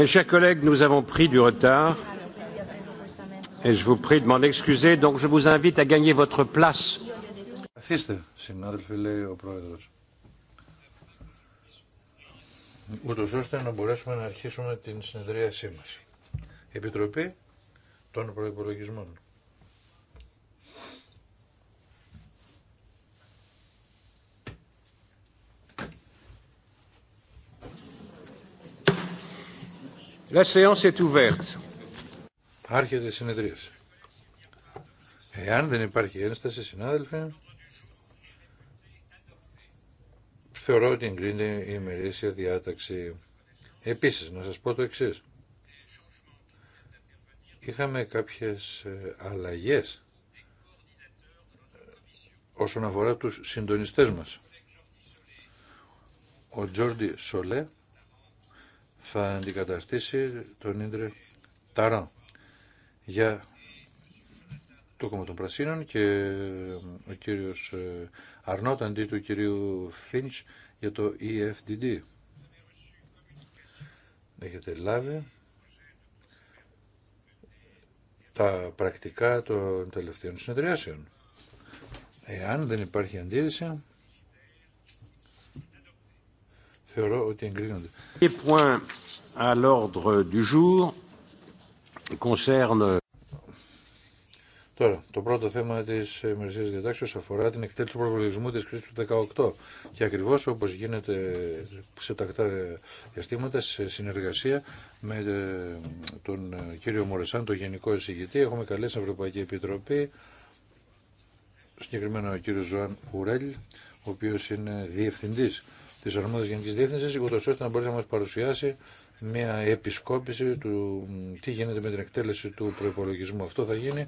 Mes chers collègues, à Καθίστε, συνάδελφοι, λέει ο Πρόεδρος. Ούτως ώστε να μπορέσουμε να αρχίσουμε την συνεδρίασή μας. Επιτροπή των Προϋπολογισμών. La séance est ouverte. Άρχεται η συνεδρίαση. Εάν δεν υπάρχει ένσταση, συνάδελφε, θεωρώ ότι εγκρίνεται η ημερήσια διάταξη. Επίσης, να σας πω το εξής. Είχαμε κάποιες ε, αλλαγές ε, όσον αφορά τους συντονιστές μας. Ο Τζόρντι Σολέ θα αντικαταστήσει τον Ίντρε Ταρά για το κόμμα των Πρασίνων και ε, ο κύριος ε, Αρνότ αντί του κυρίου Φίντς για το EFDD. Έχετε λάβει τα πρακτικά των τελευταίων συνεδριάσεων. Εάν δεν υπάρχει αντίρρηση, Θεωρώ ότι εγκρίνονται. Les points à l'ordre Τώρα, το πρώτο θέμα τη ημερησία διατάξεω αφορά την εκτέλεση του προβολισμού τη κρίση του 2018. Και ακριβώ όπω γίνεται σε τακτά διαστήματα, σε συνεργασία με ε, τον ε, κύριο Μωρεσάν, τον Γενικό Εισηγητή, έχουμε καλέσει την Ευρωπαϊκή Επιτροπή, συγκεκριμένα ο κύριο Ζωάν Ουρέλ, ο οποίο είναι διευθυντή τη Ορμόδας Γενική Διεύθυνση, ούτω ώστε να μπορεί να μα παρουσιάσει μια επισκόπηση του τι γίνεται με την εκτέλεση του προπολογισμού. Αυτό θα γίνει,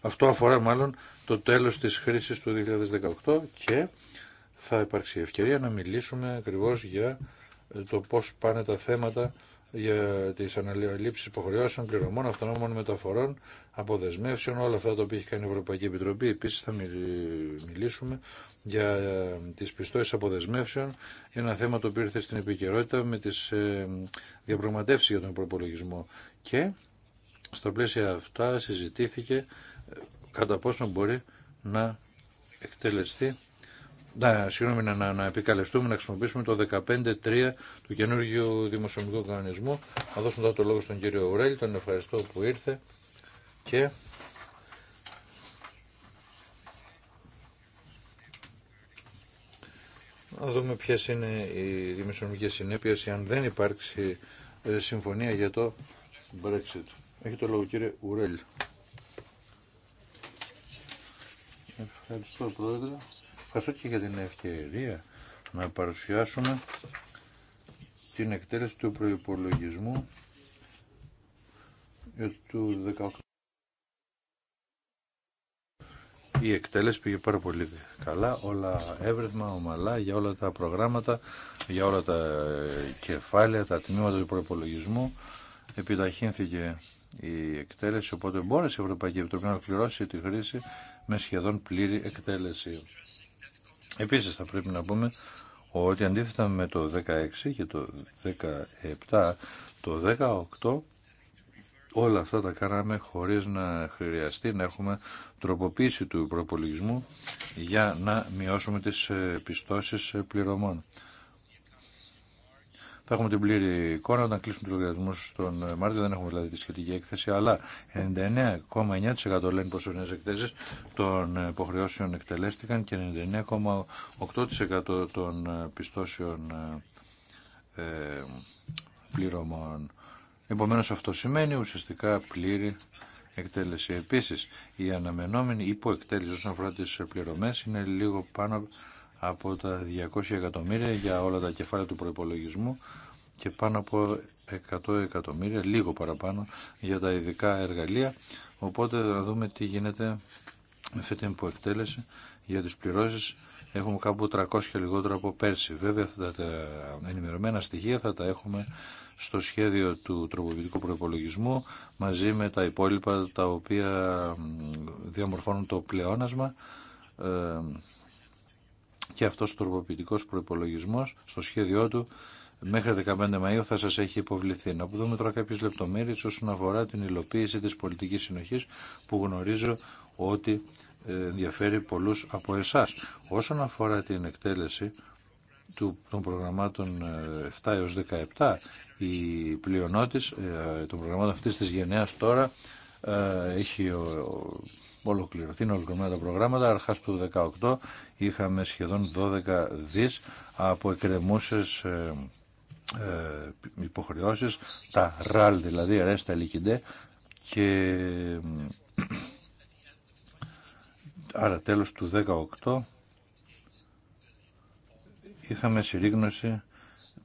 αυτό αφορά μάλλον το τέλο τη χρήση του 2018 και θα υπάρξει ευκαιρία να μιλήσουμε ακριβώ για ε, το πώ πάνε τα θέματα για τις αναλήψεις υποχρεώσεων, πληρωμών, αυτονόμων μεταφορών, αποδεσμεύσεων, όλα αυτά τα οποία έχει κάνει η Ευρωπαϊκή Επιτροπή. Επίση θα μιλήσουμε για ε, τις πιστώσεις αποδεσμεύσεων, ένα θέμα το οποίο ήρθε στην επικαιρότητα με τις ε, διαπραγματεύσει για τον προπολογισμό. Και στα πλαίσια αυτά συζητήθηκε ε, κατά πόσο μπορεί να εκτελεστεί να, συγγνώμη, να, να, επικαλεστούμε, να χρησιμοποιήσουμε το 15.3 του καινούργιου δημοσιονομικού κανονισμού. Να δώσουμε τώρα το λόγο στον κύριο Ουρέλη, τον ευχαριστώ που ήρθε και να δούμε ποιες είναι οι δημοσιονομικές συνέπειες αν δεν υπάρξει ε, συμφωνία για το Brexit. Έχει το λόγο κύριε Ουρέλ. Ευχαριστώ Πρόεδρε. Ευχαριστώ και για την ευκαιρία να παρουσιάσουμε την εκτέλεση του προϋπολογισμού του 18ου. η εκτέλεση πήγε πάρα πολύ καλά, όλα εύρεθμα, ομαλά, για όλα τα προγράμματα, για όλα τα κεφάλαια, τα τμήματα του προπολογισμού. Επιταχύνθηκε η εκτέλεση, οπότε μπόρεσε η Ευρωπαϊκή Επιτροπή να ολοκληρώσει τη χρήση με σχεδόν πλήρη εκτέλεση. Επίσης θα πρέπει να πούμε ότι αντίθετα με το 16 και το 17, το 2018 όλα αυτά τα κάναμε χωρίς να χρειαστεί να έχουμε τροποποίηση του προπολογισμού για να μειώσουμε τις ε, πιστώσεις ε, πληρωμών. Θα έχουμε την πλήρη εικόνα όταν κλείσουμε του λογαριασμού στον ε, Μάρτιο. Δεν έχουμε δηλαδή τη σχετική έκθεση, αλλά 99,9% λένε πω οι εκθέσει των υποχρεώσεων εκτελέστηκαν και 99,8% των πιστώσεων ε, πληρωμών. Επομένως αυτό σημαίνει ουσιαστικά πλήρη εκτέλεση. Επίσης, η αναμενόμενη υποεκτέλεση όσον αφορά τις πληρωμές είναι λίγο πάνω από τα 200 εκατομμύρια για όλα τα κεφάλαια του προϋπολογισμού και πάνω από 100 εκατομμύρια, λίγο παραπάνω, για τα ειδικά εργαλεία. Οπότε να δούμε τι γίνεται με αυτή την υποεκτέλεση για τις πληρώσεις. Έχουμε κάπου 300 και λιγότερο από πέρσι. Βέβαια, αυτά τα ενημερωμένα στοιχεία θα τα έχουμε στο σχέδιο του τροποποιητικού προπολογισμού μαζί με τα υπόλοιπα τα οποία διαμορφώνουν το πλεόνασμα ε, και αυτός ο τροποποιητικός προϋπολογισμός στο σχέδιό του μέχρι 15 Μαΐου θα σας έχει υποβληθεί. Να δούμε τώρα κάποιες λεπτομέρειες όσον αφορά την υλοποίηση της πολιτικής συνοχής που γνωρίζω ότι ε, ενδιαφέρει πολλούς από εσάς. Όσον αφορά την εκτέλεση των προγραμμάτων 7 ε, έως 17 η πλειονότης ε, των προγραμμάτων αυτής της γενναίας τώρα ε, έχει ολοκληρωθεί, είναι ολοκληρωμένα τα προγράμματα. Αρχάς του 2018 είχαμε σχεδόν 12 δις από εκκρεμούσες ε, υποχρεώσεις, τα RAL δηλαδή, αρέστα λικιντέ και άρα τέλος του 18 είχαμε συρρήγνωση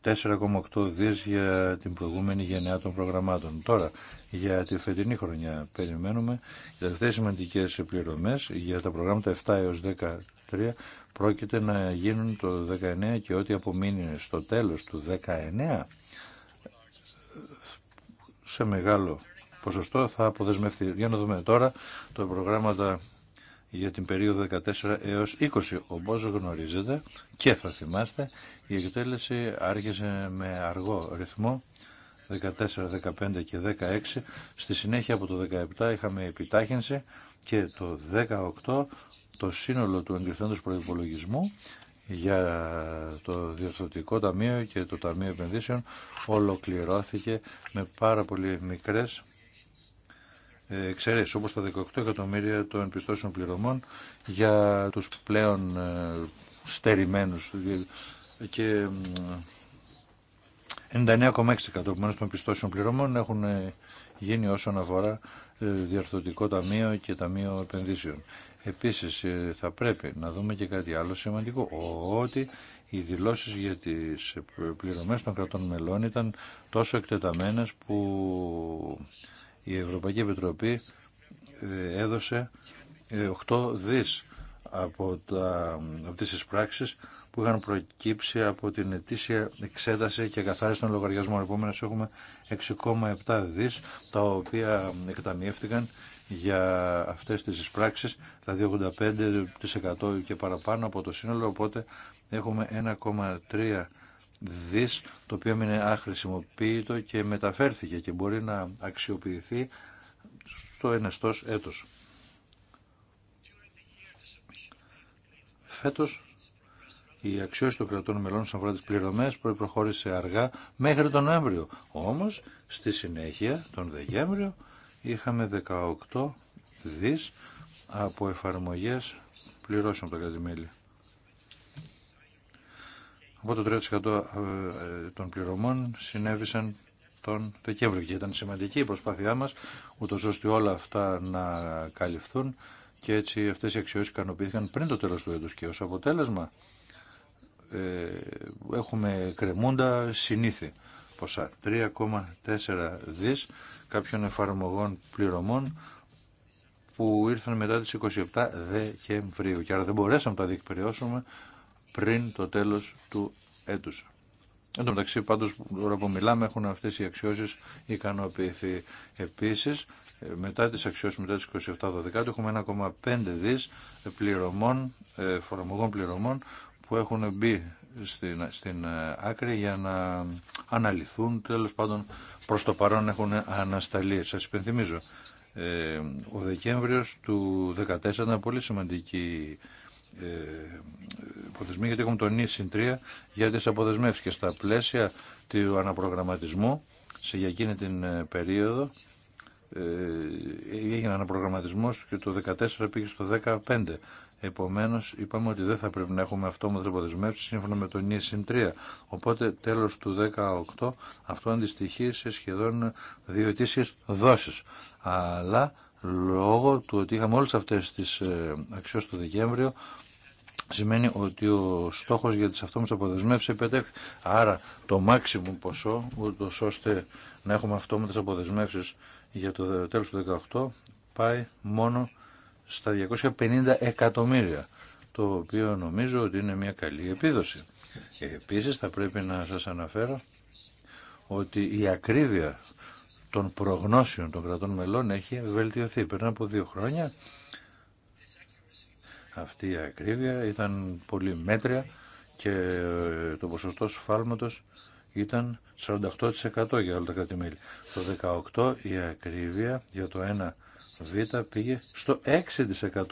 4,8 δις για την προηγούμενη γενιά των προγραμμάτων. Τώρα, για τη φετινή χρονιά περιμένουμε οι τελευταίες σημαντικές πληρωμές για τα προγράμματα 7 έως 13 πρόκειται να γίνουν το 19 και ό,τι απομείνει στο τέλος του 19 σε μεγάλο ποσοστό θα αποδεσμευτεί. Για να δούμε τώρα τα προγράμματα για την περίοδο 14 έως 20. Όπως γνωρίζετε και θα θυμάστε, η εκτέλεση άρχισε με αργό ρυθμό 14, 15 και 16. Στη συνέχεια από το 17 είχαμε επιτάχυνση και το 18 το σύνολο του εγκριθέντος προϋπολογισμού για το Διορθωτικό Ταμείο και το Ταμείο Επενδύσεων ολοκληρώθηκε με πάρα πολύ μικρές εξαιρέσει όπως τα 18 εκατομμύρια των πιστώσεων πληρωμών για τους πλέον ε, στερημένους ε, και 99,6% των πιστώσεων πληρωμών έχουν ε, γίνει όσον αφορά διαρθρωτικό ταμείο και ταμείο επενδύσεων. Επίσης θα πρέπει να δούμε και κάτι άλλο σημαντικό, ότι οι δηλώσεις για τις πληρωμές των κρατών μελών ήταν τόσο εκτεταμένες που η Ευρωπαϊκή Επιτροπή ε, έδωσε 8 ε, δις από, τα, από τις πράξεις που είχαν προκύψει από την ετήσια εξέταση και καθάριση των λογαριασμών. Επόμενα έχουμε 6,7 δις τα οποία εκταμιεύτηκαν για αυτές τις εισπράξεις, δηλαδή 85% και παραπάνω από το σύνολο, οπότε έχουμε 1,3 δις το οποίο έμεινε αχρησιμοποιητό και μεταφέρθηκε και μπορεί να αξιοποιηθεί στο ενεστός έτος. Φέτος η αξίωση των κρατών μελών σαν αφορά τις πληρωμές προχώρησε αργά μέχρι τον Νοέμβριο. Όμως στη συνέχεια τον Δεκέμβριο είχαμε 18 δις από εφαρμογές πληρώσεων από τα από το 3% ε, των πληρωμών συνέβησαν τον Δεκέμβριο και ήταν σημαντική η προσπάθειά μας, ούτως ώστε όλα αυτά να καλυφθούν και έτσι αυτές οι αξιώσεις ικανοποιήθηκαν πριν το τέλος του έτους και ως αποτέλεσμα ε, έχουμε κρεμούντα συνήθι ποσά 3,4 δις κάποιων εφαρμογών πληρωμών που ήρθαν μετά τις 27 Δεκεμβρίου και άρα δεν μπορέσαμε να τα διεκπαιριώσουμε πριν το τέλος του έτους. Εν τω μεταξύ πάντως τώρα που μιλάμε έχουν αυτές οι αξιώσεις ικανοποιηθεί. Επίσης μετά τις αξιώσεις μετά τις 27-12 έχουμε 1,5 δις πληρωμών, ε, φορολογών πληρωμών που έχουν μπει στην, στην ε, άκρη για να αναλυθούν τέλος πάντων προς το παρόν έχουν ανασταλεί. Σας υπενθυμίζω ε, ο Δεκέμβριος του 2014 ήταν πολύ σημαντική ε, υποθεσμοί γιατί έχουμε τον ΙΣΥΝ 3 για τις αποδεσμεύσεις και στα πλαίσια του αναπρογραμματισμού σε για εκείνη την ε, περίοδο ε, έγινε αναπρογραμματισμός και το 14 πήγε στο 15 επομένως είπαμε ότι δεν θα πρέπει να έχουμε αυτό με αποδεσμεύσεις σύμφωνα με τον ΙΣΥΝ οπότε τέλος του 2018 αυτό αντιστοιχεί σε σχεδόν δύο ετήσιες δόσεις αλλά λόγω του ότι είχαμε όλες αυτές τις αξιώσεις το Δεκέμβριο σημαίνει ότι ο στόχος για τις αυτόμες αποδεσμεύσεις επετέχθη. Άρα το μάξιμου ποσό, ούτω ώστε να έχουμε αυτόμετες αποδεσμεύσεις για το τέλος του 2018, πάει μόνο στα 250 εκατομμύρια, το οποίο νομίζω ότι είναι μια καλή επίδοση. Επίσης θα πρέπει να σας αναφέρω ότι η ακρίβεια των προγνώσεων των κρατών μελών έχει βελτιωθεί. Πριν από δύο χρόνια αυτή η ακρίβεια ήταν πολύ μέτρια και ε, το ποσοστό σφάλματος ήταν 48% για όλα τα κρατημέλη. Το 18% η ακρίβεια για το 1β πήγε στο 6%.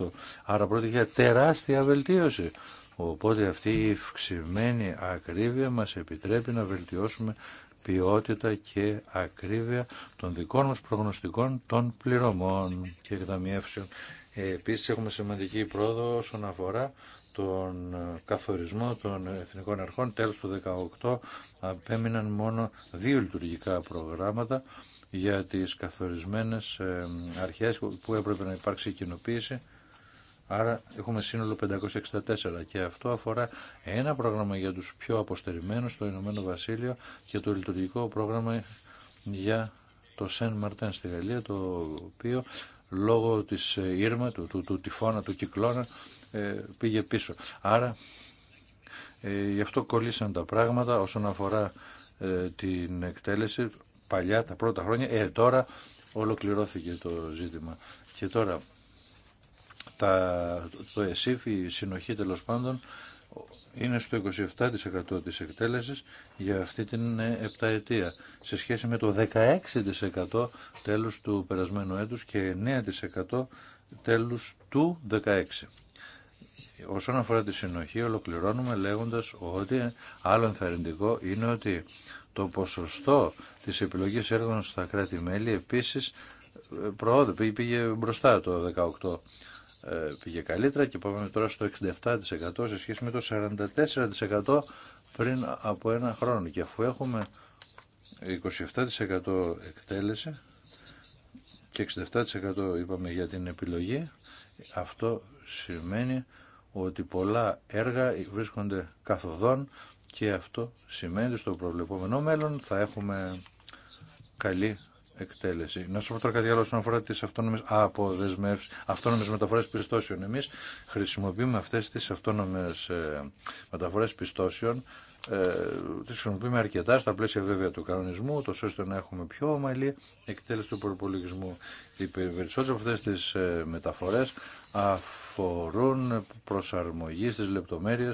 Άρα πρώτη για τεράστια βελτίωση. Οπότε αυτή η ευξημένη ακρίβεια μας επιτρέπει να βελτιώσουμε ποιότητα και ακρίβεια των δικών μας προγνωστικών των πληρωμών και εκταμιεύσεων. Ε, Επίση έχουμε σημαντική πρόοδο όσον αφορά τον καθορισμό των εθνικών αρχών. Τέλος του 2018 απέμειναν μόνο δύο λειτουργικά προγράμματα για τις καθορισμένες ε, αρχέ που έπρεπε να υπάρξει κοινοποίηση. Άρα έχουμε σύνολο 564 και αυτό αφορά ένα πρόγραμμα για τους πιο αποστερημένους το Ηνωμένο Βασίλειο και το λειτουργικό πρόγραμμα για το Σεν Μαρτέν στη Γαλλία το οποίο λόγω της ε, Ήρμα, του, του, του τυφώνα, του κυκλώνα ε, πήγε πίσω. Άρα ε, γι' αυτό κολλήσαν τα πράγματα όσον αφορά την εκτέλεση παλιά τα πρώτα χρόνια. Ε, τώρα ολοκληρώθηκε το ζήτημα. Και τώρα τα, το ΕΣΥΦ, η συνοχή τέλο πάντων, είναι στο 27% της εκτέλεσης για αυτή την ε, επταετία σε σχέση με το 16% τέλους του περασμένου έτους και 9% τέλους του 16%. Όσον αφορά τη συνοχή, ολοκληρώνουμε λέγοντας ότι άλλο ενθαρρυντικό είναι ότι το ποσοστό της επιλογής έργων στα κράτη-μέλη επίσης ε, προόδου πήγε μπροστά το 18 ε, πήγε καλύτερα και πάμε τώρα στο 67% σε σχέση με το 44% πριν από ένα χρόνο. Και αφού έχουμε 27% εκτέλεση και 67% είπαμε για την επιλογή, αυτό σημαίνει ότι πολλά έργα βρίσκονται καθοδόν και αυτό σημαίνει ότι στο προβλεπόμενο μέλλον θα έχουμε καλή εκτέλεση. Να σου πω τώρα κάτι άλλο όσον αφορά τι αυτόνομε αποδεσμεύσει, αυτόνομε μεταφορέ πιστώσεων. Εμεί χρησιμοποιούμε αυτέ τι αυτόνομε μεταφορέ πιστώσεων. Ε, τι χρησιμοποιούμε αρκετά στα πλαίσια βέβαια του κανονισμού, τόσο ώστε να έχουμε πιο ομαλή εκτέλεση του προπολογισμού. Οι περισσότερε από αυτέ τι ε, μεταφορέ αφορούν προσαρμογή στι λεπτομέρειε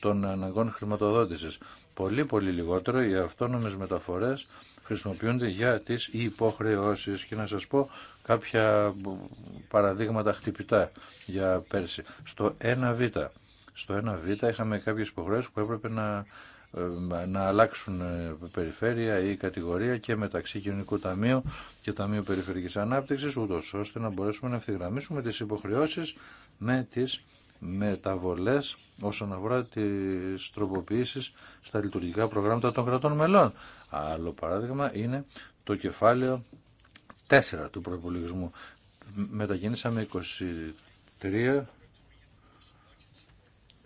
των αναγκών χρηματοδότηση. Πολύ πολύ λιγότερο οι αυτόνομε μεταφορέ χρησιμοποιούνται για τις υποχρεώσεις και να σας πω κάποια παραδείγματα χτυπητά για πέρσι. Στο 1β, στο 1β είχαμε κάποιες υποχρεώσεις που έπρεπε να, ε, να αλλάξουν ε, περιφέρεια ή κατηγορία και μεταξύ Κοινωνικού Ταμείου και Ταμείου Περιφερειακής Ανάπτυξης ούτως ώστε να μπορέσουμε να ευθυγραμμίσουμε τις υποχρεώσεις με τις μεταβολές όσον αφορά τις τροποποιήσεις στα λειτουργικά προγράμματα των κρατών μελών. Άλλο παράδειγμα είναι το κεφάλαιο 4 του προπολογισμού. Μετακινήσαμε 23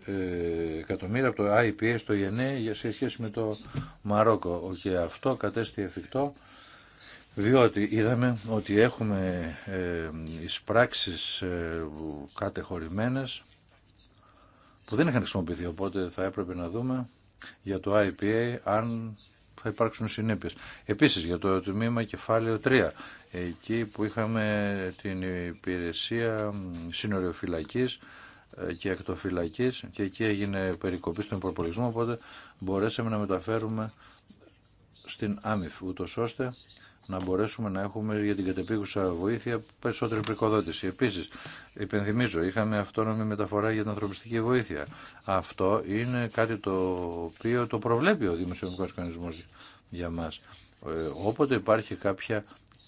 ε, εκατομμύρια από το IPA στο ΙΕΝΕ για σε σχέση με το Μαρόκο. Και αυτό κατέστη εφικτό διότι είδαμε ότι έχουμε ε, εισπράξεις ε, κατεχωρημένες που δεν είχαν χρησιμοποιηθεί. Οπότε θα έπρεπε να δούμε για το IPA αν θα υπάρξουν συνέπειε. Επίσης για το τμήμα κεφάλαιο 3, εκεί που είχαμε την υπηρεσία συνοριοφυλακή και εκτοφυλακής και εκεί έγινε περικοπή στον υπολογισμό, οπότε μπορέσαμε να μεταφέρουμε στην Άμυφ, ούτω ώστε να μπορέσουμε να έχουμε για την κατεπίγουσα βοήθεια περισσότερη πρικοδότηση. Επίση, υπενθυμίζω, είχαμε αυτόνομη μεταφορά για την ανθρωπιστική βοήθεια. Αυτό είναι κάτι το οποίο το προβλέπει ο Δημοσιονομικό Οργανισμό για μα. Ε, όποτε υπάρχει κάποια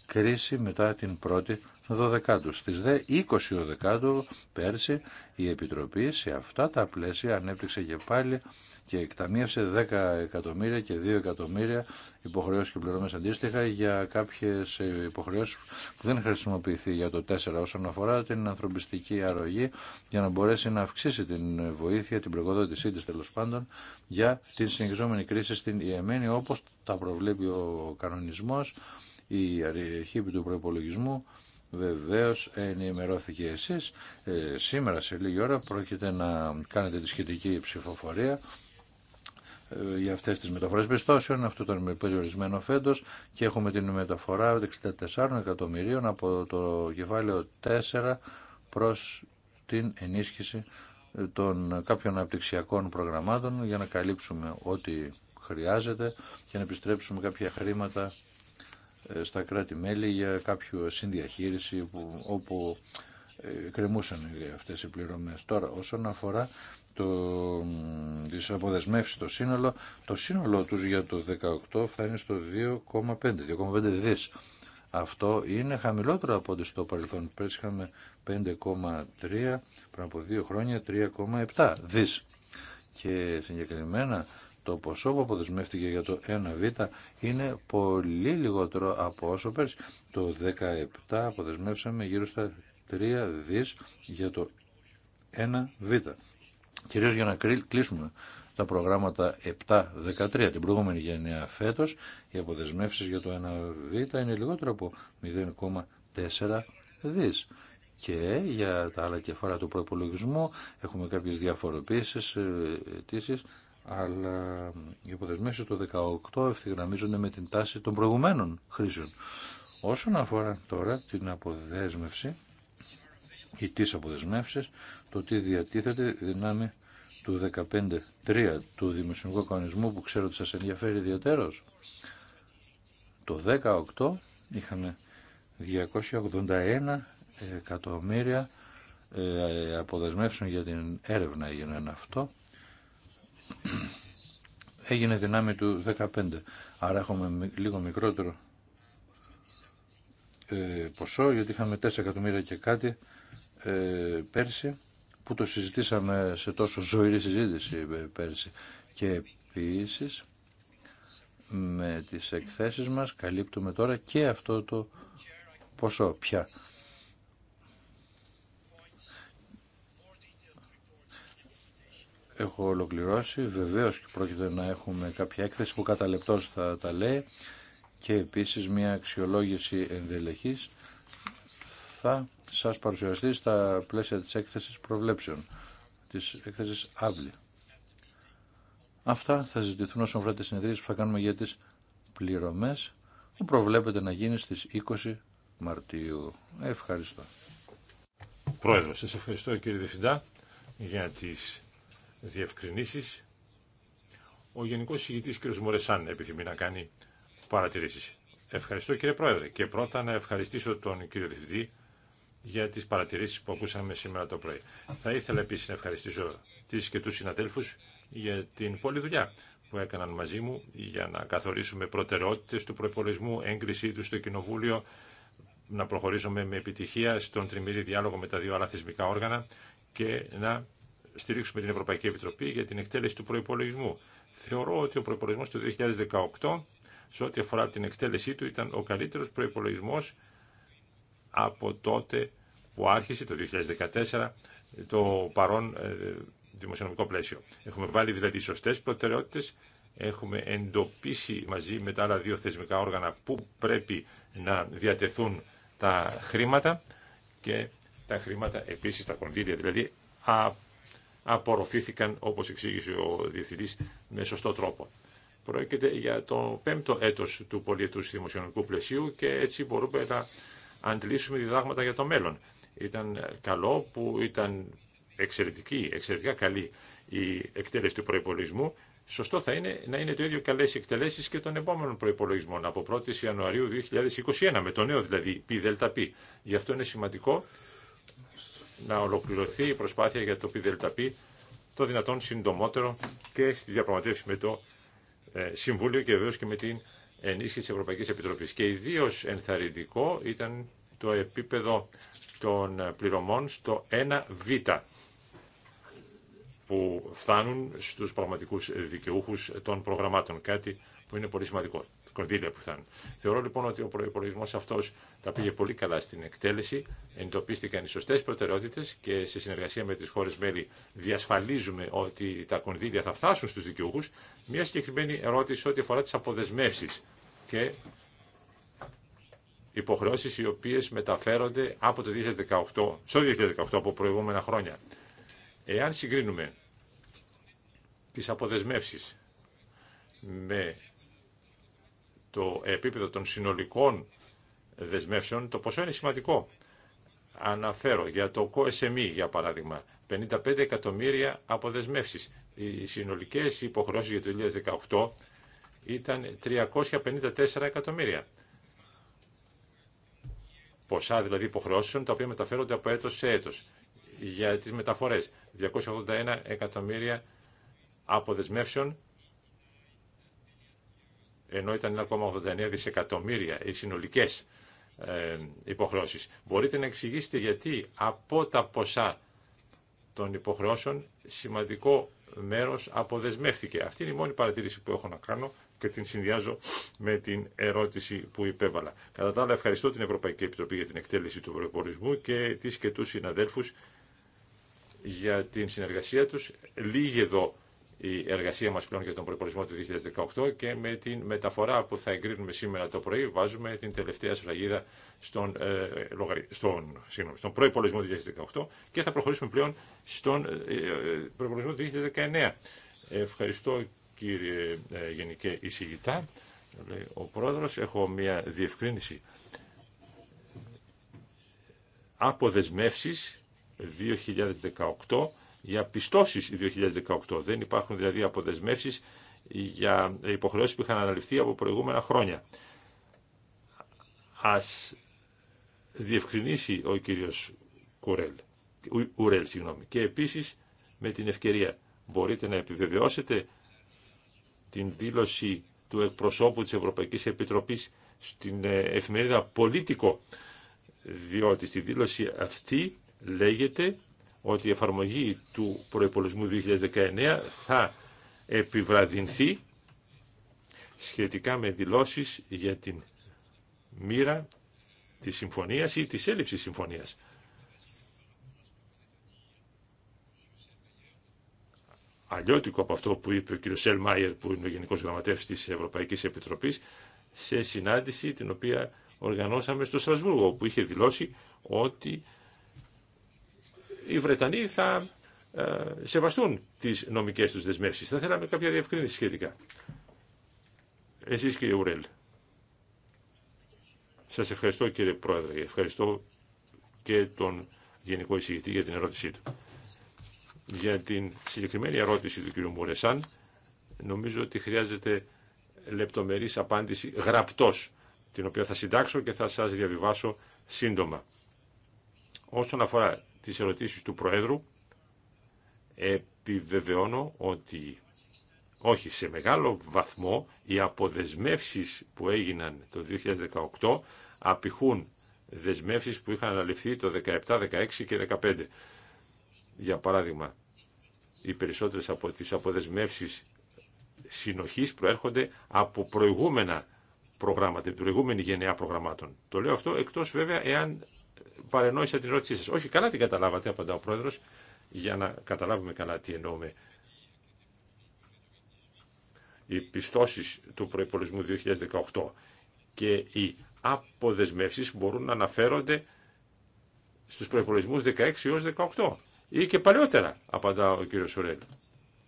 κρίση μετά την πρώτη Δωδεκάτου. Στις 20 Δωδεκάτου πέρσι η Επιτροπή σε αυτά τα πλαίσια ανέπτυξε και πάλι και εκταμείευσε 10 εκατομμύρια και 2 εκατομμύρια υποχρεώσεις και πληρώμες αντίστοιχα για κάποιες υποχρεώσεις που δεν χρησιμοποιηθεί για το 4 όσον αφορά την ανθρωπιστική αρρωγή για να μπορέσει να αυξήσει την βοήθεια, την προκοδότησή της τέλο πάντων για την συνεχιζόμενη κρίση στην Ιεμένη όπως τα προβλέπει ο κανονισμός η αρχή του προπολογισμού Βεβαίως ενημερώθηκε εσείς. Ε, σήμερα σε λίγη ώρα πρόκειται να κάνετε τη σχετική ψηφοφορία ε, για αυτές τις μεταφορές πιστώσεων. Αυτό ήταν περιορισμένο φέτος και έχουμε την μεταφορά 64 εκατομμυρίων από το κεφάλαιο 4 προς την ενίσχυση ε, των κάποιων αναπτυξιακών προγραμμάτων για να καλύψουμε ό,τι χρειάζεται και να επιστρέψουμε κάποια χρήματα ε, στα κράτη-μέλη για κάποιο συνδιαχείριση που, όπου ε, κρεμούσαν αυτές οι πληρωμές. Τώρα όσον αφορά το, τις αποδεσμεύσεις το σύνολο, το σύνολο τους για το 18 φτάνει στο 2,5, 2,5 δις. Αυτό είναι χαμηλότερο από ό,τι στο παρελθόν. Πέρσι είχαμε 5,3, πριν από δύο χρόνια 3,7 δις. Και συγκεκριμένα το ποσό που αποδεσμεύτηκε για το 1β είναι πολύ λιγότερο από όσο πέρσι. Το 17 αποδεσμεύσαμε γύρω στα 3 δις για το 1β. Κυρίως για να κλείσουμε τα προγράμματα 7-13 την προηγούμενη γενιά φέτος οι αποδεσμεύσεις για το 1β είναι λιγότερο από 0,4 δις και για τα άλλα κεφάλαια του προπολογισμού έχουμε κάποιες διαφοροποίησεις ε, αιτήσει αλλά οι υποδεσμεύσει του 18 ευθυγραμμίζονται με την τάση των προηγουμένων χρήσεων. Όσον αφορά τώρα την αποδέσμευση ή τις αποδεσμεύσεις, το τι διατίθεται δυνάμει του 15.3 του Δημοσιονομικού Κανονισμού που ξέρω ότι σας ενδιαφέρει ιδιαίτερος. Το 18 είχαμε 281 εκατομμύρια ε, αποδεσμεύσεων για την έρευνα έγιναν αυτό έγινε δυνάμει του 15. Άρα έχουμε λίγο μικρότερο ε, ποσό, γιατί είχαμε 4 εκατομμύρια και κάτι ε, πέρσι, που το συζητήσαμε σε τόσο ζωηρή συζήτηση ε, πέρσι. Και επίση με τις εκθέσεις μας καλύπτουμε τώρα και αυτό το ποσό πια. έχω ολοκληρώσει. βεβαίω και πρόκειται να έχουμε κάποια έκθεση που κατά θα τα λέει και επίσης μια αξιολόγηση ενδελεχής θα σας παρουσιαστεί στα πλαίσια της έκθεσης προβλέψεων, της έκθεσης Άβλη. Αυτά θα ζητηθούν όσον αφορά τις συνεδρίες που θα κάνουμε για τι πληρωμές που προβλέπεται να γίνει στι 20 Μαρτίου. Ευχαριστώ. Πρόεδρε, Σα ευχαριστώ κύριε Διευθυντά για τις διευκρινήσεις. Ο Γενικός Συγητής κ. Μορεσάν επιθυμεί να κάνει παρατηρήσεις. Ευχαριστώ κύριε Πρόεδρε και πρώτα να ευχαριστήσω τον κύριο Διευθυντή για τις παρατηρήσεις που ακούσαμε σήμερα το πρωί. Θα ήθελα επίσης να ευχαριστήσω τις και τους συναδέλφους για την πολλή δουλειά που έκαναν μαζί μου για να καθορίσουμε προτεραιότητες του προπολογισμού, έγκρισή του στο Κοινοβούλιο, να προχωρήσουμε με επιτυχία στον τριμήρη διάλογο με τα δύο άλλα θεσμικά όργανα και να στηρίξουμε την Ευρωπαϊκή Επιτροπή για την εκτέλεση του προπολογισμού. Θεωρώ ότι ο προπολογισμό του 2018 σε ό,τι αφορά την εκτέλεσή του ήταν ο καλύτερος προϋπολογισμός από τότε που άρχισε το 2014 το παρόν ε, δημοσιονομικό πλαίσιο. Έχουμε βάλει δηλαδή σωστέ προτεραιότητε, έχουμε εντοπίσει μαζί με τα άλλα δύο θεσμικά όργανα που πρέπει να διατεθούν τα χρήματα και τα χρήματα επίσης τα κονδύλια δηλαδή απορροφήθηκαν, όπως εξήγησε ο Διευθυντής, με σωστό τρόπο. Πρόκειται για το πέμπτο έτος του πολιετούς δημοσιονομικού πλαισίου και έτσι μπορούμε να αντλήσουμε διδάγματα για το μέλλον. Ήταν καλό που ήταν εξαιρετική, εξαιρετικά καλή η εκτέλεση του προπολογισμού. Σωστό θα είναι να είναι το ίδιο καλές οι εκτελέσεις και των επόμενων προϋπολογισμών από 1η Ιανουαρίου 2021, με το νέο δηλαδή ΠΔΠ. Γι' αυτό είναι σημαντικό να ολοκληρωθεί η προσπάθεια για το ΠΙΔΕΛΤΑΠΗ το δυνατόν συντομότερο και στη διαπραγματεύση με το ε, Συμβούλιο και βεβαίω και με την ενίσχυση της Ευρωπαϊκής Επιτροπής. Και ιδίω ενθαρρυντικό ήταν το επίπεδο των πληρωμών στο 1β που φτάνουν στους πραγματικούς δικαιούχους των προγραμμάτων, κάτι που είναι πολύ σημαντικό κονδύλια που Θεωρώ λοιπόν ότι ο προπολογισμό αυτό τα πήγε πολύ καλά στην εκτέλεση. Εντοπίστηκαν οι σωστέ προτεραιότητε και σε συνεργασία με τι χώρε μέλη διασφαλίζουμε ότι τα κονδύλια θα φτάσουν στου δικαιούχου. Μια συγκεκριμένη ερώτηση ό,τι αφορά τι αποδεσμεύσει και υποχρεώσει οι οποίε μεταφέρονται από το 2018, στο 2018 από προηγούμενα χρόνια. Εάν συγκρίνουμε τις αποδεσμεύσεις με το επίπεδο των συνολικών δεσμεύσεων, το ποσό είναι σημαντικό. Αναφέρω για το COSME, για παράδειγμα, 55 εκατομμύρια αποδεσμεύσεις. Οι συνολικές υποχρεώσεις για το 2018 ήταν 354 εκατομμύρια. Ποσά δηλαδή υποχρεώσεων τα οποία μεταφέρονται από έτος σε έτος. Για τις μεταφορές, 281 εκατομμύρια αποδεσμεύσεων ενώ ήταν 1,89 δισεκατομμύρια οι συνολικές ε, υποχρεώσεις. Μπορείτε να εξηγήσετε γιατί από τα ποσά των υποχρεώσεων σημαντικό μέρος αποδεσμεύτηκε. Αυτή είναι η μόνη παρατήρηση που έχω να κάνω και την συνδυάζω με την ερώτηση που υπέβαλα. Κατά τα άλλα, ευχαριστώ την Ευρωπαϊκή Επιτροπή για την εκτέλεση του προπόρισμού και τις και τους συναδέλφους για την συνεργασία τους. Λίγοι εδώ η εργασία μας πλέον για τον προπολογισμό του 2018 και με την μεταφορά που θα εγκρίνουμε σήμερα το πρωί βάζουμε την τελευταία σφραγίδα στον, ε, στον, στον του 2018 και θα προχωρήσουμε πλέον στον ε, ε του 2019. Ευχαριστώ κύριε ε, Γενικέ Ισηγητά. Ο πρόεδρος, έχω μια διευκρίνηση. Αποδεσμεύσεις 2018 για πιστώσει 2018. Δεν υπάρχουν δηλαδή αποδεσμεύσει για υποχρεώσει που είχαν αναλυφθεί από προηγούμενα χρόνια. Α διευκρινίσει ο κύριος Κουρέλ, Ουρέλ. Συγγνώμη. Και επίση με την ευκαιρία μπορείτε να επιβεβαιώσετε την δήλωση του εκπροσώπου της Ευρωπαϊκής Επιτροπής στην ε, εφημερίδα Πολίτικο, διότι στη δήλωση αυτή λέγεται ότι η εφαρμογή του προϋπολογισμού 2019 θα επιβραδυνθεί σχετικά με δηλώσεις για την μοίρα της συμφωνίας ή της έλλειψης συμφωνίας. αλλιώτικο από αυτό που είπε ο κ. Σελμάιερ, που είναι ο Γενικός Γραμματεύς της Ευρωπαϊκής Επιτροπής, σε συνάντηση την οποία οργανώσαμε στο Στρασβούργο, που είχε δηλώσει ότι οι Βρετανοί θα ε, σεβαστούν τις νομικές τους δεσμεύσεις. Θα θέλαμε κάποια διευκρίνηση σχετικά. Εσείς κύριε Ουρέλ. Σας ευχαριστώ κύριε Πρόεδρε. Ευχαριστώ και τον Γενικό Εισηγητή για την ερώτησή του. Για την συγκεκριμένη ερώτηση του κύριου Μουρεσάν, νομίζω ότι χρειάζεται λεπτομερής απάντηση γραπτός, την οποία θα συντάξω και θα σας διαβιβάσω σύντομα. Όσον αφορά τις ερωτήσεις του Προέδρου επιβεβαιώνω ότι όχι σε μεγάλο βαθμό οι αποδεσμεύσεις που έγιναν το 2018 απηχούν δεσμεύσεις που είχαν αναλυφθεί το 17, 16 και 15. Για παράδειγμα, οι περισσότερες από τις αποδεσμεύσεις συνοχής προέρχονται από προηγούμενα προγράμματα, προηγούμενη γενεά προγραμμάτων. Το λέω αυτό εκτός βέβαια εάν παρενόησα την ερώτησή σα, Όχι, καλά την καταλάβατε, απαντά ο πρόεδρο, για να καταλάβουμε καλά τι εννοούμε. Οι πιστώσει του προπολογισμού 2018 και οι αποδεσμεύσει μπορούν να αναφέρονται στους προπολογισμού 16 έω 18 ή και παλαιότερα, απαντά ο κυριο Σουρέλ.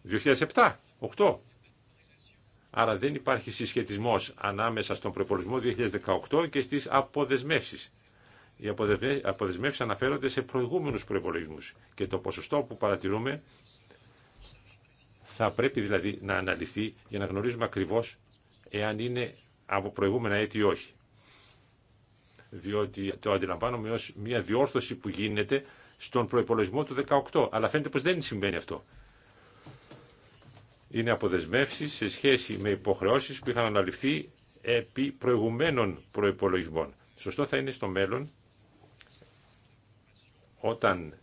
2007, 2007-2008. Άρα δεν υπάρχει συσχετισμός ανάμεσα στον προπολογισμό 2018 και στις αποδεσμεύσεις. Οι αποδεσμεύσει αναφέρονται σε προηγούμενους προπολογισμού και το ποσοστό που παρατηρούμε θα πρέπει δηλαδή να αναλυθεί για να γνωρίζουμε ακριβώς εάν είναι από προηγούμενα έτη ή όχι. Διότι το αντιλαμβάνομαι ως μια διόρθωση που γίνεται στον προπολογισμό του 18, αλλά φαίνεται πως δεν συμβαίνει αυτό. Είναι αποδεσμεύσεις σε σχέση με υποχρεώσεις που είχαν αναλυθεί επί προηγουμένων προπολογισμών. Σωστό θα είναι στο μέλλον όταν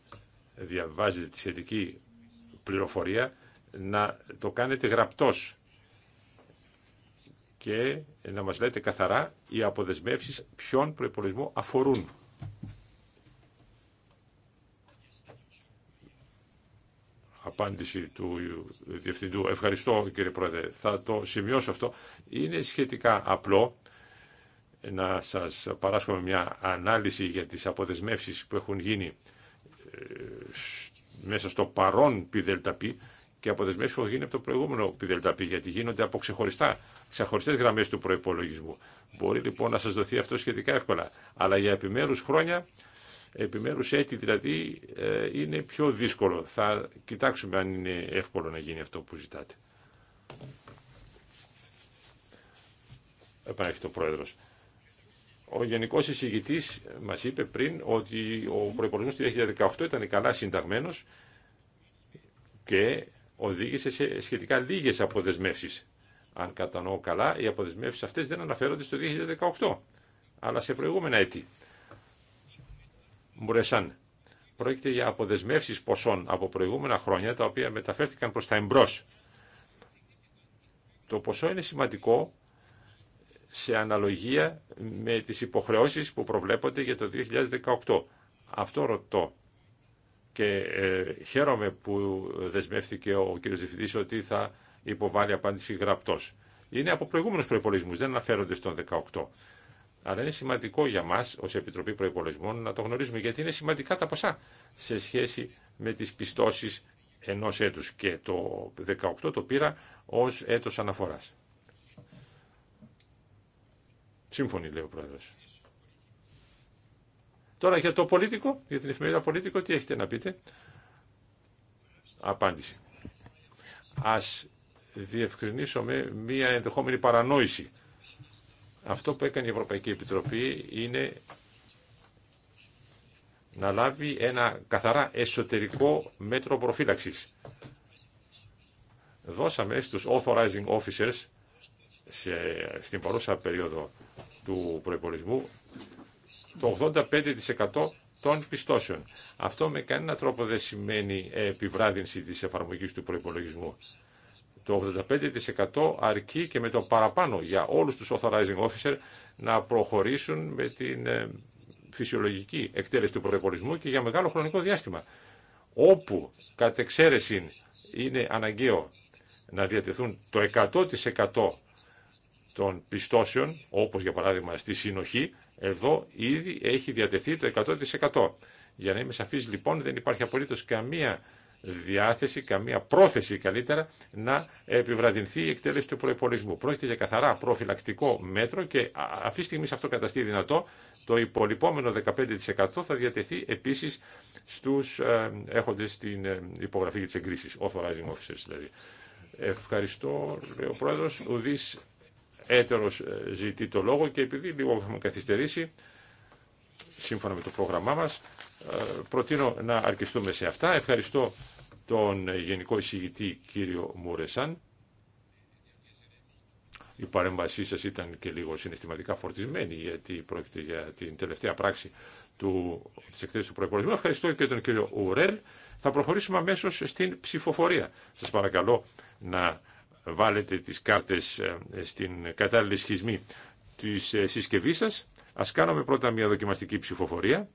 διαβάζετε τη σχετική πληροφορία να το κάνετε γραπτός και να μας λέτε καθαρά οι αποδεσμεύσεις ποιον προϋπολογισμό αφορούν. Απάντηση του Διευθυντού. Ευχαριστώ κύριε Πρόεδρε. Θα το σημειώσω αυτό. Είναι σχετικά απλό να σας παράσχουμε μια ανάλυση για τις αποδεσμεύσεις που έχουν γίνει ε, μέσα στο παρόν πι και αποδεσμεύσεις που έχουν γίνει από το προηγούμενο πι γιατί γίνονται από ξεχωριστά, ξεχωριστές γραμμές του προϋπολογισμού. Μπορεί λοιπόν να σας δοθεί αυτό σχετικά εύκολα, αλλά για επιμέρους χρόνια, επιμέρους έτη δηλαδή, ε, είναι πιο δύσκολο. Θα κοιτάξουμε αν είναι εύκολο να γίνει αυτό που ζητάτε. Επανέχει το Πρόεδρος. Ο Γενικό Εισηγητή μα είπε πριν ότι ο προπολογισμό του 2018 ήταν καλά συνταγμένο και οδήγησε σε σχετικά λίγε αποδεσμεύσει. Αν κατανοώ καλά, οι αποδεσμεύσει αυτέ δεν αναφέρονται στο 2018, αλλά σε προηγούμενα έτη. Μουρεσάν. Πρόκειται για αποδεσμεύσει ποσών από προηγούμενα χρόνια, τα οποία μεταφέρθηκαν προ τα εμπρό. Το ποσό είναι σημαντικό σε αναλογία με τις υποχρεώσεις που προβλέπονται για το 2018. Αυτό ρωτώ. Και ε, χαίρομαι που δεσμεύτηκε ο κύριος Διευθυντής ότι θα υποβάλει απάντηση γραπτός. Είναι από προηγούμενους προϋπολογισμούς, δεν αναφέρονται στον 2018. Αλλά είναι σημαντικό για μας ως Επιτροπή Προϋπολογισμών να το γνωρίζουμε γιατί είναι σημαντικά τα ποσά σε σχέση με τις πιστώσεις ενός έτους και το 2018 το πήρα ως έτος αναφοράς. Σύμφωνοι, λέει ο πρόεδρο. Τώρα για το πολίτικο, για την εφημερίδα πολίτικο, τι έχετε να πείτε. Απάντηση. Ας διευκρινίσουμε μία ενδεχόμενη παρανόηση. Αυτό που έκανε η Ευρωπαϊκή Επιτροπή είναι να λάβει ένα καθαρά εσωτερικό μέτρο προφύλαξης. Δώσαμε στους authorizing officers στην παρούσα περίοδο του προπολογισμού το 85% των πιστώσεων. Αυτό με κανένα τρόπο δεν σημαίνει επιβράδυνση της εφαρμογής του προπολογισμού. Το 85% αρκεί και με το παραπάνω για όλους τους authorizing officer να προχωρήσουν με την ε, φυσιολογική εκτέλεση του προπολογισμού και για μεγάλο χρονικό διάστημα. Όπου κατ' εξαίρεση είναι αναγκαίο να διατεθούν το 100% των πιστώσεων, όπως για παράδειγμα στη συνοχή, εδώ ήδη έχει διατεθεί το 100%. Για να είμαι σαφής λοιπόν δεν υπάρχει απολύτως καμία διάθεση, καμία πρόθεση καλύτερα να επιβραδυνθεί η εκτέλεση του προπολογισμού. Πρόκειται για καθαρά προφυλακτικό μέτρο και αυτή τη στιγμή σε αυτό καταστεί δυνατό. Το υπολοιπόμενο 15% θα διατεθεί επίση στου ε, έχοντε την ε, υπογραφή τη εγκρίση, authorizing officers δηλαδή. Ευχαριστώ, λέει ο Πρόεδρο έτερος ε, ζητεί το λόγο και επειδή λίγο έχουμε καθυστερήσει, σύμφωνα με το πρόγραμμά μας, ε, προτείνω να αρκεστούμε σε αυτά. Ευχαριστώ τον Γενικό Εισηγητή κύριο Μούρεσαν. Η παρέμβασή σας ήταν και λίγο συναισθηματικά φορτισμένη γιατί πρόκειται για την τελευταία πράξη του, της εκτέλεσης του προϋπολογισμού. Ευχαριστώ και τον κύριο Ουρέλ. Θα προχωρήσουμε αμέσως στην ψηφοφορία. Σας παρακαλώ να βάλετε τις κάρτες ε, ε, στην κατάλληλη σχισμή της ε, συσκευής σας. Ας κάνουμε πρώτα μια δοκιμαστική ψηφοφορία.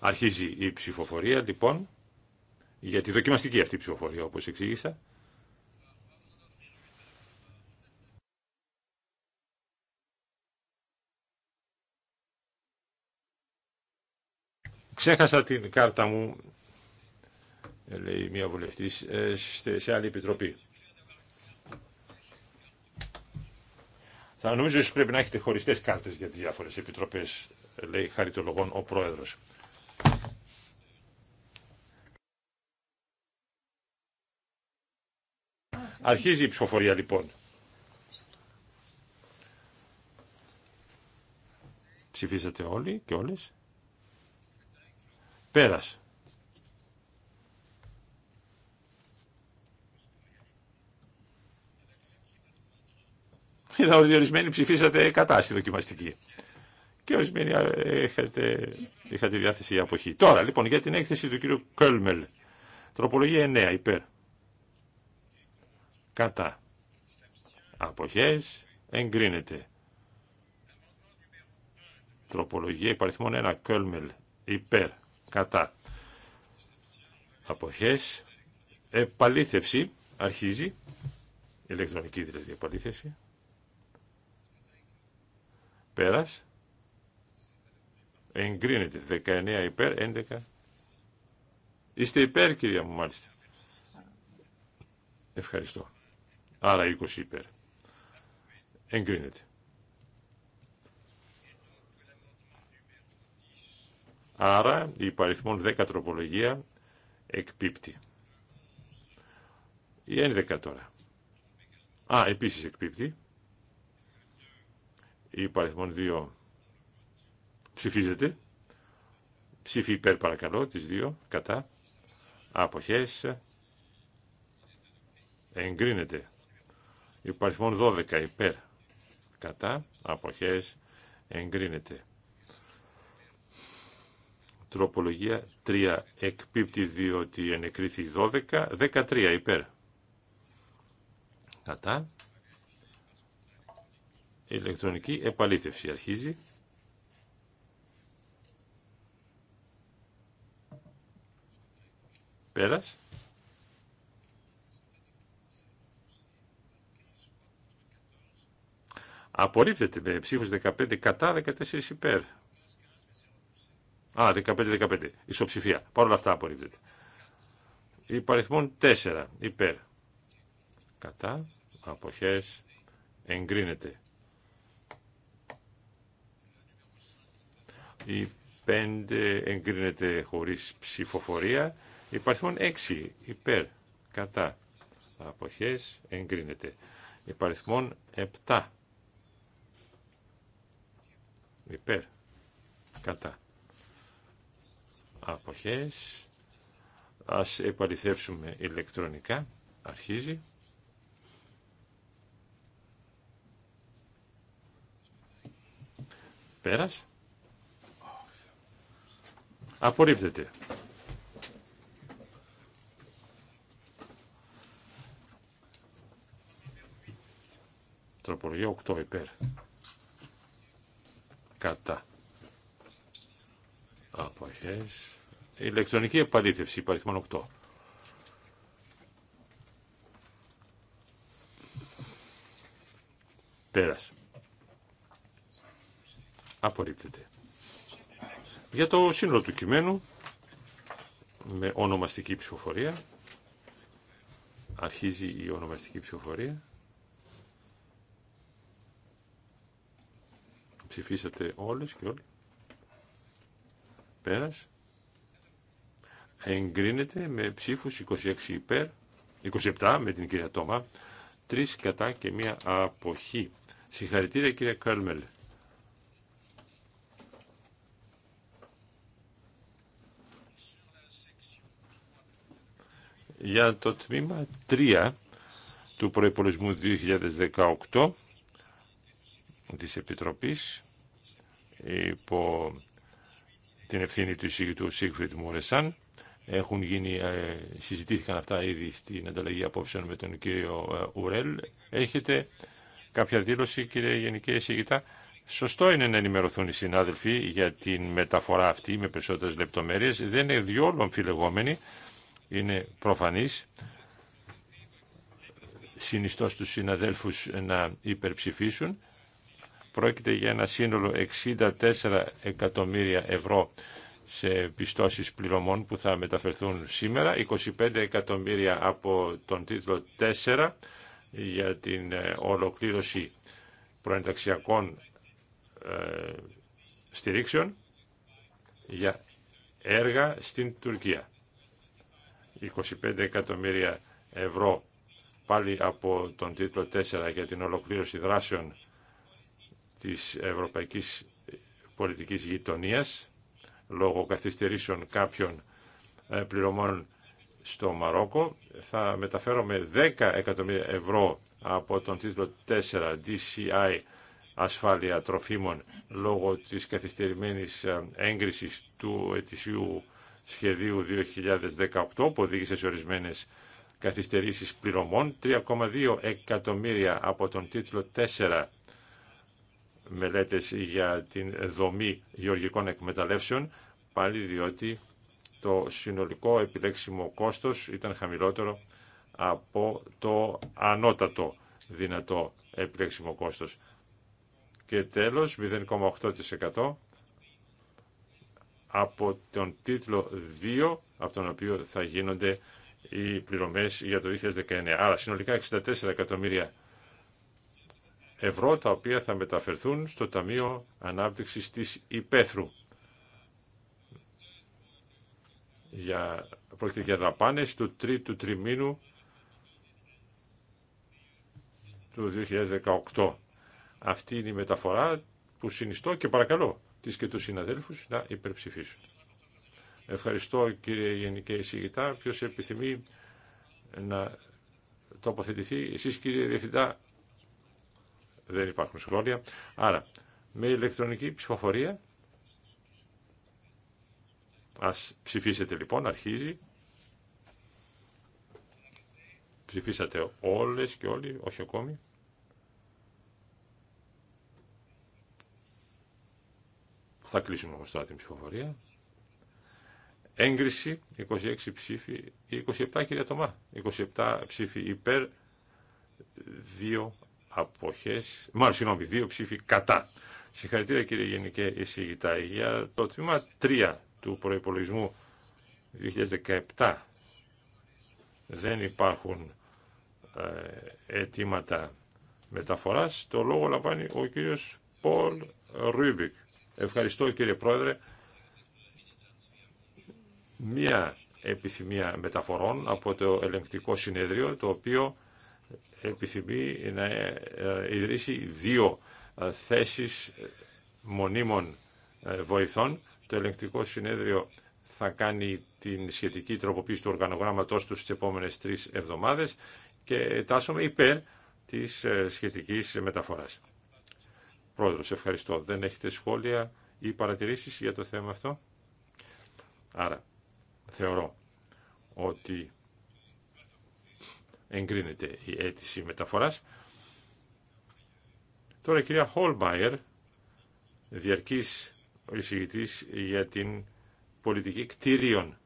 Αρχίζει η ψηφοφορία, λοιπόν για τη δοκιμαστική αυτή ψηφοφορία, όπως εξήγησα. Ξέχασα την κάρτα μου, λέει μία βουλευτής, ε, σε άλλη επιτροπή. Θα νομίζω ότι πρέπει να έχετε χωριστές κάρτες για τις διάφορες επιτροπές, λέει χαριτολογών ο πρόεδρος. Αρχίζει η ψηφοφορία λοιπόν. Ψηφίσατε όλοι και όλες. Πέρας. Είδα ότι ορισμένοι ψηφίσατε κατά στη δοκιμαστική. Και ορισμένοι είχατε, είχατε διάθεση για αποχή. Τώρα λοιπόν για την έκθεση του κύριου Κέλμελ. Τροπολογία 9 υπέρ κατά αποχές εγκρίνεται. Τροπολογία υπαριθμών 1 Κόλμελ υπέρ κατά αποχές επαλήθευση αρχίζει ηλεκτρονική δηλαδή επαλήθευση πέρας εγκρίνεται 19 υπέρ 11 είστε υπέρ κυρία μου μάλιστα ευχαριστώ Άρα 20 υπέρ. Εγκρίνεται. Άρα η παριθμόν 10 τροπολογία εκπίπτει. Η 11 τώρα. Α, επίσης εκπίπτει. Η παριθμόν 2 ψηφίζεται. Ψήφι υπέρ παρακαλώ, τις δύο, κατά. Αποχές. Εγκρίνεται. Υπαριθμών 12 υπέρ. Κατά αποχές εγκρίνεται. Τροπολογία 3 εκπίπτει διότι ενεκρίθη 12. 13 υπέρ. Κατά. Ηλεκτρονική επαλήθευση αρχίζει. Πέρας. Απορρίπτεται με ψήφους 15 κατά 14 υπέρ. Α, 15-15. Ισοψηφία. Παρ' όλα αυτά απορρίπτεται. Υπαριθμόν 4 υπέρ. Κατά. Αποχές. Εγκρίνεται. Η 5 εγκρίνεται χωρίς ψηφοφορία. Υπαριθμόν 6 υπέρ. Κατά. Αποχές. Εγκρίνεται. Υπαριθμόν 7 υπέρ κατά αποχές ας επαληθεύσουμε ηλεκτρονικά αρχίζει πέρας απορρίπτεται τροπολογία 8 υπέρ κατά αποχές ηλεκτρονική επαλήθευση παριθμόν 8 πέρας απορρίπτεται για το σύνολο του κειμένου με ονομαστική ψηφοφορία αρχίζει η ονομαστική ψηφοφορία Ψηφίσατε όλες και όλοι. Πέρας. Εγκρίνεται με ψήφους 26 υπέρ, 27 με την κυρία Τόμα, 3 κατά και μία αποχή. Συγχαρητήρια κυρία Κέρμελ. Για το τμήμα 3 του προϋπολογισμού 2018 της Επιτροπής υπό την ευθύνη του εισηγητού Σίγφριτ Μουρεσάν. Έχουν γίνει, ε, συζητήθηκαν αυτά ήδη στην ανταλλαγή απόψεων με τον κύριο ε, Ουρέλ. Έχετε κάποια δήλωση κύριε Γενική Εισηγητά. Σωστό είναι να ενημερωθούν οι συνάδελφοι για την μεταφορά αυτή με περισσότερες λεπτομέρειες. Δεν είναι διόλου αμφιλεγόμενοι Είναι προφανής. Συνιστώ στους συναδέλφους να υπερψηφίσουν. Πρόκειται για ένα σύνολο 64 εκατομμύρια ευρώ σε πιστώσεις πληρωμών που θα μεταφερθούν σήμερα, 25 εκατομμύρια από τον τίτλο 4 για την ε, ολοκλήρωση προενταξιακών ε, στηρίξεων για έργα στην Τουρκία. 25 εκατομμύρια ευρώ πάλι από τον τίτλο 4 για την ολοκλήρωση δράσεων της ευρωπαϊκής πολιτικής γειτονίας λόγω καθυστερήσεων κάποιων ε, πληρωμών στο Μαρόκο. Θα μεταφέρομαι 10 εκατομμύρια ευρώ από τον τίτλο 4 DCI ασφάλεια τροφίμων λόγω της καθυστερημένης ε, έγκρισης του ετησίου σχεδίου 2018 που οδήγησε σε ορισμένες καθυστερήσεις πληρωμών, 3,2 εκατομμύρια από τον τίτλο 4 μελέτες για την δομή γεωργικών εκμεταλλεύσεων, πάλι διότι το συνολικό επιλέξιμο κόστος ήταν χαμηλότερο από το ανώτατο δυνατό επιλέξιμο κόστος. Και τέλος, 0,8% από τον τίτλο 2, από τον οποίο θα γίνονται οι πληρωμές για το 2019. Άρα συνολικά 64 εκατομμύρια ευρώ τα οποία θα μεταφερθούν στο Ταμείο Ανάπτυξης της Υπέθρου. Για, πρόκειται για δαπάνες του τρίτου τριμήνου του 2018. Αυτή είναι η μεταφορά που συνιστώ και παρακαλώ τις και τους συναδέλφους να υπερψηφίσουν. Ευχαριστώ κύριε Γενική Εισηγητά. Ποιος επιθυμεί να τοποθετηθεί. Εσείς κύριε Διευθυντά δεν υπάρχουν σχόλια. Άρα, με ηλεκτρονική ψηφοφορία, ας ψηφίσετε λοιπόν, αρχίζει. Ψηφίσατε όλες και όλοι, όχι ακόμη. Θα κλείσουμε όμως τώρα την ψηφοφορία. Έγκριση, 26 ψήφοι, 27 κυρία Τωμά, 27 ψήφοι υπέρ, 2 αποχές, μάλλον συγγνώμη, δύο ψήφοι κατά. Συγχαρητήρια κύριε Γενικέ Εισηγητά για το τμήμα 3 του προϋπολογισμού 2017. Δεν υπάρχουν ε, αιτήματα μεταφοράς. Το λόγο λαμβάνει ο κύριος Πολ Ρούμπικ. Ευχαριστώ κύριε Πρόεδρε. Μία επιθυμία μεταφορών από το ελεγκτικό συνεδρίο το οποίο επιθυμεί να ε, ε, ιδρύσει δύο ε, θέσεις μονίμων βοηθών. Το ελεγκτικό συνέδριο θα κάνει την σχετική τροποποίηση του οργανογράμματός του στις επόμενες τρεις εβδομάδες και τάσσομαι υπέρ της σχετικής μεταφοράς. Πρόεδρος, ευχαριστώ. Δεν έχετε σχόλια ή παρατηρήσεις για το θέμα αυτό. Άρα, θεωρώ ότι εγκρίνεται η αίτηση μεταφοράς. Τώρα η κυρία Χολμπάιερ, διαρκής εισηγητής για την πολιτική κτίριων.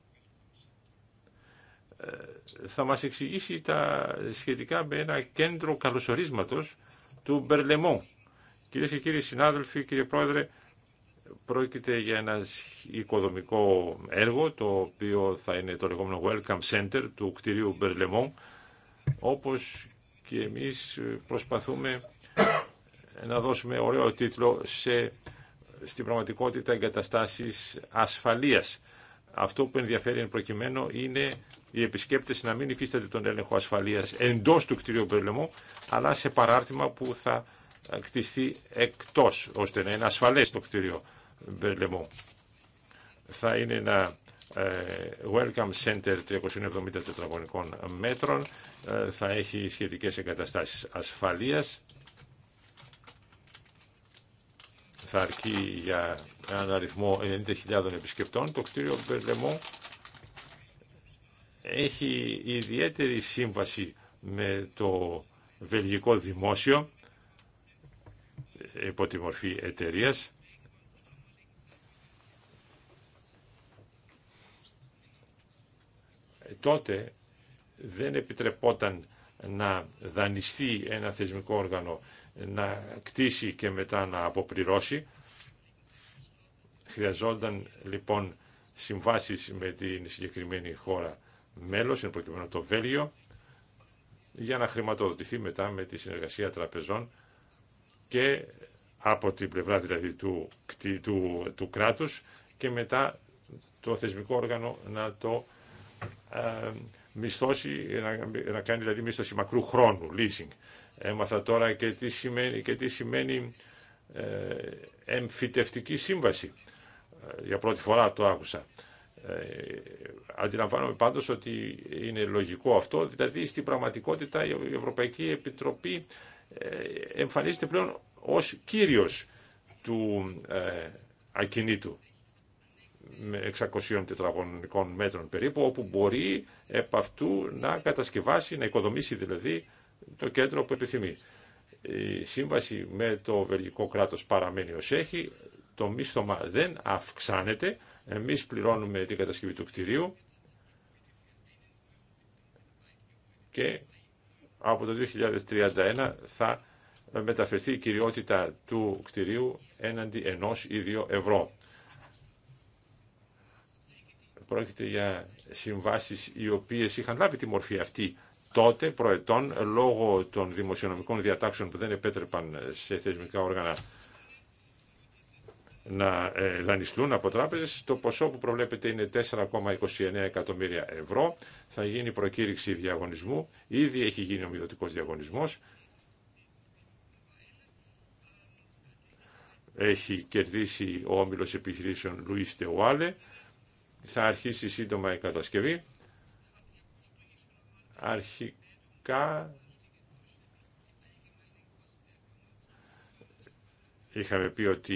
Ε, θα μας εξηγήσει τα σχετικά με ένα κέντρο καλωσορίσματος του Μπερλεμό. Κυρίες και κύριοι συνάδελφοι, κύριε Πρόεδρε, πρόκειται για ένα οικοδομικό έργο, το οποίο θα είναι το λεγόμενο Welcome Center του κτηρίου Μπερλεμό, όπως και εμείς προσπαθούμε να δώσουμε ωραίο τίτλο σε, στην πραγματικότητα εγκαταστάσεις ασφαλείας. Αυτό που ενδιαφέρει εν προκειμένου είναι οι επισκέπτες να μην υφίσταται τον έλεγχο ασφαλείας εντός του κτηρίου Μπερλεμού αλλά σε παράρτημα που θα κτιστεί εκτός, ώστε να είναι ασφαλές το κτίριο Μπερλεμού. Θα είναι ένα ε, Welcome Center 370 τετραγωνικών μέτρων ε, θα έχει σχετικές εγκαταστάσεις ασφαλείας θα αρκεί για έναν αριθμό 90.000 επισκεπτών το κτίριο Μπερλεμό έχει ιδιαίτερη σύμβαση με το βελγικό δημόσιο ε, υπό τη μορφή εταιρείας τότε δεν επιτρεπόταν να δανειστεί ένα θεσμικό όργανο να κτίσει και μετά να αποπληρώσει. Χρειαζόταν λοιπόν συμβάσεις με την συγκεκριμένη χώρα μέλος, εν προκειμένου το Βέλγιο, για να χρηματοδοτηθεί μετά με τη συνεργασία τραπεζών και από την πλευρά δηλαδή του, του, του κράτους και μετά το θεσμικό όργανο να το ε, μισθώσει, να, κάνει δηλαδή μίσθωση μακρού χρόνου, leasing. Έμαθα τώρα και τι σημαίνει, και τι σημαίνει ε, εμφυτευτική σύμβαση. Ε, για πρώτη φορά το άκουσα. Ε, αντιλαμβάνομαι πάντως ότι είναι λογικό αυτό, δηλαδή στην πραγματικότητα η Ευρωπαϊκή Επιτροπή ε, εμφανίζεται πλέον ως κύριος του ε, ακινήτου με 600 τετραγωνικών μέτρων περίπου, όπου μπορεί επ' αυτού να κατασκευάσει, να οικοδομήσει δηλαδή το κέντρο που επιθυμεί. Η σύμβαση με το βελγικό κράτος παραμένει ως έχει, το μίσθωμα δεν αυξάνεται, εμείς πληρώνουμε την κατασκευή του κτηρίου και από το 2031 θα μεταφερθεί η κυριότητα του κτηρίου έναντι ενός ή δύο ευρώ. Πρόκειται για συμβάσεις οι οποίες είχαν λάβει τη μορφή αυτή τότε προετών λόγω των δημοσιονομικών διατάξεων που δεν επέτρεπαν σε θεσμικά όργανα να ε, δανειστούν από τράπεζες. Το ποσό που προβλέπεται είναι 4,29 εκατομμύρια ευρώ. Θα γίνει προκήρυξη διαγωνισμού. Ήδη έχει γίνει ο διαγωνισμός. Έχει κερδίσει ο όμιλος επιχειρήσεων Λουίς Τεουάλε. Θα αρχίσει σύντομα η κατασκευή. Αρχικά είχαμε πει ότι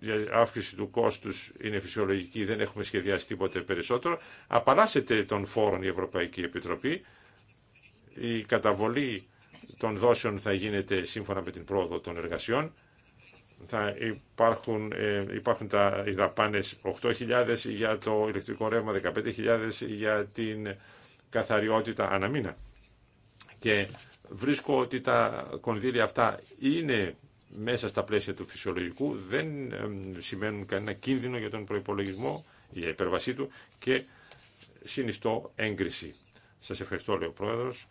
η αύξηση του κόστους είναι φυσιολογική, δεν έχουμε σχεδιάσει τίποτε περισσότερο. Απαλλάσσεται των φόρων η Ευρωπαϊκή Επιτροπή. Η καταβολή των δόσεων θα γίνεται σύμφωνα με την πρόοδο των εργασιών θα υπάρχουν, ε, υπάρχουν τα, οι δαπάνες 8.000 για το ηλεκτρικό ρεύμα, 15.000 για την καθαριότητα αναμήνα. Και βρίσκω ότι τα κονδύλια αυτά είναι μέσα στα πλαίσια του φυσιολογικού, δεν σημαίνουν κανένα κίνδυνο για τον προϋπολογισμό, για υπερβασή του και συνιστώ έγκριση. Σας ευχαριστώ, λέει ο Πρόεδρος.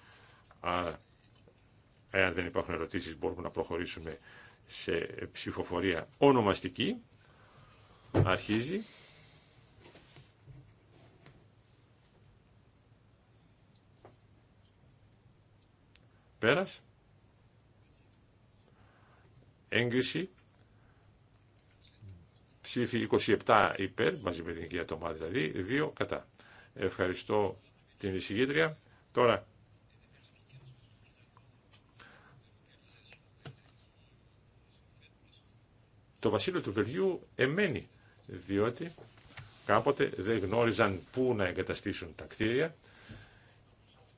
Εάν δεν υπάρχουν ερωτήσεις μπορούμε να προχωρήσουμε σε ψηφοφορία ονομαστική. Αρχίζει. Πέρας. Έγκριση. Ψήφι 27 υπέρ, μαζί με την κυρία Τωμά δηλαδή, 2 κατά. Ευχαριστώ την εισηγήτρια. Τώρα το βασίλειο του Βελγίου εμένει, διότι κάποτε δεν γνώριζαν πού να εγκαταστήσουν τα κτίρια.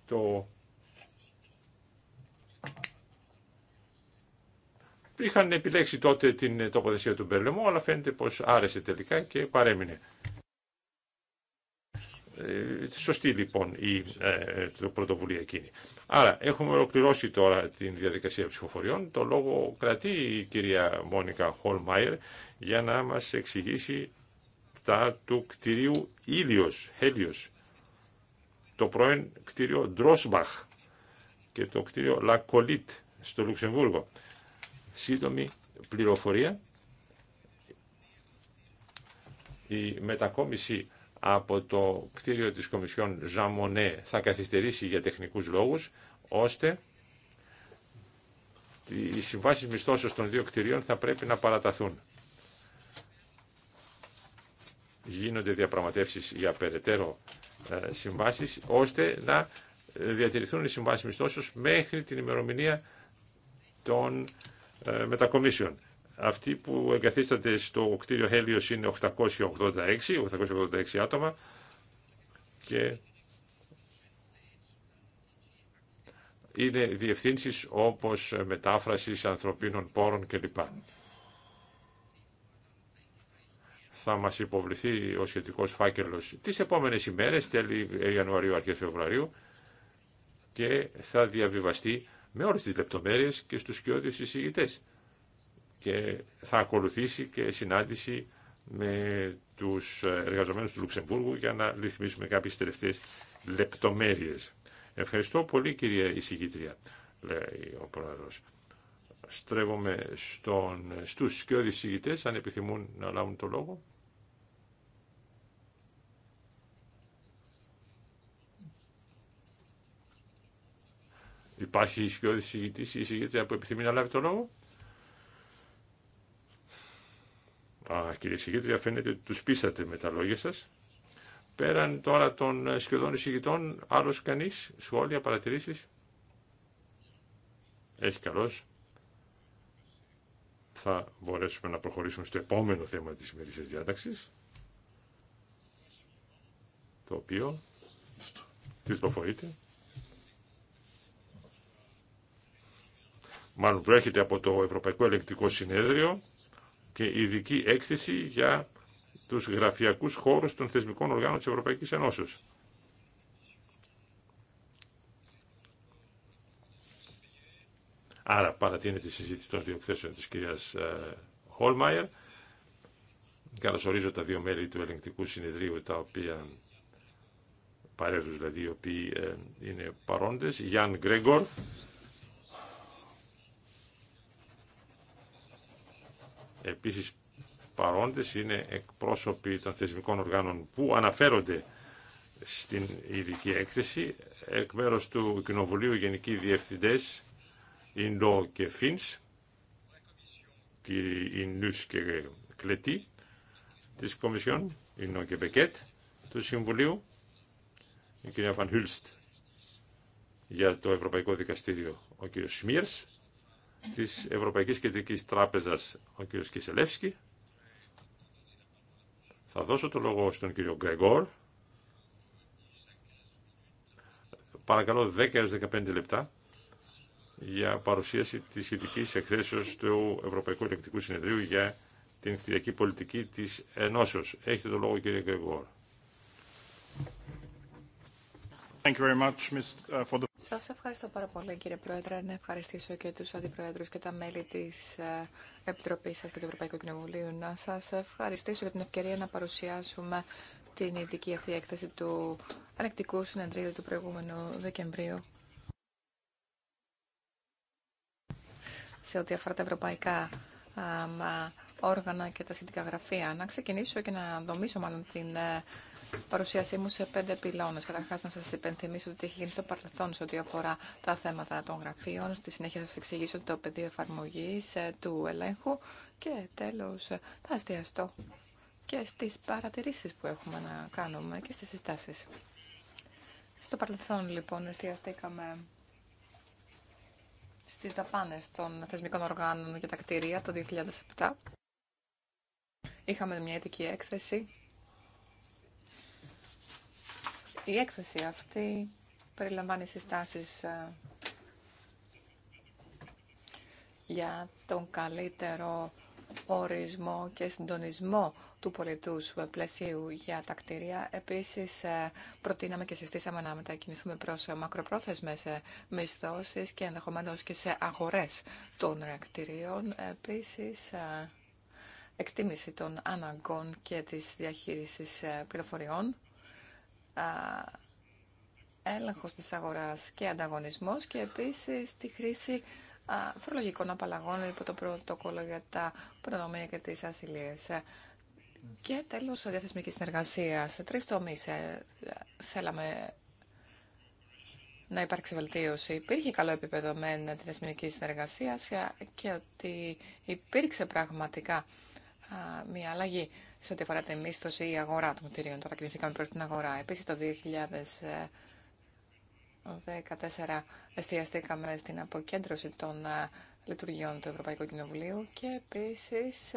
Το... Είχαν επιλέξει τότε την τοποθεσία του Μπερλεμό, αλλά φαίνεται πως άρεσε τελικά και παρέμεινε ε, σωστή λοιπόν η ε, ε, πρωτοβουλία εκείνη. Άρα έχουμε ολοκληρώσει τώρα την διαδικασία ψηφοφοριών. Το λόγο κρατεί η κυρία Μόνικα Χολμάιρ για να μας εξηγήσει τα του κτηρίου Ήλιος, Χέλιος, το πρώην κτίριο Ντρόσμπαχ και το κτίριο Λακολίτ στο Λουξεμβούργο. Σύντομη πληροφορία. Η μετακόμιση από το κτίριο της Κομισιόν Ζαμονέ θα καθυστερήσει για τεχνικούς λόγους, ώστε οι συμβάσει μισθώσεως των δύο κτιρίων θα πρέπει να παραταθούν. Γίνονται διαπραγματεύσεις για περαιτέρω ε, συμβάσεις, ώστε να ε, διατηρηθούν οι συμβάσει μισθώσεως μέχρι την ημερομηνία των ε, μετακομίσεων. Αυτοί που εγκαθίστανται στο κτίριο Χέλιος είναι 886, 886 άτομα και είναι διευθύνσεις όπως μετάφρασης ανθρωπίνων πόρων κλπ. Θα μας υποβληθεί ο σχετικός φάκελος τις επόμενες ημέρες, τέλη Ιανουαρίου, αρχές Φεβρουαρίου και θα διαβιβαστεί με όλες τις λεπτομέρειες και στους κοιότητες εισηγητές και θα ακολουθήσει και συνάντηση με τους εργαζομένους του Λουξεμβούργου για να ρυθμίσουμε κάποιες τελευταίες λεπτομέρειες. Ευχαριστώ πολύ κυρία εισηγήτρια, λέει ο πρόεδρος. Στρέβομαι στον, στους σκιώδεις εισηγητές, αν επιθυμούν να λάβουν το λόγο. Υπάρχει σκιώδης εισηγητής ή εισηγήτρια που επιθυμεί να λάβει το λόγο. Κύριε Συγγήτρια, φαίνεται ότι τους πείσατε με τα λόγια σας. Πέραν τώρα των σχεδόν εισηγητών, άλλος κανείς, σχόλια, παρατηρήσεις. Έχει καλώς. Θα μπορέσουμε να προχωρήσουμε στο επόμενο θέμα της ημερήσιας διάταξης, το οποίο τι τυπλοφορείται. Μάλλον προέρχεται από το Ευρωπαϊκό Ελεκτικό Συνέδριο και ειδική έκθεση για τους γραφειακούς χώρους των θεσμικών οργάνων της Ευρωπαϊκής Ενώσεως. Άρα παρατείνεται η συζήτηση των δύο εκθέσεων της κυρίας ε, Χόλμαϊερ. Καλωσορίζω τα δύο μέλη του ελεγκτικού συνεδρίου, τα οποία παρέχουν, δηλαδή, οι οποίοι ε, είναι παρόντες. Γιάνν Γκρέγκορ, Επίσης παρόντες είναι εκπρόσωποι των θεσμικών οργάνων που αναφέρονται στην ειδική έκθεση. Εκ μέρους του Κοινοβουλίου Γενικοί Διευθυντές Ινλό και Φίνς, κύριοι Ινλούς και Κλετή, της Κομισιόν, Ινλό και Μπεκέτ, του Συμβουλίου, η κυρία Βαν για το Ευρωπαϊκό Δικαστήριο, ο κύριος Σμίρς, της Ευρωπαϊκής Κεντρικής Τράπεζας, ο κ. Κισελεύσκη. Θα δώσω το λόγο στον κύριο Γκρεγόρ. Παρακαλώ 10 15 λεπτά για παρουσίαση της ειδική εκθέσεως του Ευρωπαϊκού Ελεκτικού Συνεδρίου για την κτηριακή πολιτική της Ενώσεως. Έχετε το λόγο κύριε Γκρεγόρ. Uh, σας ευχαριστώ πάρα πολύ κύριε Πρόεδρε. Να ευχαριστήσω και τους αντιπροέδρους και τα μέλη της ε, Επιτροπής σας και του Ευρωπαϊκού Κοινοβουλίου. Να σας ευχαριστήσω για την ευκαιρία να παρουσιάσουμε την ειδική αυτή έκθεση του ανεκτικού συνεδρίου του προηγούμενου Δεκεμβρίου. σε ό,τι αφορά τα ευρωπαϊκά όργανα και τα σχετικά γραφεία. Να ξεκινήσω και να δομήσω μάλλον την ε, παρουσίασή μου σε πέντε πυλώνες. Καταρχάς να σας υπενθυμίσω ότι έχει γίνει στο παρελθόν σε ό,τι αφορά τα θέματα των γραφείων. Στη συνέχεια θα σας εξηγήσω το πεδίο εφαρμογή ε, του ελέγχου και τέλος θα εστιαστώ και στις παρατηρήσεις που έχουμε να κάνουμε και στις συστάσεις. Στο παρελθόν λοιπόν εστιαστήκαμε στις δαπάνε των θεσμικών οργάνων για τα κτίρια το 2007. Είχαμε μια ειδική έκθεση η έκθεση αυτή περιλαμβάνει συστάσεις ε, για τον καλύτερο ορισμό και συντονισμό του πολιτού πλαισίου για τα κτίρια. Επίσης, ε, προτείναμε και συστήσαμε να μετακινηθούμε προς μακροπρόθεσμες ε, μισθώσεις και ενδεχομένως και σε αγορές των κτιρίων. Επίσης, εκτίμηση των αναγκών και της διαχείρισης πληροφοριών έλεγχος της αγοράς και ανταγωνισμός και επίσης τη χρήση φορολογικών απαλλαγών υπό το πρωτόκολλο για τα προνομία και τις ασυλίες. Και τέλος, διαθεσμική συνεργασία. Σε τρεις τομείς ε, θέλαμε να υπάρξει βελτίωση. Υπήρχε καλό επίπεδο με τη διαθεσμική συνεργασία και ότι υπήρξε πραγματικά μια αλλαγή σε ό,τι αφορά τη μίσθωση ή αγορά των κτηρίων. Τώρα κινηθήκαμε προ την αγορά. Επίση, το 2014 εστιαστήκαμε στην αποκέντρωση των λειτουργιών του Ευρωπαϊκού Κοινοβουλίου και επίσης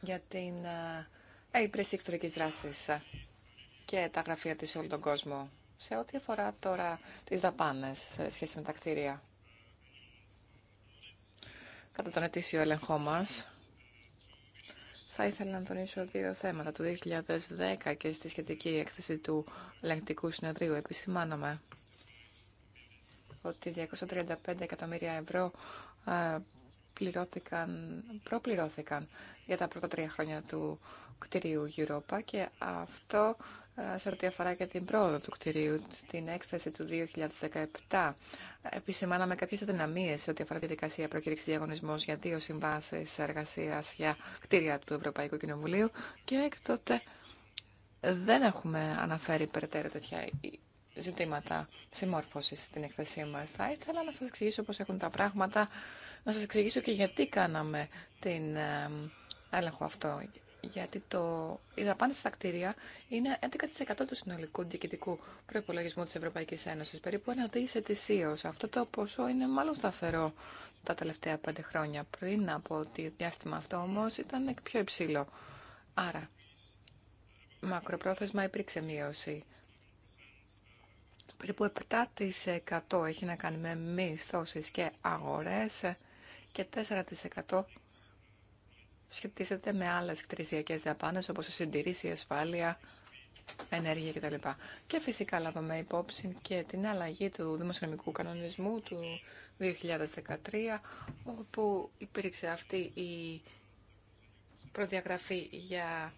για την έμπρεση εξωτερικής δράσης και τα γραφεία της σε όλο τον κόσμο. Σε ό,τι αφορά τώρα τις δαπάνες σε σχέση με τα κτίρια κατά τον ετήσιο έλεγχό μας. Θα ήθελα να τονίσω δύο θέματα. Το 2010 και στη σχετική έκθεση του ελεγκτικού συνεδρίου επισημάνομαι ότι 235 εκατομμύρια ευρώ ε, πληρώθηκαν, προπληρώθηκαν για τα πρώτα τρία χρόνια του κτηρίου Europa και αυτό ε, σε ό,τι αφορά και την πρόοδο του κτηρίου, την έκθεση του 2017 επισημάναμε κάποιες αδυναμίε σε ό,τι αφορά τη δικασία προκήρυξη διαγωνισμό για δύο συμβάσει εργασία για κτίρια του Ευρωπαϊκού Κοινοβουλίου και εκ δεν έχουμε αναφέρει περαιτέρω τέτοια ζητήματα συμμόρφωση στην εκθεσή μας. Θα ήθελα να σα εξηγήσω πώς έχουν τα πράγματα, να σα εξηγήσω και γιατί κάναμε την ε, έλεγχο αυτό γιατί το, οι στα κτίρια είναι 11% του συνολικού διοικητικού προπολογισμού τη Ευρωπαϊκή Ένωση, περίπου ένα δι Αυτό το ποσό είναι μάλλον σταθερό τα τελευταία πέντε χρόνια. Πριν από το διάστημα αυτό όμω ήταν πιο υψηλό. Άρα, μακροπρόθεσμα υπήρξε μείωση. Περίπου 7% έχει να κάνει με μισθώσεις και αγορέ και 4% σχετίζεται με άλλε κτηριακέ δαπάνε όπω η συντηρήση, η ασφάλεια, ενέργεια κτλ. Και φυσικά λάβαμε υπόψη και την αλλαγή του δημοσιονομικού κανονισμού του 2013 όπου υπήρξε αυτή η προδιαγραφή για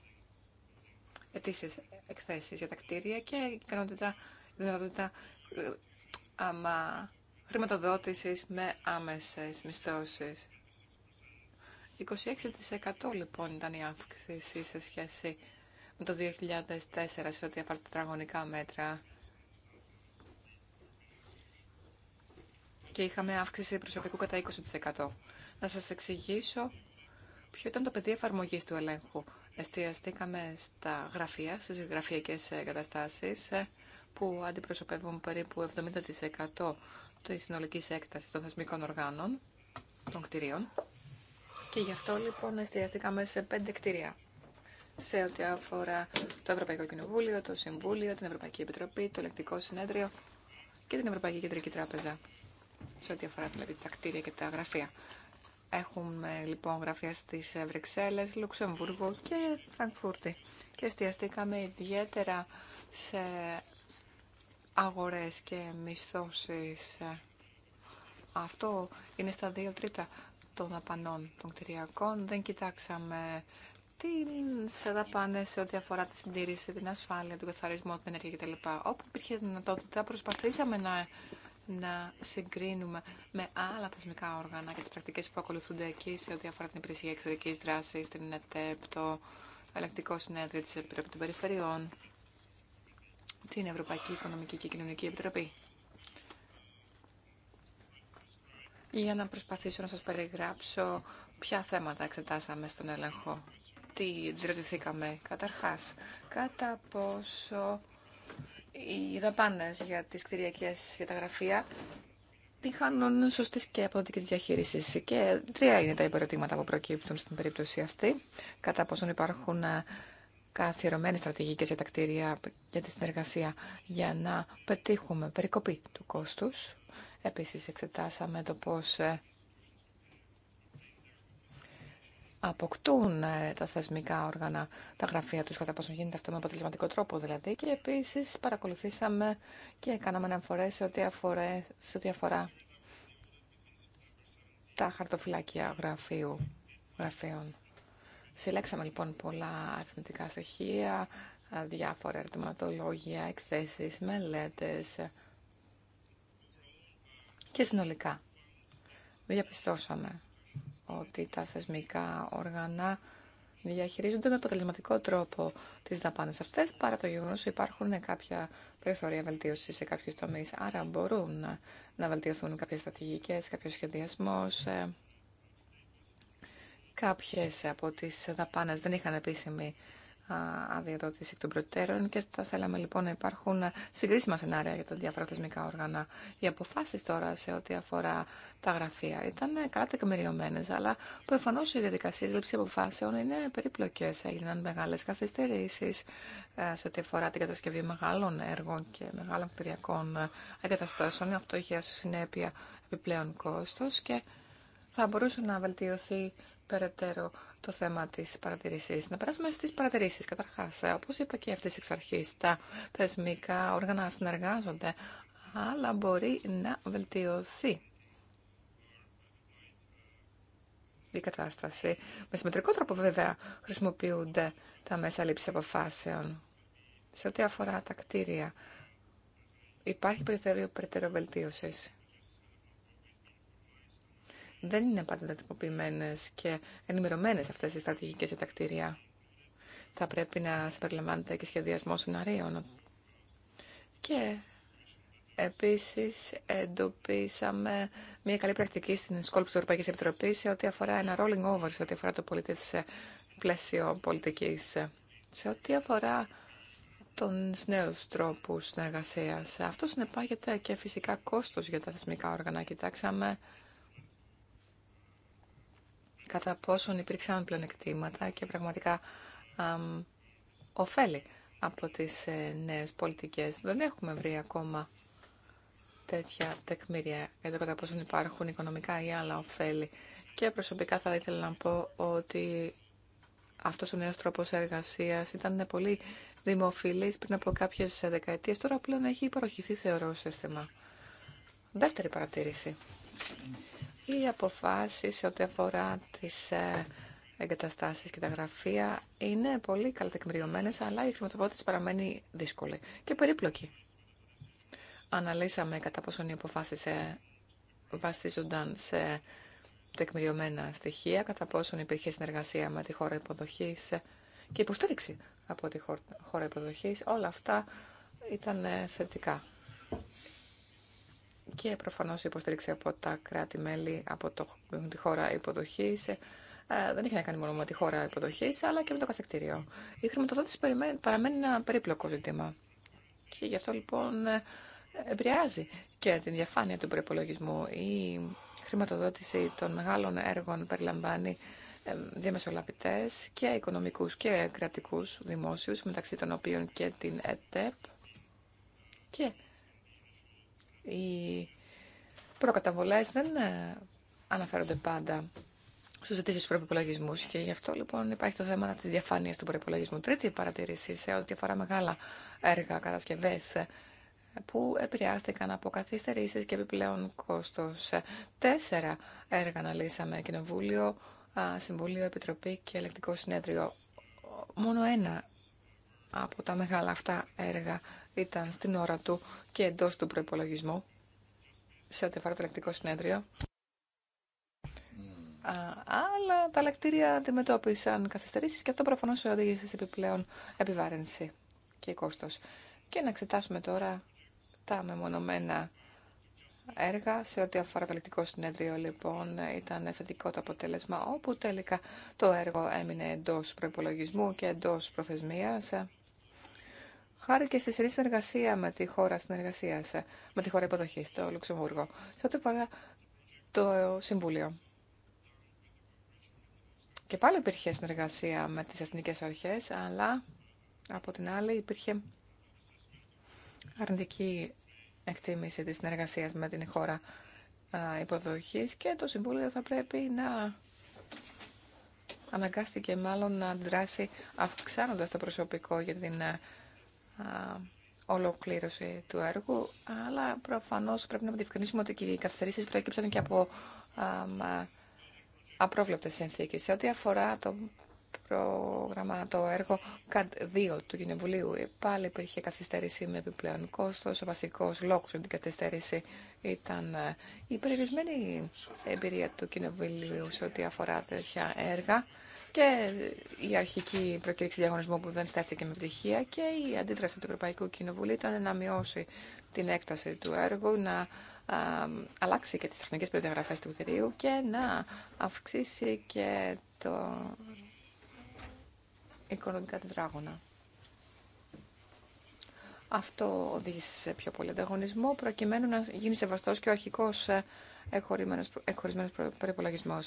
αιτήσει εκθέσει για τα κτίρια και η ικανότητα, δυνατότητα ε, άμα χρηματοδότησης με άμεσες μισθώσεις. 26% λοιπόν ήταν η αύξηση σε σχέση με το 2004 σε ό,τι αφορά τα τραγωνικά μέτρα. Και είχαμε αύξηση προσωπικού κατά 20%. Να σας εξηγήσω ποιο ήταν το πεδίο εφαρμογής του ελέγχου. Εστιαστήκαμε στα γραφεία, στις γραφειακές καταστάσεις που αντιπροσωπεύουν περίπου 70% της συνολικής έκτασης των θεσμικών οργάνων των κτηρίων. Και γι' αυτό λοιπόν εστιαστήκαμε σε πέντε κτίρια. Σε ό,τι αφορά το Ευρωπαϊκό Κοινοβούλιο, το Συμβούλιο, την Ευρωπαϊκή Επιτροπή, το Ελεκτικό Συνέδριο και την Ευρωπαϊκή Κεντρική Τράπεζα. Σε ό,τι αφορά δηλαδή, τα κτίρια και τα γραφεία. Έχουμε λοιπόν γραφεία στις Βρυξέλλε, Λουξεμβούργο και Φραγκφούρτη. Και εστιαστήκαμε ιδιαίτερα σε αγορές και μισθώσεις. Αυτό είναι στα δύο τρίτα των δαπανών των κτηριακών. Δεν κοιτάξαμε τι δαπάνε σε ό,τι αφορά τη συντήρηση, την ασφάλεια, τον καθαρισμό, την ενέργεια κτλ. Όπου υπήρχε δυνατότητα, προσπαθήσαμε να, να συγκρίνουμε με άλλα θεσμικά όργανα και τι πρακτικέ που ακολουθούνται εκεί σε ό,τι αφορά την υπηρεσία εξωτερική δράση, την ΕΤΕΠ, το Ελεκτικό Συνέδριο τη Επιτροπή των Περιφερειών, την Ευρωπαϊκή Οικονομική και Κοινωνική Επιτροπή. για να προσπαθήσω να σας περιγράψω ποια θέματα εξετάσαμε στον έλεγχο. Τι ρωτηθήκαμε καταρχάς, κατά πόσο οι δαπάνες για τις κτηριακές και τα γραφεία τη σωστής και αποδοτικής διαχείρισης. Και τρία είναι τα υπερωτήματα που προκύπτουν στην περίπτωση αυτή, κατά πόσο υπάρχουν ε, καθιερωμένες στρατηγικές για τα κτίρια για τη συνεργασία για να πετύχουμε περικοπή του κόστους Επίσης εξετάσαμε το πώς ε, αποκτούν ε, τα θεσμικά όργανα, τα γραφεία τους, κατά πόσο γίνεται αυτό με αποτελεσματικό τρόπο δηλαδή. Και επίσης παρακολουθήσαμε και κάναμε αναφορές σε ό,τι αφορά, αφορά τα χαρτοφυλάκια γραφείου, γραφείων. Συλλέξαμε λοιπόν πολλά αριθμητικά στοιχεία, διάφορα ερωτηματολόγια, εκθέσεις, μελέτες, και συνολικά διαπιστώσαμε ότι τα θεσμικά όργανα διαχειρίζονται με αποτελεσματικό τρόπο τι δαπάνε αυτέ, παρά το γεγονό ότι υπάρχουν κάποια περιθώρια βελτίωση σε κάποιου τομεί. Άρα μπορούν να, να βελτιωθούν κάποιε στρατηγικέ, κάποιο σχεδιασμό. Ε, κάποιε από τι δαπάνε δεν είχαν επίσημη αδειοδότηση των προτέρων και θα θέλαμε λοιπόν να υπάρχουν συγκρίσιμα σενάρια για τα διάφορα όργανα. Οι αποφάσει τώρα σε ό,τι αφορά τα γραφεία ήταν καλά τεκμηριωμένε, αλλά προφανώ οι διαδικασίε λήψη αποφάσεων είναι περίπλοκε. Έγιναν μεγάλε καθυστερήσει ε, σε ό,τι αφορά την κατασκευή μεγάλων έργων και μεγάλων κτηριακών εγκαταστάσεων. Αυτό είχε ω συνέπεια επιπλέον κόστο και θα μπορούσε να βελτιωθεί περαιτέρω το θέμα τη παρατηρήση. Να περάσουμε στις παρατηρήσεις. Καταρχάς, ε, όπως είπα και αυτή εξ αρχής, τα θεσμικά όργανα συνεργάζονται, αλλά μπορεί να βελτιωθεί η κατάσταση. Με συμμετρικό τρόπο βέβαια χρησιμοποιούνται τα μέσα λήψη αποφάσεων. Σε ό,τι αφορά τα κτίρια, υπάρχει περιθώριο βελτίωσης δεν είναι πάντα τυποποιημένε και ενημερωμένε αυτέ οι στρατηγικέ για τα κτίρια. Θα πρέπει να συμπεριλαμβάνεται και σχεδιασμό σενάριων. Και επίσης εντοπίσαμε μια καλή πρακτική στην σκόλπη της Ευρωπαϊκής Επιτροπής σε ό,τι αφορά ένα rolling over, σε ό,τι αφορά το πολίτης ε, πλαίσιο πολιτικής, σε ό,τι αφορά τον νέου τρόπου συνεργασία. Αυτό συνεπάγεται και φυσικά κόστο για τα θεσμικά όργανα. Κοιτάξαμε κατά πόσον υπήρξαν πλανεκτήματα και πραγματικά ωφέλη από τις ε, νέες πολιτικές. Δεν έχουμε βρει ακόμα τέτοια τεκμήρια για το κατά πόσον υπάρχουν οικονομικά ή άλλα ωφέλη. Και προσωπικά θα ήθελα να πω ότι αυτός ο νέος τρόπος εργασίας ήταν πολύ δημοφιλής πριν από κάποιες δεκαετίες. Τώρα πλέον έχει υποροχηθεί θεωρώ σύστημα. Δεύτερη παρατήρηση. Οι αποφάσεις σε ό,τι αφορά τις ε, εγκαταστάσεις και τα γραφεία είναι πολύ καλά αλλά η χρηματοδότηση παραμένει δύσκολη και περίπλοκη. Αναλύσαμε κατά πόσον οι αποφάσεις ε, βασίζονταν σε τεκμηριωμένα στοιχεία, κατά πόσον υπήρχε συνεργασία με τη χώρα υποδοχής και υποστήριξη από τη χώρα υποδοχής. Όλα αυτά ήταν ε, θετικά και προφανώς η υποστήριξη από τα κράτη-μέλη από το, τη χώρα υποδοχής ε, δεν έχει να κάνει μόνο με τη χώρα υποδοχή, αλλά και με το καθεκτήριο. Η χρηματοδότηση παραμένει ένα περίπλοκο ζήτημα. Και γι' αυτό λοιπόν ε, επηρεάζει και την διαφάνεια του προπολογισμού. Η χρηματοδότηση των μεγάλων έργων περιλαμβάνει ε, διαμεσολαβητές και οικονομικούς και κρατικούς δημόσιους, μεταξύ των οποίων και την ΕΤΕΠ. Και οι προκαταβολές δεν ε, αναφέρονται πάντα στου αιτήσει προπολογισμού. Και γι' αυτό λοιπόν υπάρχει το θέμα τη διαφάνεια του προπολογισμού. Τρίτη παρατήρηση σε ό,τι αφορά μεγάλα έργα, κατασκευέ ε, που επηρεάστηκαν από καθυστερήσει και επιπλέον κόστο. Τέσσερα έργα αναλύσαμε: Κοινοβούλιο, Συμβούλιο, Επιτροπή και Ελεκτικό Συνέδριο. Μόνο ένα από τα μεγάλα αυτά έργα ήταν στην ώρα του και εντός του προϋπολογισμού σε ό,τι αφορά το ελεκτικό συνέδριο. Mm. Α, αλλά τα λακτήρια αντιμετώπισαν καθυστερήσεις και αυτό προφανώς οδήγησε σε επιπλέον επιβάρυνση και κόστος. Και να εξετάσουμε τώρα τα μεμονωμένα έργα σε ό,τι αφορά το λεκτικό συνέδριο λοιπόν ήταν θετικό το αποτέλεσμα όπου τελικά το έργο έμεινε εντός προϋπολογισμού και εντός προθεσμίας χάρη και στη σειρή συνεργασία με τη χώρα συνεργασία, με τη χώρα υποδοχή, το Λουξεμβούργο. Σε ό,τι αφορά το Συμβούλιο. Και πάλι υπήρχε συνεργασία με τις εθνικές αρχές, αλλά από την άλλη υπήρχε αρνητική εκτίμηση της συνεργασίας με την χώρα υποδοχής και το Συμβούλιο θα πρέπει να αναγκάστηκε μάλλον να αντιδράσει αυξάνοντας το προσωπικό για την ολοκλήρωση του έργου, αλλά προφανώς πρέπει να διευκρινίσουμε ότι οι καθυστερήσεις προέκυψαν και από απρόβλεπτες συνθήκες. Σε ό,τι αφορά το πρόγραμμα, το εργο κατ' CAD2 του Κοινοβουλίου, πάλι υπήρχε καθυστέρηση με επιπλέον κόστος. Ο βασικός λόγος για την καθυστέρηση ήταν η περιορισμένη εμπειρία του Κοινοβουλίου σε ό,τι αφορά τέτοια έργα και η αρχική προκήρυξη διαγωνισμού που δεν στέφθηκε με πτυχία και η αντίδραση του Ευρωπαϊκού Κοινοβουλίου ήταν να μειώσει την έκταση του έργου, να αλλάξει και τις τεχνικές περιγραφές του κτηρίου και να αυξήσει και το οικονομικά τετράγωνα. Αυτό οδήγησε σε πιο πολύ ανταγωνισμό, προκειμένου να γίνει σεβαστός και ο αρχικός εγχωρισμένος προπολογισμό.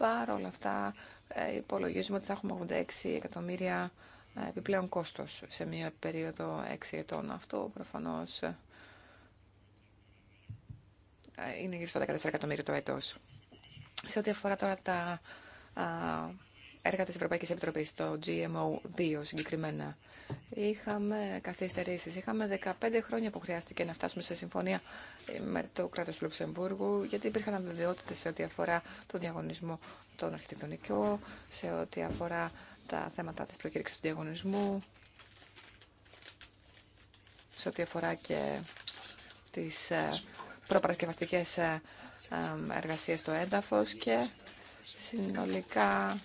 Παρ' όλα αυτά ε, υπολογίζουμε ότι θα έχουμε 86 εκατομμύρια ε, επιπλέον κόστος σε μία περίοδο 6 ετών. Αυτό προφανώς ε, είναι γύρω στα 14 εκατομμύρια το έτος. Σε ό,τι αφορά τώρα τα έργα της Ευρωπαϊκής Επιτροπής, το GMO2 συγκεκριμένα, είχαμε καθυστερήσει. Είχαμε 15 χρόνια που χρειάστηκε να φτάσουμε σε συμφωνία ε, με το κράτο του Λουξεμβούργου, γιατί υπήρχαν αμοιβαιότητες σε ό,τι αφορά το διαγωνισμό των αρχιτεκτονικό, σε ό,τι αφορά τα θέματα της προκήρυξη του διαγωνισμού, σε ό,τι αφορά και τις ε, προπαρασκευαστικές ε, εργασίες στο έδαφος και συνολικά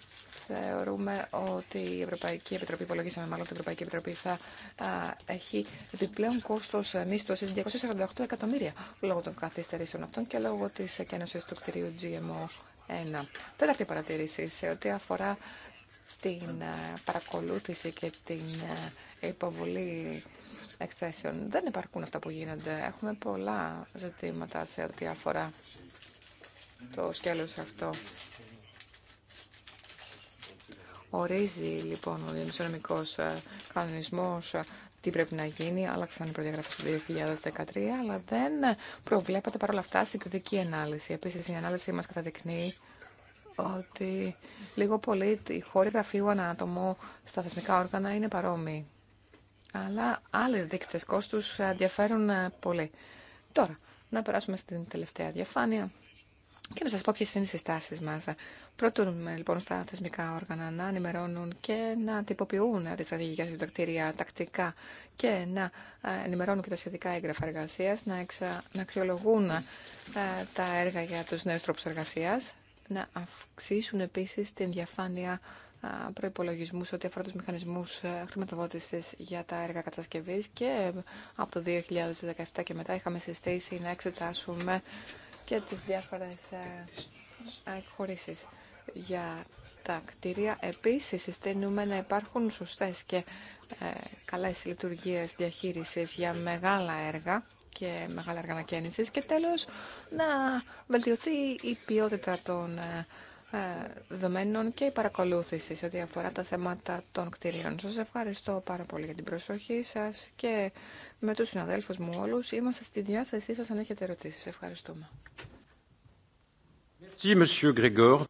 θεωρούμε ότι η Ευρωπαϊκή Επιτροπή, υπολογίσαμε μάλλον ότι η Ευρωπαϊκή Επιτροπή θα έχει επιπλέον κόστο μίσθωση 248 εκατομμύρια λόγω των καθυστερήσεων αυτών και λόγω τη εκένωση του κτηρίου GMO1. Τέταρτη παρατηρήση σε ό,τι αφορά την ε, παρακολούθηση και την ε, υποβολή εκθέσεων. Δεν υπάρχουν αυτά που γίνονται. Έχουμε πολλά ζητήματα σε ό,τι αφορά το σκέλος αυτό Ορίζει λοιπόν ο δημοσιονομικός ε, κανονισμός ε, τι πρέπει να γίνει, άλλαξαν οι προδιαγραφές του 2013, αλλά δεν προβλέπεται παρόλα αυτά συγκριτική ανάλυση. Επίσης η ανάλυση μας καταδεικνύει ότι λίγο πολύ οι χώροι γραφείου ανάτομο στα θεσμικά όργανα είναι παρόμοιοι. Αλλά άλλοι δείκτες κόστους ενδιαφέρουν ε, πολύ. Τώρα, να περάσουμε στην τελευταία διαφάνεια. Και να σας πω ποιε είναι οι συστάσεις μας. Προτείνουμε λοιπόν στα θεσμικά όργανα να ενημερώνουν και να τυποποιούν τη στρατηγική συντακτήρια τακτικά και να ε, ενημερώνουν και τα σχετικά έγγραφα εργασία, να, εξα... να αξιολογούν ε, τα έργα για τους νέους τρόπους εργασίας, να αυξήσουν επίσης την διαφάνεια ε, προπολογισμού ό,τι αφορά του μηχανισμού ε, χρηματοδότηση για τα έργα κατασκευή και από το 2017 και μετά είχαμε συστήσει να εξετάσουμε και τις διάφορες ε, εκχωρήσεις για τα κτίρια. Επίσης, συστήνουμε να υπάρχουν σωστές και ε, καλές λειτουργίες διαχείρισης για μεγάλα έργα και μεγάλα έργα ανακαίνησης και τέλος να βελτιωθεί η ποιότητα των ε, ε, δεδομένων και η παρακολούθηση ό,τι αφορά τα θέματα των κτηρίων. Σας ευχαριστώ πάρα πολύ για την προσοχή σας και με τους συναδέλφους μου όλους είμαστε στη διάθεσή σας αν έχετε ερωτήσεις. Ευχαριστούμε.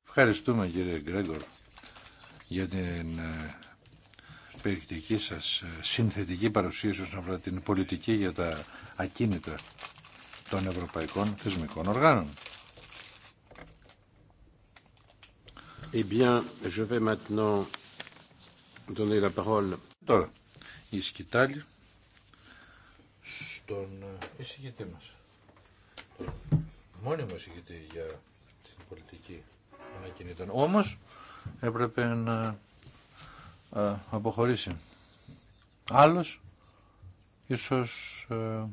Ευχαριστούμε κύριε Γκρέγκορ για την ε, περιεκτική σας ε, συνθετική παρουσίαση όσον αφορά την πολιτική για τα ακίνητα των ευρωπαϊκών θεσμικών οργάνων. Eh bien, je vais maintenant donner la parole. Τώρα, η σκητάλη στον ε, εισηγητή μας. Τον μόνιμο εισηγητή για την πολιτική ανακοινήτων. Όμως, έπρεπε να ε, αποχωρήσει. Άλλος, ίσως ε,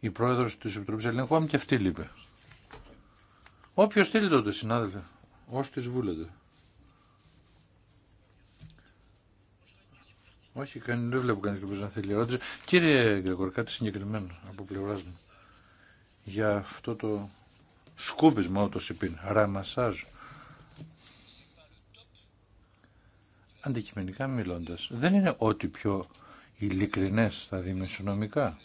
η πρόεδρος της Επιτροπής Ελληνικού, και αυτή λείπε. Όποιος στείλει τότε, συνάδελφε ως τις βούλετε. Όχι, κανεί, δεν βλέπω κανείς κάποιος να θέλει ερώτηση. Κύριε Γκρεκορ, κάτι συγκεκριμένο από πλευράς μου. Για αυτό το σκούπισμα, το σιπίν, ραμασάζ. Αντικειμενικά μιλώντας, δεν είναι ό,τι πιο ειλικρινές στα δημοσιονομικά.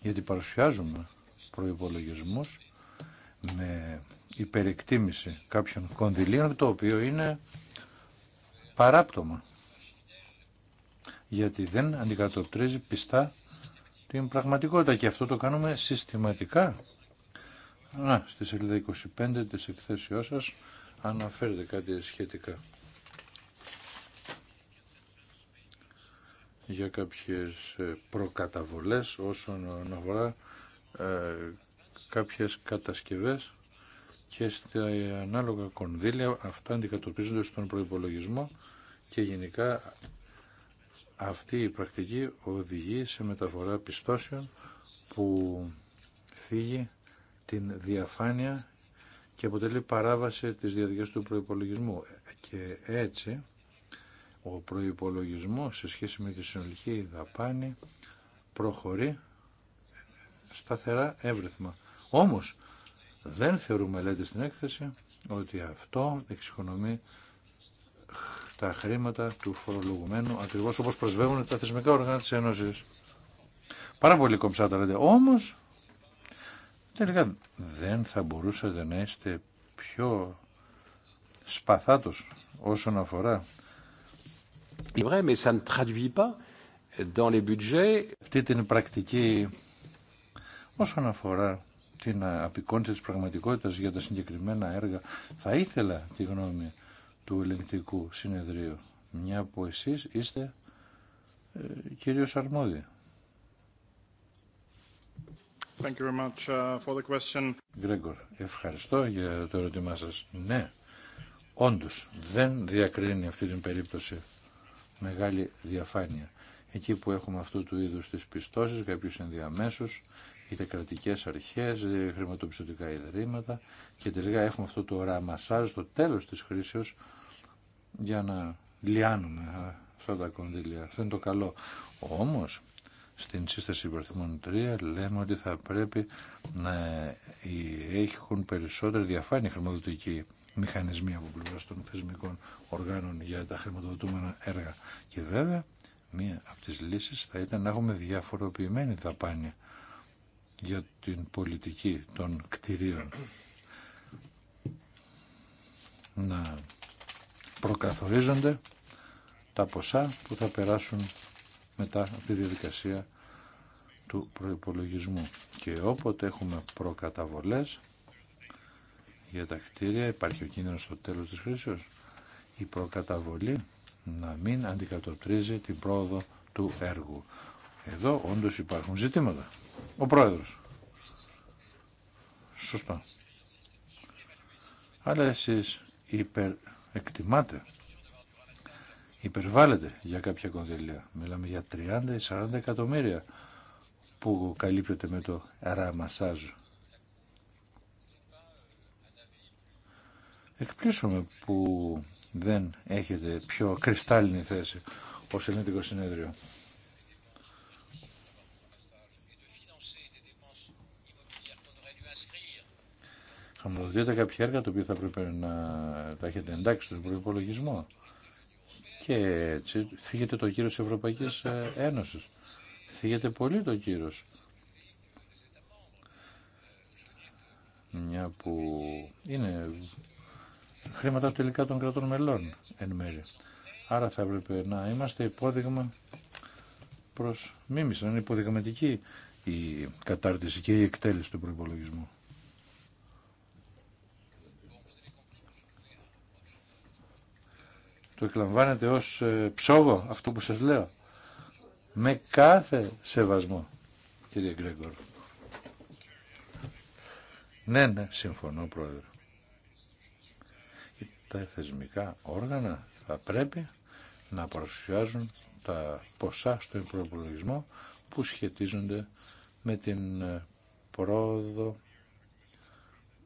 Γιατί παρουσιάζουμε προϋπολογισμούς με υπερεκτίμηση κάποιων κονδυλίων το οποίο είναι παράπτωμα γιατί δεν αντικατοπτρίζει πιστά την πραγματικότητα και αυτό το κάνουμε συστηματικά. Να, στη σελίδα 25 της εκθέσεώς σας αναφέρεται κάτι σχετικά. για κάποιες ε, προκαταβολές όσον αφορά ε, κάποιες κατασκευές και στα ανάλογα κονδύλια αυτά αντικατοπίζονται στον προϋπολογισμό και γενικά αυτή η πρακτική οδηγεί σε μεταφορά πιστώσεων που φύγει την διαφάνεια και αποτελεί παράβαση της διαδικασίας του προϋπολογισμού και έτσι ο προϋπολογισμός σε σχέση με τη συνολική δαπάνη προχωρεί σταθερά εύρυθμα. Όμως δεν θεωρούμε, λέτε στην έκθεση, ότι αυτό εξοικονομεί τα χρήματα του φορολογουμένου, ακριβώς όπως προσβεύουν τα θεσμικά οργάνα της Ένωσης. Πάρα πολύ κομψά λέτε. Όμως, τελικά δεν θα μπορούσατε να είστε πιο σπαθάτος όσον αφορά. Αυτή την πρακτική όσον αφορά την απεικόνηση της πραγματικότητας για τα συγκεκριμένα έργα. Θα ήθελα τη γνώμη του ελεγκτικού συνεδρίου, μια που εσείς είστε ε, κυρίως αρμόδιοι. Uh, ευχαριστώ για το ερώτημά σας. Ναι, όντως δεν διακρίνει αυτή την περίπτωση μεγάλη διαφάνεια. Εκεί που έχουμε αυτού του είδους τις πιστώσεις, κάποιους ενδιαμέσους, είτε κρατικέ αρχέ, χρηματοπιστωτικά ιδρύματα και τελικά έχουμε αυτό το ραμασάζ το τέλο τη χρήσεως για να λιάνουμε αυτά τα κονδύλια. Αυτό είναι το καλό. Όμω, στην σύσταση υπερθυμών 3 λέμε ότι θα πρέπει να ε, έχουν περισσότερη διαφάνεια χρηματοδοτική μηχανισμοί από πλευρά των θεσμικών οργάνων για τα χρηματοδοτούμενα έργα. Και βέβαια, μία από τις λύσεις θα ήταν να έχουμε διαφοροποιημένη δαπάνη για την πολιτική των κτηρίων να προκαθορίζονται τα ποσά που θα περάσουν μετά από τη διαδικασία του προϋπολογισμού. Και όποτε έχουμε προκαταβολές για τα κτίρια, υπάρχει ο κίνδυνος στο τέλος της χρήσης, η προκαταβολή να μην αντικατοπτρίζει την πρόοδο του έργου. Εδώ όντως υπάρχουν ζητήματα. Ο πρόεδρος. σωστά, Αλλά εσείς υπερεκτιμάτε, υπερβάλλετε για κάποια κονδυλία. Μιλάμε για 30 ή 40 εκατομμύρια που καλύπτεται με το ραμασάζ. Εκπλήσουμε που δεν έχετε πιο κρυστάλλινη θέση ως ελληνικό συνέδριο. Θα μου δείτε κάποια έργα τα οποία θα πρέπει να τα έχετε εντάξει στον προπολογισμό. Και έτσι φύγεται το κύριο της Ευρωπαϊκής ε, Ένωσης. Φύγεται πολύ το κύριο. Μια που είναι χρήματα τελικά των κρατών μελών εν μέρει. Άρα θα έπρεπε να είμαστε υπόδειγμα προς μίμηση, να είναι υποδειγματική η κατάρτιση και η εκτέλεση του προπολογισμού. το εκλαμβάνετε ως ε, ψόγο αυτό που σας λέω. Με κάθε σεβασμό, κύριε Γκρέγκορ. Ναι, ναι, συμφωνώ, πρόεδρε. Τα θεσμικά όργανα θα πρέπει να παρουσιάζουν τα ποσά στον προπολογισμό που σχετίζονται με την ε, πρόοδο,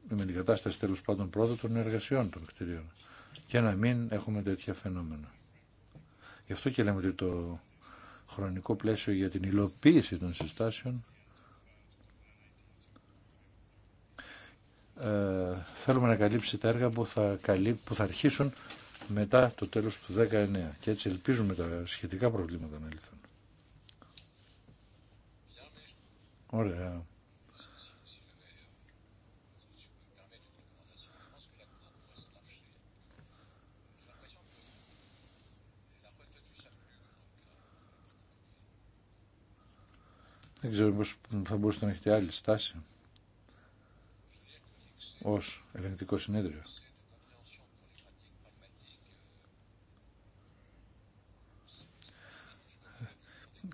με την κατάσταση τέλος πάντων πρόοδο των εργασιών των κτηρίων. Και να μην έχουμε τέτοια φαινόμενα. Γι' αυτό και λέμε ότι το χρονικό πλαίσιο για την υλοποίηση των συστάσεων ε, θέλουμε να καλύψει τα έργα που θα, που θα αρχίσουν μετά το τέλος του 19 και έτσι ελπίζουμε τα σχετικά προβλήματα να λυθούν. Ωραία. Δεν ξέρω πώς θα μπορούσατε να έχετε άλλη στάση ως ελεγκτικό συνέδριο.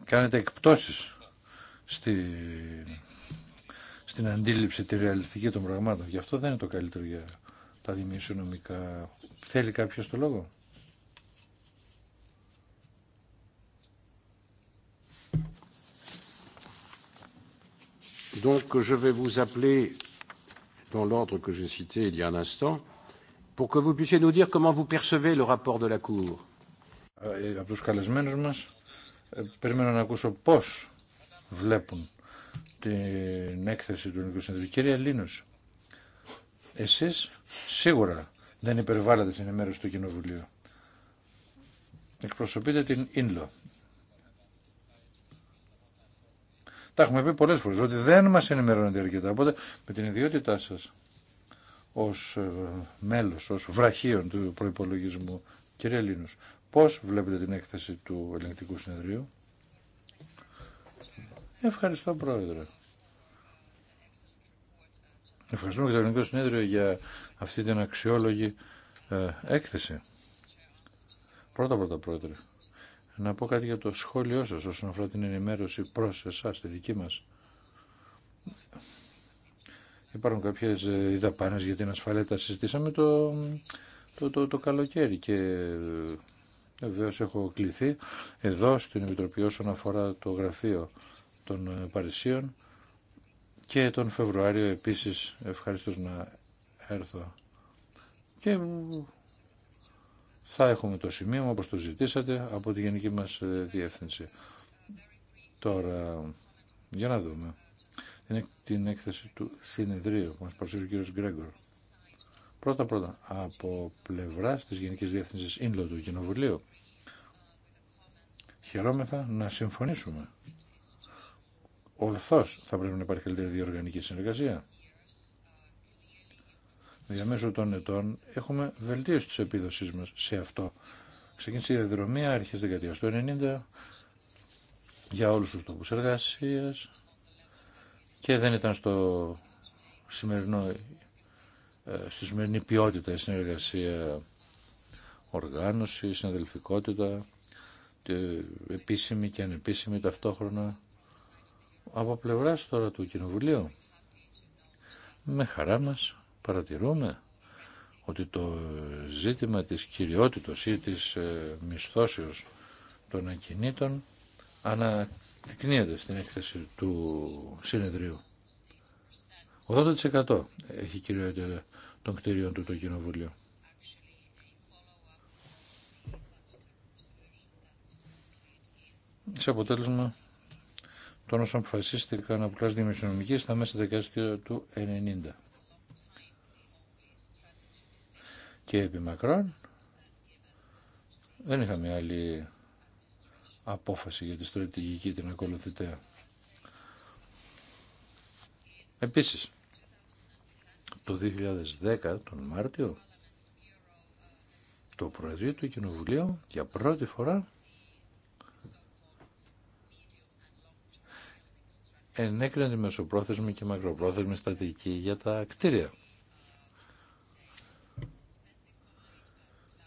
Κάνετε εκπτώσεις στη, στην αντίληψη τη ρεαλιστική των πραγμάτων. Γι' αυτό δεν είναι το καλύτερο για τα δημιουργικά Θέλει κάποιος το λόγο. Donc, je vais vous appeler dans l'ordre que j'ai cité il y a un instant, pour que vous puissiez nous dire comment vous percevez le rapport de la Cour. την έκθεση του Ελληνικού Συνεδρίου. Κύριε εσείς σίγουρα δεν υπερβάλλατε στην ενημέρωση του Κοινοβουλίου. Εκπροσωπείτε την ΙΝΛΟ, Τα έχουμε πει πολλές φορές ότι δεν μας ενημερώνετε αρκετά. Οπότε με την ιδιότητά σας ως ε, μέλος, ως βραχίων του προϋπολογισμού, κύριε Ελλήνους πώς βλέπετε την έκθεση του ελεγκτικού συνεδρίου. Ευχαριστώ Πρόεδρε. Ευχαριστούμε και το Ελληνικό Συνέδριο για αυτή την αξιόλογη ε, έκθεση. Πρώτα πρώτα Πρόεδρε να πω κάτι για το σχόλιο σας όσον αφορά την ενημέρωση προς εσάς, τη δική μας. Υπάρχουν κάποιες ε, δαπάνες για την ασφαλεία, τα συζητήσαμε το, το, το, το καλοκαίρι και ε, βεβαίω έχω κληθεί εδώ στην Επιτροπή όσον αφορά το γραφείο των ε, Παρισίων και τον Φεβρουάριο επίσης ευχαριστώ να έρθω και θα έχουμε το σημείο όπως το ζητήσατε από τη γενική μας ε, διεύθυνση. Τώρα, για να δούμε την, την έκθεση του συνεδρίου που μας προσφέρει ο κύριος Γκρέγκορ. Πρώτα πρώτα, από πλευράς της Γενικής Διεύθυνσης Ίνλο του Κοινοβουλίου, χαιρόμεθα να συμφωνήσουμε. Ορθώς θα πρέπει να υπάρχει καλύτερη διοργανική συνεργασία διαμέσου των ετών έχουμε βελτίωση τη επίδοσή μας σε αυτό. Ξεκίνησε η διαδρομή αρχέ δεκαετία του 90 για όλου του τόπου εργασία και δεν ήταν στο σημερινό, ε, στη σημερινή ποιότητα η συνεργασία οργάνωση, συναδελφικότητα, επίσημη και ανεπίσημη ταυτόχρονα από πλευράς τώρα του Κοινοβουλίου. Με χαρά μας παρατηρούμε ότι το ζήτημα της κυριότητος ή της ε, μισθώσεως των ακινήτων αναδεικνύεται στην έκθεση του συνεδρίου. 80% έχει κυριότητα των κτηρίων του το Κοινοβουλίο. Σε αποτέλεσμα των όσων αποφασίστηκαν από κλάση δημιουργική στα μέσα δεκαετία του 90. και επί μακρόν δεν είχαμε άλλη απόφαση για τη στρατηγική την ακολουθητέα. Επίσης, το 2010, τον Μάρτιο, το Προεδρείο του Κοινοβουλίου για πρώτη φορά ενέκρινε τη μεσοπρόθεσμη και μακροπρόθεσμη στρατηγική για τα κτίρια.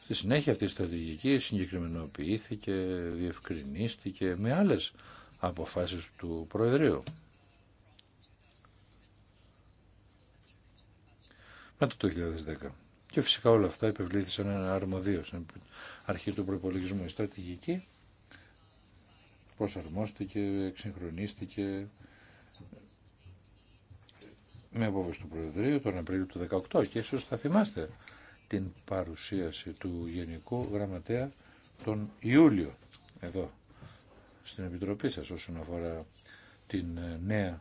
Στη συνέχεια αυτή η στρατηγική συγκεκριμενοποιήθηκε, διευκρινίστηκε με άλλες αποφάσεις του Προεδρείου. Μετά το 2010. Και φυσικά όλα αυτά υπευλήθησαν ένα αρμοδίο στην αρχή του προπολογισμού. Η στρατηγική προσαρμόστηκε, εξυγχρονίστηκε με απόφαση του Προεδρείου τον Απρίλιο του 2018 και ίσως θα θυμάστε την παρουσίαση του Γενικού Γραμματέα τον Ιούλιο εδώ στην Επιτροπή σας όσον αφορά την ε, νέα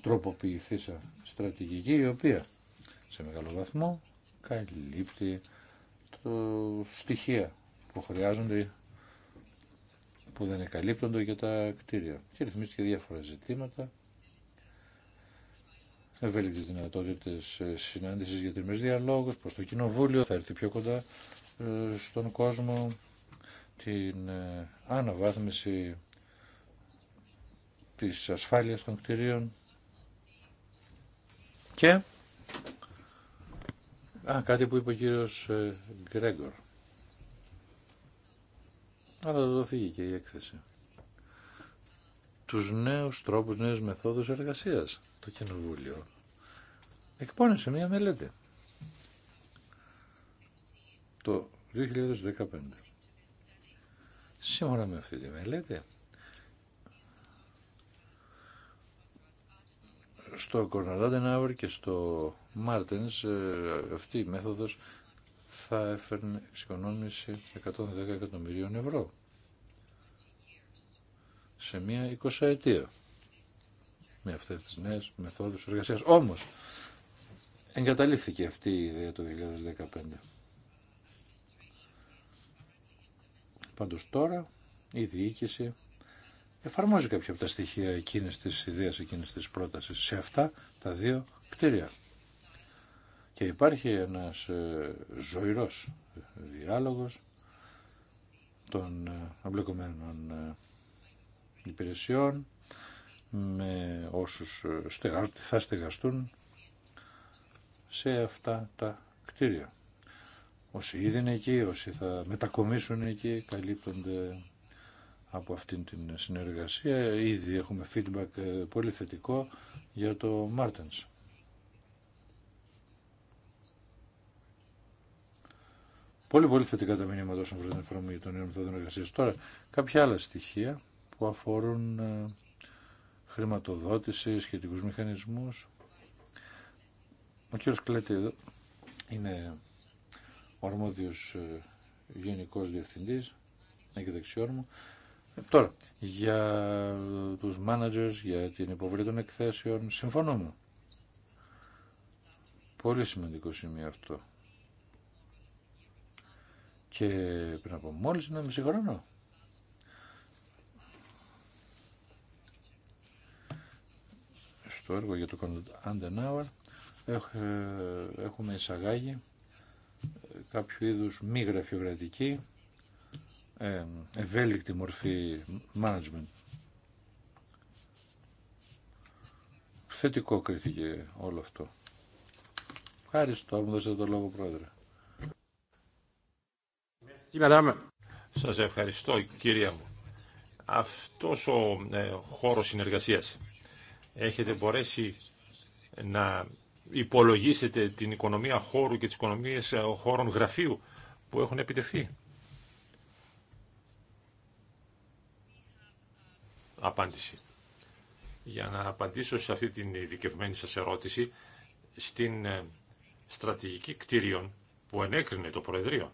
τροποποιηθήσα στρατηγική η οποία σε μεγάλο βαθμό καλύπτει το στοιχεία που χρειάζονται που δεν εκαλύπτονται για τα κτίρια. Και ρυθμίστηκε διάφορα ζητήματα ευέλικτε δυνατότητε ε, συνάντηση για τιμέ διαλόγου προ το κοινοβούλιο. Θα έρθει πιο κοντά ε, στον κόσμο την ε, αναβάθμιση της ασφάλειας των κτηρίων και Α, κάτι που είπε ο κύριος Γκρέγκορ. Αλλά εδώ φύγει και η έκθεση τους νέους τρόπους, νέες μεθόδους εργασίας. Το Κοινοβούλιο εκπώνησε μία μελέτη το 2015. Σύμφωνα με αυτή τη μελέτη, στο Άουρ και στο Μάρτενς ε, αυτή η μέθοδος θα έφερνε εξοικονόμηση 110 εκατομμυρίων ευρώ σε μία εικοσαετία με αυτές τις νέες μεθόδους εργασίας. Όμως, εγκαταλείφθηκε αυτή η ιδέα το 2015. Πάντως τώρα η διοίκηση εφαρμόζει κάποια από τα στοιχεία εκείνης της ιδέας, εκείνης της πρότασης σε αυτά τα δύο κτίρια. Και υπάρχει ένας ε, ζωηρός διάλογος των ε, εμπλεκομένων ε, υπηρεσιών, με όσους ε, θα στεγαστούν σε αυτά τα κτίρια. Όσοι ήδη είναι εκεί, όσοι θα μετακομίσουν εκεί, καλύπτονται από αυτήν την συνεργασία. Ήδη έχουμε feedback ε, πολύ θετικό για το Martens. Πολύ πολύ θετικά τα μηνύματα όσον αφορά την εφαρμογή των νέων μεθόδων εργασία. Τώρα, κάποια άλλα στοιχεία που αφορούν ε, χρηματοδότηση, σχετικούς μηχανισμούς. Ο κύριος Κλέτη εδώ είναι ορμόδιος ε, γενικός διευθυντής, και και ε, Τώρα, για τους managers, για την υποβολή των εκθέσεων, συμφωνούμε. Πολύ σημαντικό σημείο αυτό. Και πριν από μόλις να με χρόνο στο έργο για το ε, έχουμε εισαγάγει ε, κάποιο είδους μη γραφειοκρατική ε, ευέλικτη μορφή management. Θετικό κρίθηκε όλο αυτό. Ευχαριστώ μου δώσετε το λόγο πρόεδρε. Σας ευχαριστώ κυρία μου. Αυτός ο ε, χώρος συνεργασίας έχετε μπορέσει να υπολογίσετε την οικονομία χώρου και τις οικονομίες ε, χώρων γραφείου που έχουν επιτευχθεί. Απάντηση. Για να απαντήσω σε αυτή την ειδικευμένη σας ερώτηση, στην ε, στρατηγική κτίριων που ενέκρινε το Προεδρείο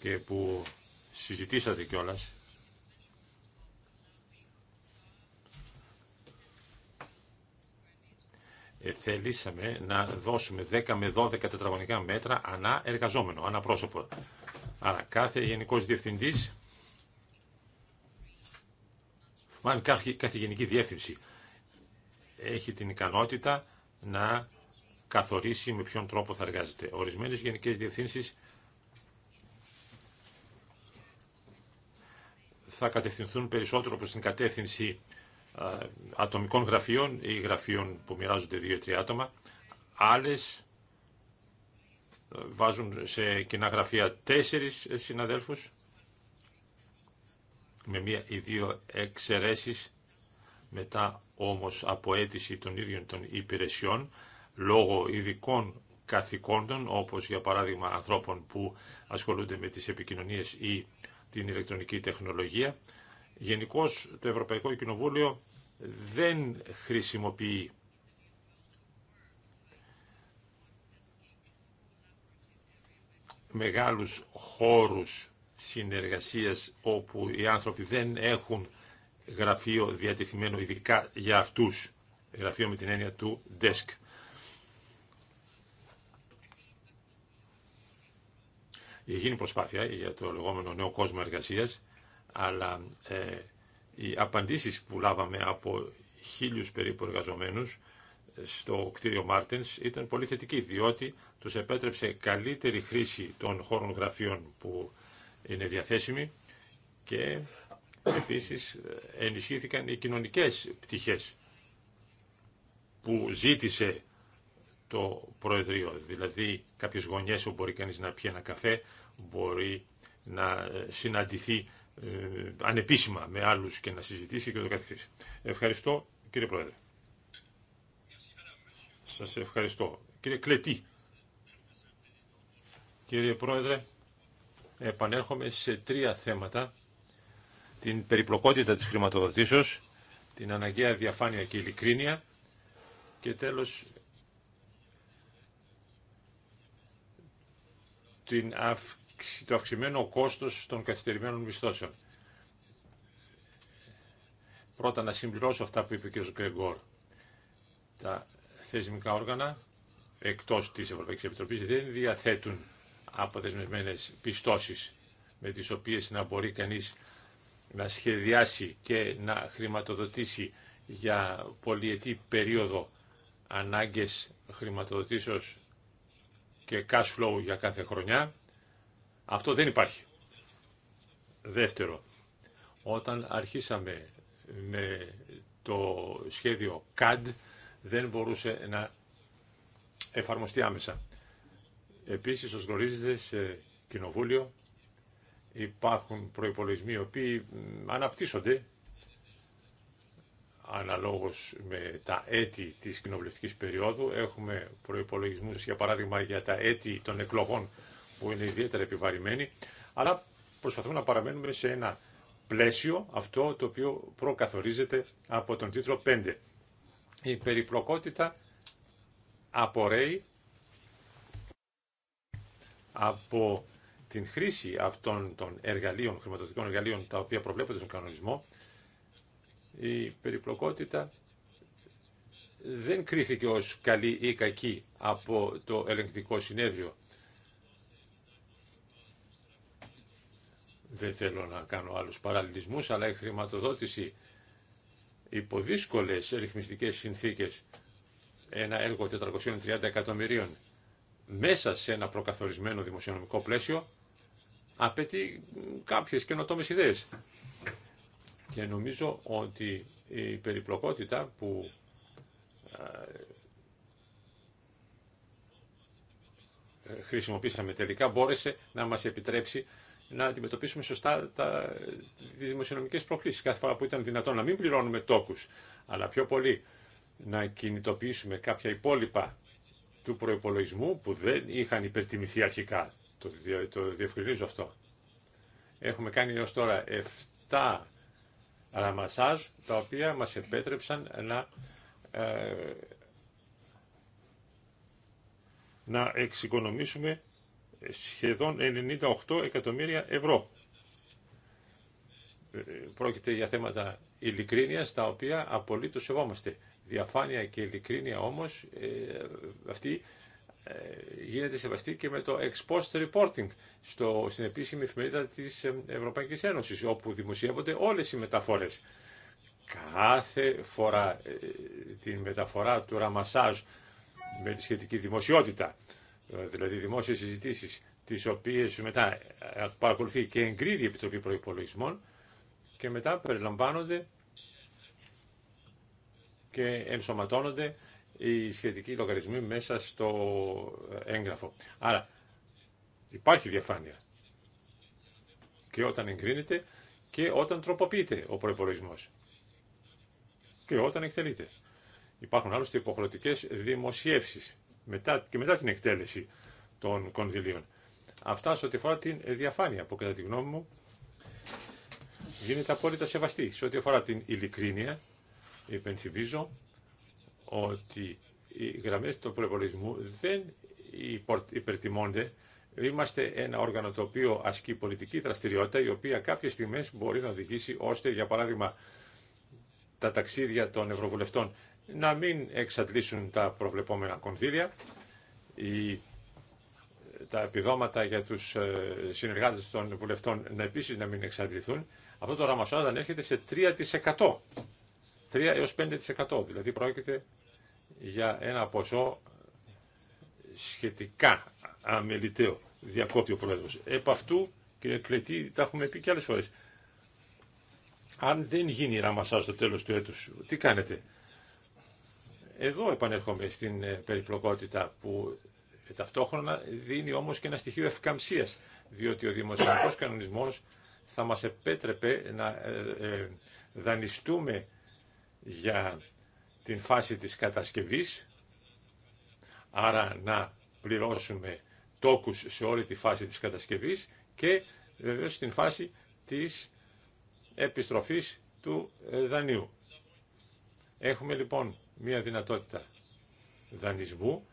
και που συζητήσατε κιόλας Ε, θελήσαμε να δώσουμε 10 με 12 τετραγωνικά μέτρα ανά εργαζόμενο, ανά πρόσωπο. Άρα κάθε γενικός διευθυντής, μάλλον κάθε γενική διεύθυνση, έχει την ικανότητα να καθορίσει με ποιον τρόπο θα εργάζεται. Ορισμένες γενικές διευθύνσεις θα κατευθυνθούν περισσότερο προς την κατεύθυνση ε, ατομικών γραφείων ή γραφείων που μοιράζονται δύο-τρία άτομα. άλλε ε, βάζουν σε κοινά γραφεία τέσσερις συναδέλφου, με μία ή δύο εξαιρέσει μετά όμως από αίτηση των ίδιων των υπηρεσιών λόγω ειδικών καθηκόντων όπως για παράδειγμα ανθρώπων που ασχολούνται με τις επικοινωνίες ή την ηλεκτρονική τεχνολογία Γενικώ το Ευρωπαϊκό Κοινοβούλιο δεν χρησιμοποιεί μεγάλους χώρους συνεργασίας όπου οι άνθρωποι δεν έχουν γραφείο διατεθειμένο ειδικά για αυτούς. Γραφείο με την έννοια του desk. Η γίνει προσπάθεια για το λεγόμενο νέο κόσμο εργασίας αλλά ε, οι απαντήσεις που λάβαμε από χίλιους περίπου εργαζομένους ε, στο κτίριο Μάρτινς ήταν πολύ θετική, διότι τους επέτρεψε καλύτερη χρήση των χώρων γραφείων που είναι διαθέσιμοι και επίσης ε, ενισχύθηκαν οι κοινωνικές πτυχές που ζήτησε το Προεδρείο. Δηλαδή κάποιες γωνιές όπου μπορεί κανείς να πιει ένα καφέ, μπορεί να ε, συναντηθεί ε, ανεπίσημα με άλλους και να συζητήσει και το καθεξής. Ευχαριστώ κύριε Πρόεδρε. Σας ευχαριστώ. Κύριε Κλετή. Κύριε Πρόεδρε, επανέρχομαι σε τρία θέματα. Την περιπλοκότητα της χρηματοδοτήσεως, την αναγκαία διαφάνεια και ειλικρίνεια και τέλος την αυ το αυξημένο κόστος των καθυστερημένων μισθώσεων. Πρώτα να συμπληρώσω αυτά που είπε ο κ. Γκρεγκόρ. Τα θεσμικά όργανα εκτός της Ευρωπαϊκής Επιτροπής δεν διαθέτουν αποδεσμευμένες πιστώσεις με τις οποίες να μπορεί κανείς να σχεδιάσει και να χρηματοδοτήσει για πολυετή περίοδο ανάγκες χρηματοδοτήσεως και cash flow για κάθε χρονιά. Αυτό δεν υπάρχει. Δεύτερο, όταν αρχίσαμε με το σχέδιο CAD δεν μπορούσε να εφαρμοστεί άμεσα. Επίσης, ως γνωρίζετε, σε κοινοβούλιο υπάρχουν προϋπολογισμοί οι οποίοι αναπτύσσονται αναλόγως με τα έτη της κοινοβουλευτικής περίοδου. Έχουμε προϋπολογισμούς, για παράδειγμα, για τα έτη των εκλογών που είναι ιδιαίτερα επιβαρημένη, αλλά προσπαθούμε να παραμένουμε σε ένα πλαίσιο αυτό το οποίο προκαθορίζεται από τον τίτλο 5. Η περιπλοκότητα απορρέει από την χρήση αυτών των εργαλείων, χρηματοδοτικών εργαλείων, τα οποία προβλέπονται στον κανονισμό, η περιπλοκότητα δεν κρίθηκε ως καλή ή κακή από το ελεγκτικό συνέδριο. Δεν θέλω να κάνω άλλους παραλληλισμούς, αλλά η χρηματοδότηση υπό δύσκολες ρυθμιστικές συνθήκες ένα έργο 430 εκατομμυρίων μέσα σε ένα προκαθορισμένο δημοσιονομικό πλαίσιο απαιτεί κάποιες καινοτόμες ιδέες. Και νομίζω ότι η περιπλοκότητα που ε, χρησιμοποίησαμε τελικά μπόρεσε να μας επιτρέψει να αντιμετωπίσουμε σωστά τα, τις δημοσιονομικές προκλήσεις κάθε φορά που ήταν δυνατόν να μην πληρώνουμε τόκους, αλλά πιο πολύ να κινητοποιήσουμε κάποια υπόλοιπα του προϋπολογισμού που δεν είχαν υπερτιμηθεί αρχικά. Το, το διευκρινίζω αυτό. Έχουμε κάνει έως τώρα 7 ραμασάζ, τα οποία μας επέτρεψαν να, ε, να εξοικονομήσουμε σχεδόν 98 εκατομμύρια ευρώ. Ε, πρόκειται για θέματα ειλικρίνειας, τα οποία απολύτως σεβόμαστε. Διαφάνεια και ειλικρίνεια όμως, ε, αυτή ε, γίνεται σεβαστή και με το ex post reporting στο, στην επίσημη εφημερίδα της ε, Ευρωπαϊκής Ένωσης, όπου δημοσιεύονται όλες οι μεταφορές. Κάθε φορά την μεταφορά του ραμασάζ με τη σχετική δημοσιότητα ε, δηλαδή δημόσιε συζητήσει, τις οποίες μετά ε, παρακολουθεί και εγκρίνει η Επιτροπή Προπολογισμών και μετά περιλαμβάνονται και ενσωματώνονται οι σχετικοί λογαριασμοί μέσα στο ε, έγγραφο. Άρα υπάρχει διαφάνεια και όταν εγκρίνεται και όταν τροποποιείται ο προπολογισμό. Και όταν εκτελείται. Υπάρχουν άλλωστε υποχρεωτικέ δημοσιεύσει μετά, και μετά την εκτέλεση των κονδυλίων. Αυτά σε ό,τι αφορά την διαφάνεια που κατά τη γνώμη μου γίνεται απόλυτα σεβαστή. Σε ό,τι αφορά την ειλικρίνεια υπενθυμίζω ότι οι γραμμές του προπολογισμού δεν υπερτιμώνται. Είμαστε ένα όργανο το οποίο ασκεί πολιτική δραστηριότητα η οποία κάποιες στιγμές μπορεί να οδηγήσει ώστε για παράδειγμα τα ταξίδια των ευρωβουλευτών να μην εξαντλήσουν τα προβλεπόμενα κονδύλια ή ε, τα επιδόματα για τους ε, συνεργάτες των βουλευτών να επίσης να μην εξαντληθούν. Αυτό το ραμασόδαν έρχεται σε 3%. 3 έως 5%. Δηλαδή πρόκειται για ένα ποσό σχετικά αμεληταίο διακόπτει ο Πρόεδρος. Επ' αυτού, κύριε Κλετή, τα έχουμε πει και άλλες φορές. Αν δεν γίνει ραμασά στο τέλος του έτους, τι κάνετε. Εδώ επανέρχομαι στην ε, περιπλοκότητα που ε, ταυτόχρονα δίνει όμως και ένα στοιχείο ευκαμψίας, διότι ο δημοσιονομικό κανονισμός θα μας επέτρεπε να ε, δανειστούμε για την φάση της κατασκευής, άρα να πληρώσουμε τόκους σε όλη τη φάση της κατασκευής και βεβαίως στην φάση της επιστροφής του δανείου. Έχουμε λοιπόν μια δυνατότητα δανεισμού.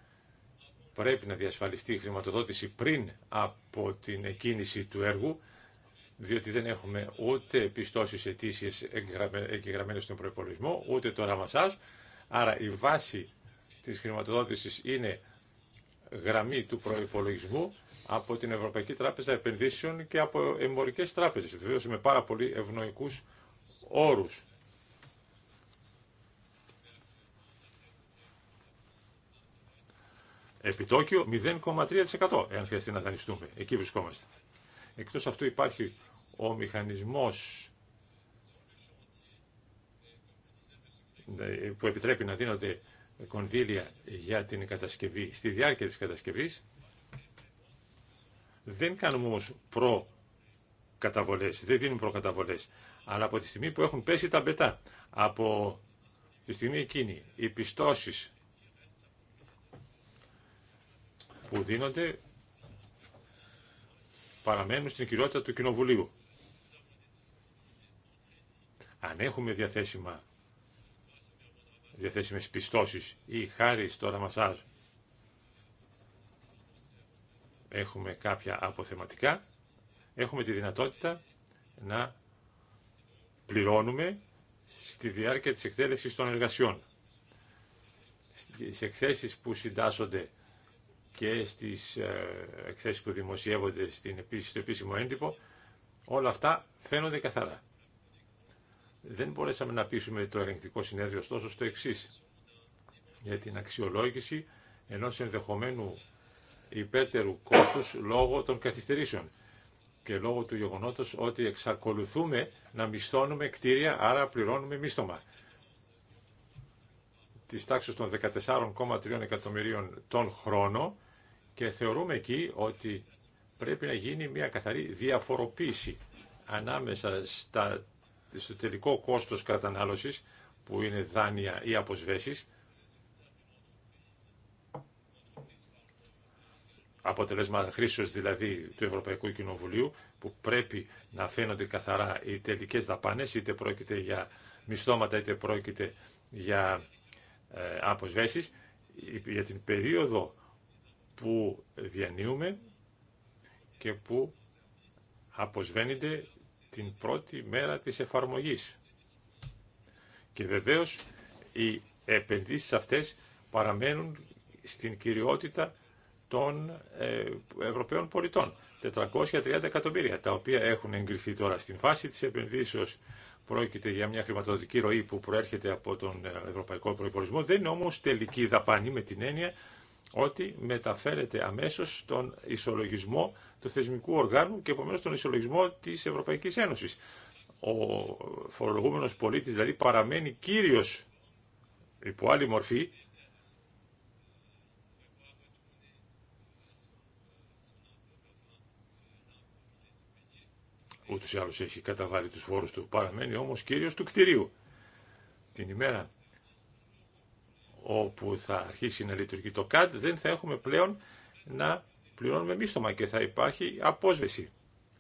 Πρέπει να διασφαλιστεί η χρηματοδότηση πριν από την εκκίνηση του έργου, διότι δεν έχουμε ούτε πιστώσεις αιτήσει εγγεγραμμένες στον προπολογισμό, ούτε το ραμασάζ. Άρα η βάση της χρηματοδότησης είναι γραμμή του προπολογισμού από την Ευρωπαϊκή Τράπεζα Επενδύσεων και από εμπορικές τράπεζες. Βεβαίως με πάρα πολύ ευνοϊκούς όρους. επιτόκιο 0,3% εάν χρειαστεί να δανειστούμε. Εκεί βρισκόμαστε. Εκτός αυτού υπάρχει ο μηχανισμός ε, που επιτρέπει να δίνονται κονδύλια για την κατασκευή, στη διάρκεια της κατασκευής. Δεν κάνουμε όμως προκαταβολές, δεν δίνουμε προκαταβολές, αλλά από τη στιγμή που έχουν πέσει τα μπετά, από τη στιγμή εκείνη οι πιστώσεις που δίνονται παραμένουν στην κυριότητα του Κοινοβουλίου. Αν έχουμε διαθέσιμα, διαθέσιμες πιστώσεις ή χάρη στο ραμασάζ έχουμε κάποια αποθεματικά, έχουμε τη δυνατότητα να πληρώνουμε στη διάρκεια της εκτέλεσης των εργασιών. Στις εκθέσεις που συντάσσονται και στις ε, εκθέσεις που δημοσιεύονται στην, στο επίσημο έντυπο, όλα αυτά φαίνονται καθαρά. Δεν μπορέσαμε να πείσουμε το ελεγκτικό συνέδριο ωστόσο στο εξή για την αξιολόγηση ενός ενδεχομένου υπέρτερου κόστους λόγω των καθυστερήσεων και λόγω του γεγονότος ότι εξακολουθούμε να μισθώνουμε κτίρια, άρα πληρώνουμε μίστομα της τάξης των 14,3 εκατομμυρίων τον χρόνο και θεωρούμε εκεί ότι πρέπει να γίνει μια καθαρή διαφοροποίηση ανάμεσα στα, στο τελικό κόστος κατανάλωσης που είναι δάνεια ή αποσβέσεις αποτελέσμα χρήσεως δηλαδή του Ευρωπαϊκού Κοινοβουλίου που πρέπει να φαίνονται καθαρά οι τελικές δαπάνες είτε πρόκειται για μισθώματα είτε πρόκειται για ε, αποσβέσεις για την περίοδο που διανύουμε και που αποσβαίνεται την πρώτη μέρα της εφαρμογής. Και βεβαίως οι επενδύσεις αυτές παραμένουν στην κυριότητα των ε, Ευρωπαίων πολιτών. 430 εκατομμύρια, τα οποία έχουν εγκριθεί τώρα στην φάση της επενδύσεως πρόκειται για μια χρηματοδοτική ροή που προέρχεται από τον ε, Ευρωπαϊκό Προϋπολογισμό, δεν είναι όμως τελική δαπάνη με την έννοια ότι μεταφέρεται αμέσως στον ισολογισμό του θεσμικού οργάνου και επομένως στον ισολογισμό της Ευρωπαϊκής Ένωσης. Ο φορολογούμενος πολίτης δηλαδή παραμένει κύριος υπό άλλη μορφή ούτως ή άλλως έχει καταβάλει τους φόρους του, παραμένει όμως κύριος του κτηρίου. Την ημέρα όπου θα αρχίσει να λειτουργεί το ΚΑΤ, δεν θα έχουμε πλέον να πληρώνουμε μίσθωμα και θα υπάρχει απόσβεση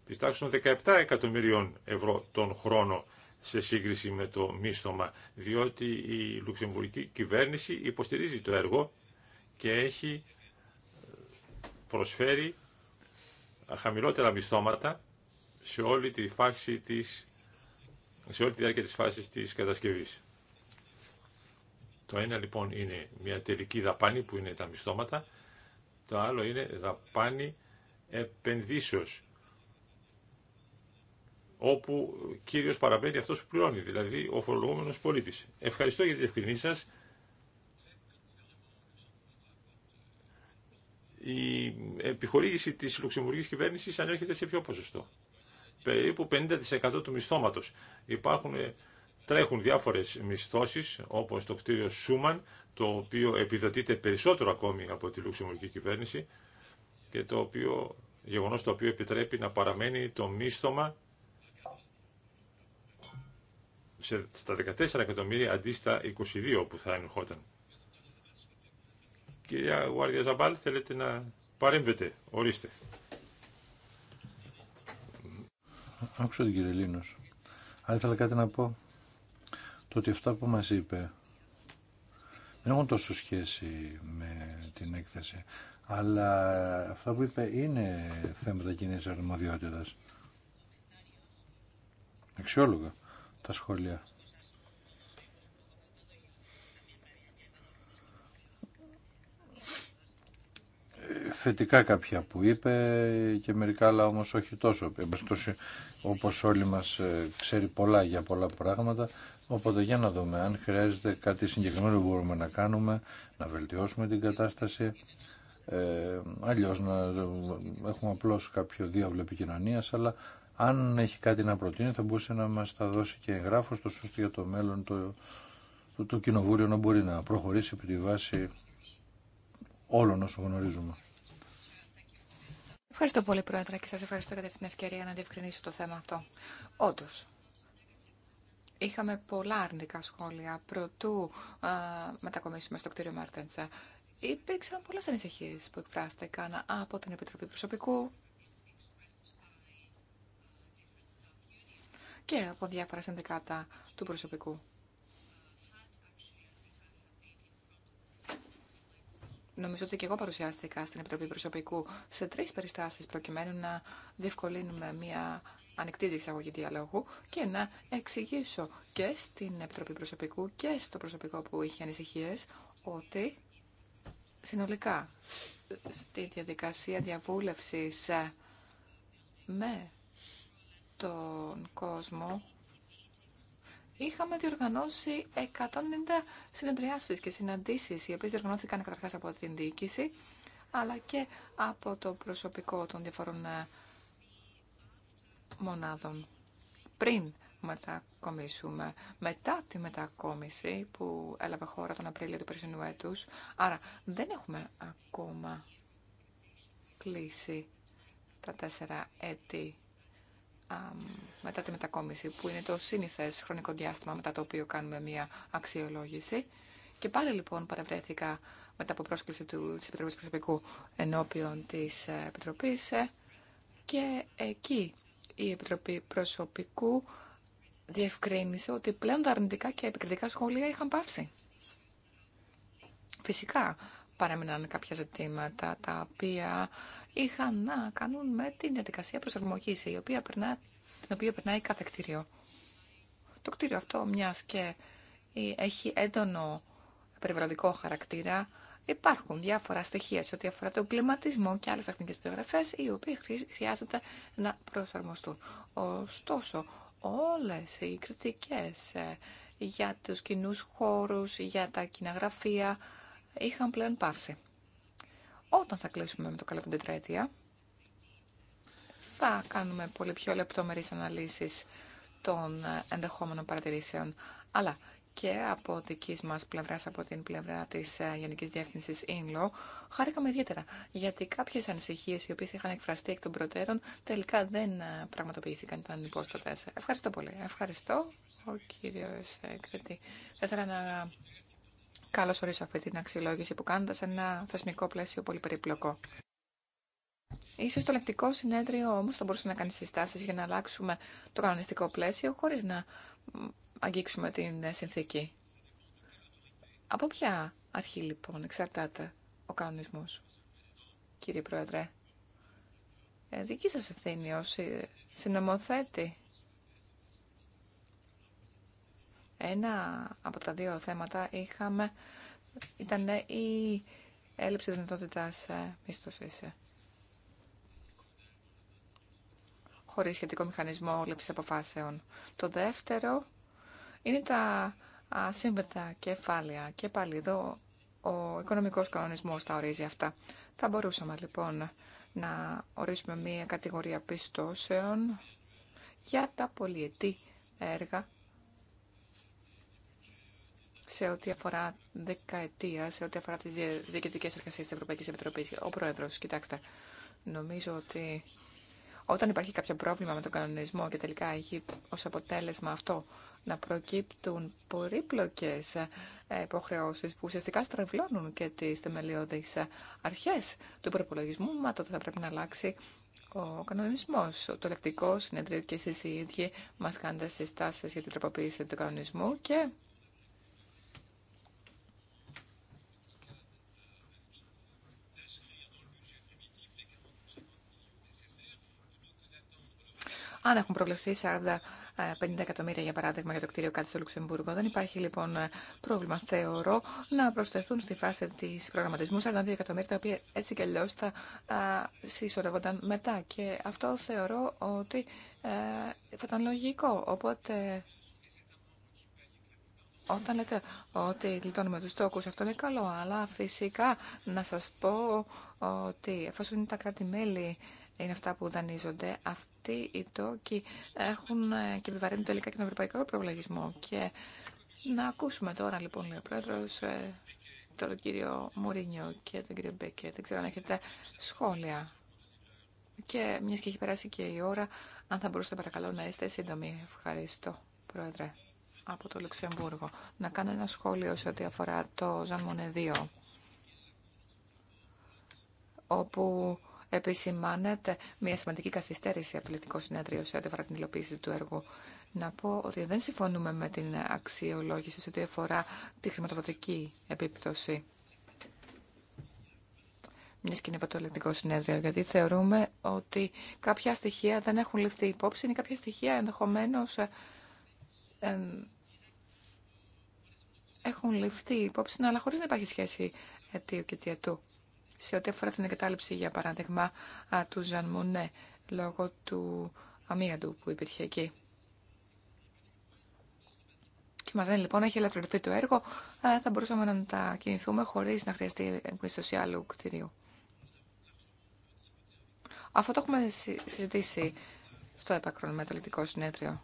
τη τάξη των 17 εκατομμυρίων ευρώ τον χρόνο σε σύγκριση με το μίσθωμα, διότι η λουξεμβουργική κυβέρνηση υποστηρίζει το έργο και έχει ε, προσφέρει χαμηλότερα μισθώματα σε όλη τη φάση της σε όλη τη διάρκεια της φάσης της κατασκευής. Το ένα λοιπόν είναι μια τελική δαπάνη που είναι τα μισθώματα, το άλλο είναι δαπάνη επενδύσεως, όπου κύριος παραμένει αυτός που πληρώνει, δηλαδή ο φορολογούμενος πολίτης. Ευχαριστώ για τη ευκρινήσεις σας. η επιχορήγηση της λουξεμβουργικής κυβέρνησης ανέρχεται σε ποιο ποσοστό. Περίπου 50% του μισθώματος. Υπάρχουν ε, τρέχουν διάφορες μισθώσεις όπως το κτίριο Σούμαν το οποίο επιδοτείται περισσότερο ακόμη από τη λουξεμβουργική κυβέρνηση και το οποίο, γεγονός το οποίο επιτρέπει να παραμένει το μίσθωμα στα 14 εκατομμύρια αντί στα 22 που θα ενοχόταν. Κυρία Γουάρδια Ζαμπάλ, θέλετε να παρέμβετε. Ορίστε. Άκουσα την κύριε Λίνος. Αλλά ήθελα κάτι να πω το ότι αυτά που μας είπε δεν έχουν τόσο σχέση με την έκθεση, αλλά αυτά που είπε είναι θέματα κοινή αρμοδιότητα. Αξιόλογα τα σχόλια. θετικά κάποια που είπε και μερικά άλλα όμως όχι τόσο. όπως όλοι μας ε, ξέρει πολλά για πολλά πράγματα Οπότε για να δούμε αν χρειάζεται κάτι συγκεκριμένο που μπορούμε να κάνουμε, να βελτιώσουμε την κατάσταση. Ε, αλλιώς να έχουμε απλώς κάποιο διάβλο επικοινωνία, αλλά αν έχει κάτι να προτείνει θα μπορούσε να μα τα δώσει και εγγράφο το σωστό για το μέλλον το, το, κοινοβούλιο να μπορεί να προχωρήσει επί τη βάση όλων όσων γνωρίζουμε. Ευχαριστώ πολύ, Πρόεδρε, και σα ευχαριστώ για την ευκαιρία να διευκρινίσω το θέμα αυτό. Όντω, Είχαμε πολλά αρνητικά σχόλια προτού α, μετακομίσουμε στο κτίριο Μάρτενσα. Υπήρξαν πολλέ ανησυχίε που εκφράστηκαν από την Επιτροπή Προσωπικού και από διάφορα συνδικάτα του προσωπικού. Νομίζω ότι και εγώ παρουσιάστηκα στην Επιτροπή Προσωπικού σε τρεις περιστάσεις προκειμένου να διευκολύνουμε μια ανοιχτή διεξαγωγή διαλόγου και να εξηγήσω και στην Επιτροπή Προσωπικού και στο προσωπικό που είχε ανησυχίες ότι συνολικά στη διαδικασία διαβούλευσης με τον κόσμο είχαμε διοργανώσει 190 συνεδριάσεις και συναντήσεις οι οποίες διοργανώθηκαν καταρχάς από την διοίκηση αλλά και από το προσωπικό των διαφορών μονάδων πριν μετακομίσουμε, μετά τη μετακόμιση που έλαβε χώρα τον Απρίλιο του περσινού έτους. Άρα δεν έχουμε ακόμα κλείσει τα τέσσερα έτη μετά τη μετακόμιση, που είναι το σύνηθες χρονικό διάστημα μετά το οποίο κάνουμε μία αξιολόγηση. Και πάλι λοιπόν παρευρέθηκα μετά από πρόσκληση του, της Επιτροπής Προσωπικού ενώπιον της ε, Επιτροπής ε, και εκεί η Επιτροπή Προσωπικού διευκρίνησε ότι πλέον τα αρνητικά και επικριτικά σχόλια είχαν πάυσει. Φυσικά παρέμειναν κάποια ζητήματα τα οποία είχαν να κάνουν με την διαδικασία προσαρμογής η οποία την οποία περνάει κάθε κτίριο. Το κτίριο αυτό μιας και έχει έντονο περιβαλλοντικό χαρακτήρα Υπάρχουν διάφορα στοιχεία σε ό,τι αφορά τον κλιματισμό και άλλες τεχνικές περιγραφές, οι οποίες χρειάζεται να προσαρμοστούν. Ωστόσο, όλες οι κριτικές ε, για τους κοινού χώρους, για τα κοινά είχαν πλέον πάυσει. Όταν θα κλείσουμε με το καλό των τετραετία, θα κάνουμε πολύ πιο λεπτομερείς αναλύσεις των ε, ενδεχόμενων παρατηρήσεων. Αλλά και από δική μα πλευρά από την πλευρά τη ε, Γενική Διεύθυνση ΙΝΛΟ, χάρηκαμε ιδιαίτερα γιατί κάποιες ανησυχίε οι οποίες είχαν εκφραστεί εκ των προτέρων τελικά δεν ε, πραγματοποιήθηκαν, ήταν υπόστατε. Ευχαριστώ πολύ. Ευχαριστώ, ο κύριο ε, Κρετή. Θα ήθελα να καλωσορίσω αυτή την αξιολόγηση που κάνετε σε ένα θεσμικό πλαίσιο πολύ περιπλοκό. Ίσως το λεκτικό συνέδριο όμως θα μπορούσε να κάνει συστάσεις για να αλλάξουμε το κανονιστικό πλαίσιο χωρίς να αγγίξουμε την ε, συνθήκη. Από ποια αρχή λοιπόν εξαρτάται ο κανονισμός, κύριε Πρόεδρε. Ε, δική σας ευθύνη ως ε, συνομοθέτη. Ένα από τα δύο θέματα είχαμε, ήταν η έλλειψη δυνατότητας ε, μίσθωσης. χωρίς σχετικό μηχανισμό λήψης αποφάσεων. Το δεύτερο είναι τα σύμβερτα κεφάλαια. Και πάλι εδώ ο οικονομικός κανονισμός τα ορίζει αυτά. Θα μπορούσαμε λοιπόν να ορίσουμε μία κατηγορία πιστώσεων για τα πολυετή έργα σε ό,τι αφορά δεκαετία, σε ό,τι αφορά τις διοικητικές εργασίες της Ευρωπαϊκής Επιτροπής. Ο Πρόεδρος, κοιτάξτε, νομίζω ότι όταν υπάρχει κάποιο πρόβλημα με τον κανονισμό και τελικά έχει ως αποτέλεσμα αυτό να προκύπτουν πολύπλοκες ε, υποχρεώσεις που ουσιαστικά στρεβλώνουν και τις θεμελιώδεις ε, αρχές του προπολογισμού, μα τότε θα πρέπει να αλλάξει ο κανονισμός. Το ελεκτικό συνεδρίο και εσείς οι ίδιοι μας κάνετε συστάσεις για την τροποποίηση του κανονισμού και αν έχουν προβλεφθεί 40-50 ε, εκατομμύρια για παράδειγμα για το κτίριο κάτι στο Λουξεμβούργο. Δεν υπάρχει λοιπόν ε, πρόβλημα, θεωρώ, να προσθεθούν στη φάση τη προγραμματισμού 42 εκατομμύρια τα οποία έτσι κι αλλιώ θα συσσωρεύονταν μετά. Και αυτό θεωρώ ότι ε, θα ήταν λογικό. Οπότε όταν λέτε ότι γλιτώνουμε τους τόκους, αυτό είναι καλό, αλλά φυσικά να σας πω ότι εφόσον είναι τα κράτη-μέλη είναι αυτά που δανείζονται. Αυτοί οι τόκοι έχουν ε, και επιβαρύνουν τελικά και τον ευρωπαϊκό προβλαγισμό. Και να ακούσουμε τώρα λοιπόν, λέει ο πρόεδρο ε, τον κύριο Μουρίνιο και τον κύριο Μπέκε. Δεν ξέρω αν έχετε σχόλια. Και μια και έχει περάσει και η ώρα, αν θα μπορούσατε παρακαλώ να είστε σύντομοι. Ευχαριστώ, Πρόεδρε, από το Λουξεμβούργο. Να κάνω ένα σχόλιο σε ό,τι αφορά το Ζαν 2, όπου επισημάνεται μια σημαντική καθυστέρηση από το Ελληνικό Συνέδριο σε ό,τι αφορά την υλοποίηση του έργου. Να πω ότι δεν συμφωνούμε με την αξιολόγηση σε ό,τι αφορά τη χρηματοδοτική επίπτωση μια σκηνή από το Ελληνικό Συνέδριο, γιατί θεωρούμε ότι κάποια στοιχεία δεν έχουν ληφθεί υπόψη, είναι κάποια στοιχεία ενδεχομένω ε, ε, έχουν ληφθεί υπόψη, αλλά χωρίς να υπάρχει σχέση αιτίου και αιτιατού σε ό,τι αφορά την εγκατάλειψη, για παράδειγμα, του Ζαν λόγω του αμύαντου που υπήρχε εκεί. Και μας λένε λοιπόν, έχει ελευθερωθεί το έργο, θα μπορούσαμε να τα κινηθούμε χωρίς να χρειαστεί εγκρίστοση άλλου κτηρίου. Αυτό το έχουμε συζητήσει στο έπακρον μεταλλητικό συνέδριο.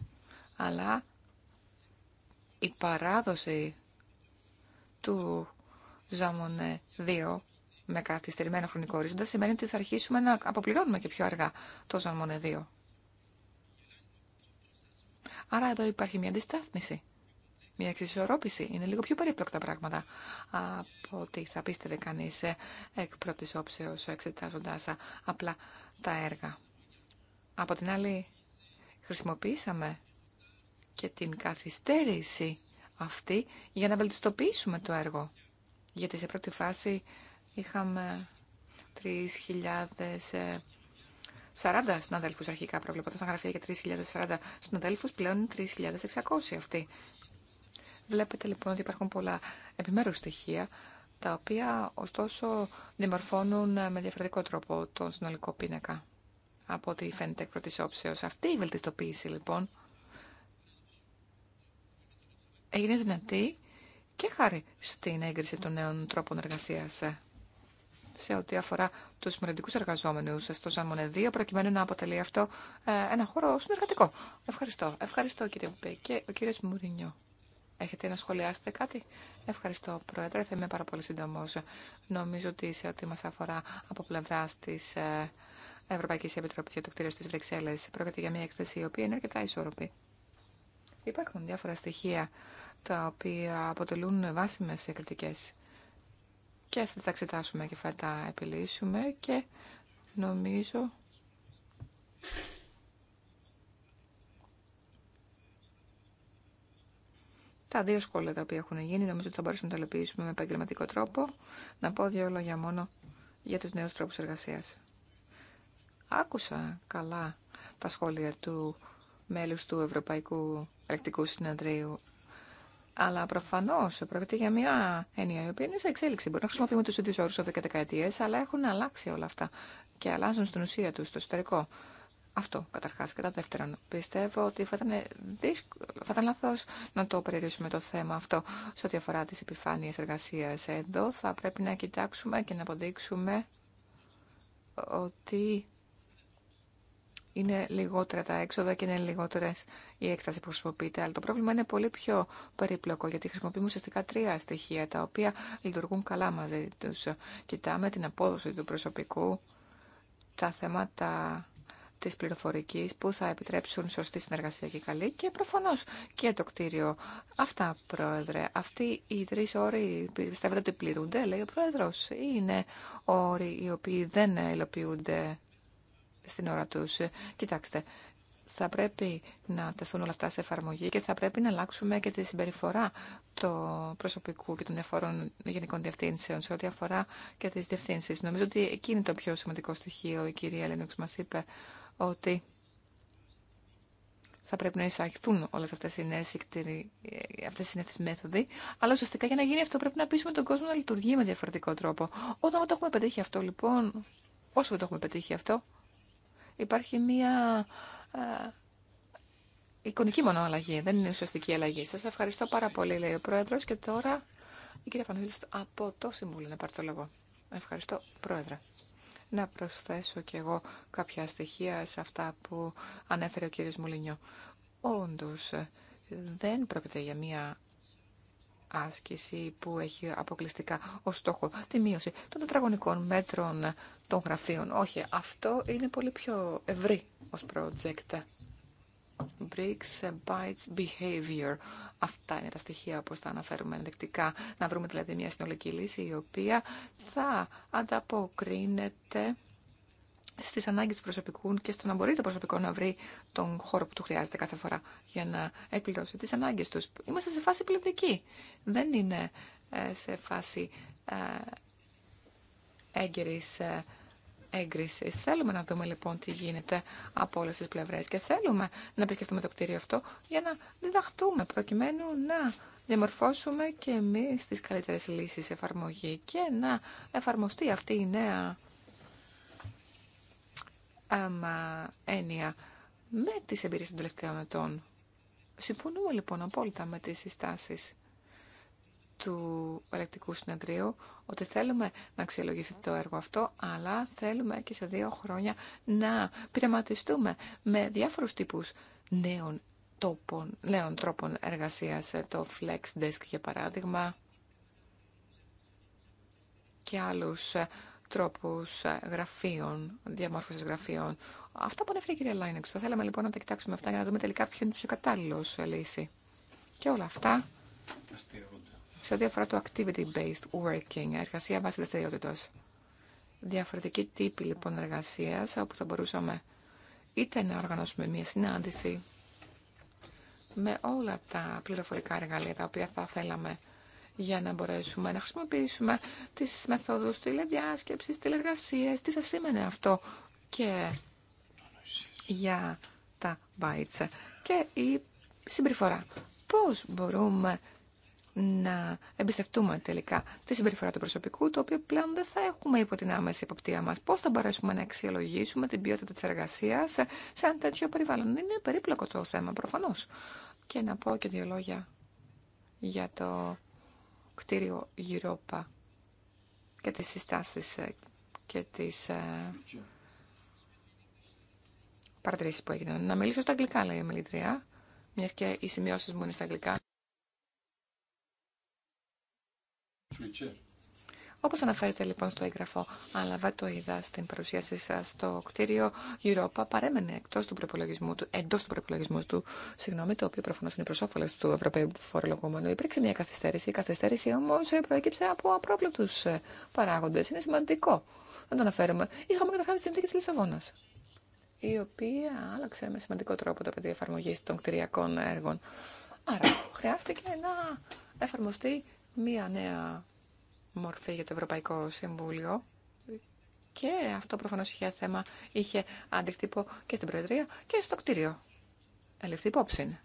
Αλλά η παράδοση του Ζαμονέ 2 με καθυστερημένο χρονικό ορίζοντα σημαίνει ότι θα αρχίσουμε να αποπληρώνουμε και πιο αργά το μόνο 2. Άρα εδώ υπάρχει μια αντιστάθμιση, μια εξισορρόπηση. Είναι λίγο πιο περίπλοκτα πράγματα από ότι θα πίστευε κανεί ε, εκ πρώτη όψεω εξετάζοντα απλά τα έργα. Από την άλλη, χρησιμοποίησαμε και την καθυστέρηση αυτή για να βελτιστοποιήσουμε το έργο. Γιατί σε πρώτη φάση Είχαμε 3.040 ε, συναδέλφους αρχικά προβλεπόταν σαν γραφεία για 3.040 συναδέλφους, πλέον είναι 3.600 αυτοί. Βλέπετε λοιπόν ότι υπάρχουν πολλά επιμέρους στοιχεία, τα οποία ωστόσο διαμορφώνουν ε, με διαφορετικό τρόπο τον συνολικό πίνακα. Από ό,τι φαίνεται εκ πρώτης όψεως. Αυτή η βελτιστοποίηση λοιπόν έγινε δυνατή και χάρη στην έγκριση των νέων τρόπων εργασίας σε ό,τι αφορά του μελλοντικού εργαζόμενου στο Ζαμονεδίο, προκειμένου να αποτελεί αυτό ε, ένα χώρο συνεργατικό. Ευχαριστώ. Ευχαριστώ κύριε Μπέ και ο κύριο Μουρινιό. Έχετε να σχολιάσετε κάτι. Ευχαριστώ, Πρόεδρε. Θα είμαι πάρα πολύ σύντομο. Νομίζω ότι σε ό,τι μα αφορά από πλευρά τη ε, Ευρωπαϊκή Επιτροπή για το κτίριο στι Βρυξέλλε, πρόκειται για μια έκθεση η οποία είναι αρκετά ισόρροπη. Υπάρχουν διάφορα στοιχεία τα οποία αποτελούν βάσιμε κριτικέ και θα τα εξετάσουμε και θα τα επιλύσουμε και νομίζω τα δύο σχόλια τα οποία έχουν γίνει νομίζω ότι θα μπορέσουμε να τα λεπίσουμε με επαγγελματικό τρόπο να πω δύο λόγια μόνο για τους νέους τρόπους εργασίας. Άκουσα καλά τα σχόλια του μέλους του Ευρωπαϊκού Ελεκτικού Συνεδρίου αλλά προφανώ πρόκειται για μια έννοια η οποία είναι σε εξέλιξη. Μπορεί να χρησιμοποιούμε του ίδιου όρου και δεκαετίε, αλλά έχουν αλλάξει όλα αυτά και αλλάζουν στην ουσία του, στο εσωτερικό. Αυτό καταρχά. Κατά δεύτερον, πιστεύω ότι θα ήταν, δύσκολο, θα λάθος να το περιορίσουμε το θέμα αυτό σε ό,τι αφορά τι επιφάνειε εργασία. Εδώ θα πρέπει να κοιτάξουμε και να αποδείξουμε ότι είναι λιγότερα τα έξοδα και είναι λιγότερε η έκταση που χρησιμοποιείται. Αλλά το πρόβλημα είναι πολύ πιο περίπλοκο γιατί χρησιμοποιούμε ουσιαστικά τρία στοιχεία τα οποία λειτουργούν καλά μαζί του. Κοιτάμε την απόδοση του προσωπικού, τα θέματα τη πληροφορική που θα επιτρέψουν σωστή συνεργασία και καλή και προφανώ και το κτίριο. Αυτά, Πρόεδρε. Αυτοί οι τρει όροι πιστεύετε ότι πληρούνται, λέει ο Πρόεδρο, ή είναι όροι οι οποίοι δεν υλοποιούνται στην ώρα του, ε, Κοιτάξτε, θα πρέπει να τεθούν όλα αυτά σε εφαρμογή και θα πρέπει να αλλάξουμε και τη συμπεριφορά του προσωπικού και των διαφορών γενικών διευθύνσεων σε ό,τι αφορά και τι διευθύνσει. Νομίζω ότι εκεί είναι το πιο σημαντικό στοιχείο. Η κυρία Λένοξ μα είπε ότι θα πρέπει να εισαχθούν όλε αυτέ οι νέε αυτές οι νέες μέθοδοι. Αλλά ουσιαστικά για να γίνει αυτό πρέπει να πείσουμε τον κόσμο να λειτουργεί με διαφορετικό τρόπο. Όταν το έχουμε πετύχει αυτό, λοιπόν, όσο δεν το έχουμε πετύχει αυτό, Υπάρχει μία ε, εικονική μόνο αλλαγή, δεν είναι ουσιαστική αλλαγή. Σας ευχαριστώ πάρα πολύ, λέει ο Πρόεδρος. Και τώρα η κυρία Φανούλης από το Συμβούλιο να πάρει το λόγο. Ευχαριστώ, Πρόεδρε. Να προσθέσω κι εγώ κάποια στοιχεία σε αυτά που ανέφερε ο κύριος Μουλινιό. Όντως, δεν πρόκειται για μία άσκηση που έχει αποκλειστικά ως στόχο τη μείωση των τετραγωνικών μέτρων των γραφείων. Όχι, αυτό είναι πολύ πιο ευρύ ως project. Breaks, bytes, behavior. Αυτά είναι τα στοιχεία όπως τα αναφέρουμε ενδεικτικά. Να βρούμε δηλαδή μια συνολική λύση η οποία θα ανταποκρίνεται στις ανάγκες του προσωπικού και στο να μπορεί το προσωπικό να βρει τον χώρο που του χρειάζεται κάθε φορά για να εκπληρώσει τις ανάγκες τους. Είμαστε σε φάση πληθυντική. Δεν είναι ε, σε φάση ε, έγκαιρης ε, έγκριση. Θέλουμε να δούμε λοιπόν τι γίνεται από όλε τι πλευρέ και θέλουμε να επισκεφτούμε το κτίριο αυτό για να διδαχτούμε προκειμένου να διαμορφώσουμε και εμεί τι καλύτερε λύσει εφαρμογή και να εφαρμοστεί αυτή η νέα αμα, έννοια με τις εμπειρίες των τελευταίων ετών. Συμφωνούμε λοιπόν απόλυτα με τις συστάσει του ελεκτικού συνεδρίου ότι θέλουμε να αξιολογηθεί το έργο αυτό, αλλά θέλουμε και σε δύο χρόνια να πειραματιστούμε με διάφορους τύπους νέων, τόπων, νέων τρόπων εργασίας, ε, το Flex Desk για παράδειγμα, και άλλους ε, τρόπους ε, γραφείων, διαμόρφωσης γραφείων. Αυτά που ανέφερε η κυρία Λάινεξ. θέλαμε λοιπόν να τα κοιτάξουμε αυτά για να δούμε τελικά ποιο είναι το πιο κατάλληλο λύση. Και όλα αυτά σε ό,τι αφορά το activity-based working, εργασία βάση δραστηριότητα. Διαφορετικοί τύποι λοιπόν εργασία, όπου θα μπορούσαμε είτε να οργανώσουμε μία συνάντηση με όλα τα πληροφορικά εργαλεία τα οποία θα θέλαμε για να μπορέσουμε να χρησιμοποιήσουμε τις μεθόδους τηλεδιάσκεψης, τηλεργασίες, τι θα σήμαινε αυτό και για τα bytes και η συμπεριφορά. Πώς μπορούμε να εμπιστευτούμε τελικά τη συμπεριφορά του προσωπικού, το οποίο πλέον δεν θα έχουμε υπό την άμεση εποπτεία μα. Πώ θα μπορέσουμε να αξιολογήσουμε την ποιότητα τη εργασία σε ένα τέτοιο περιβάλλον. Είναι περίπλοκο το θέμα, προφανώ. Και να πω και δύο λόγια για το κτίριο Γιρόπα και τις συστάσεις ε, και τις ε, παρατηρήσεις που έγιναν. Να μιλήσω στα αγγλικά, λέει η μιλητρία, μιας και οι σημειώσεις μου είναι στα αγγλικά. Όπω αναφέρεται λοιπόν στο έγγραφο, αλλά το είδα στην παρουσίασή σα, το κτίριο Europa παρέμενε εκτό του προπολογισμού του, εντό του προπολογισμού του, συγγνώμη, το οποίο προφανώ είναι προ όφελο του Ευρωπαίου Φορολογούμενου. Υπήρξε μια καθυστέρηση. Η καθυστέρηση όμω προέκυψε από απρόβλεπτου ε, παράγοντε. Είναι σημαντικό να το αναφέρουμε. Είχαμε καταρχά τη συνθήκη τη Λισαβόνα, η οποία άλλαξε με σημαντικό τρόπο το πεδίο εφαρμογή των κτηριακών έργων. Άρα, χρειάστηκε να εφαρμοστεί μία νέα μορφή για το Ευρωπαϊκό Συμβούλιο και αυτό προφανώς είχε θέμα, είχε αντικτύπο και στην Προεδρία και στο κτίριο. Ελευθεί υπόψη.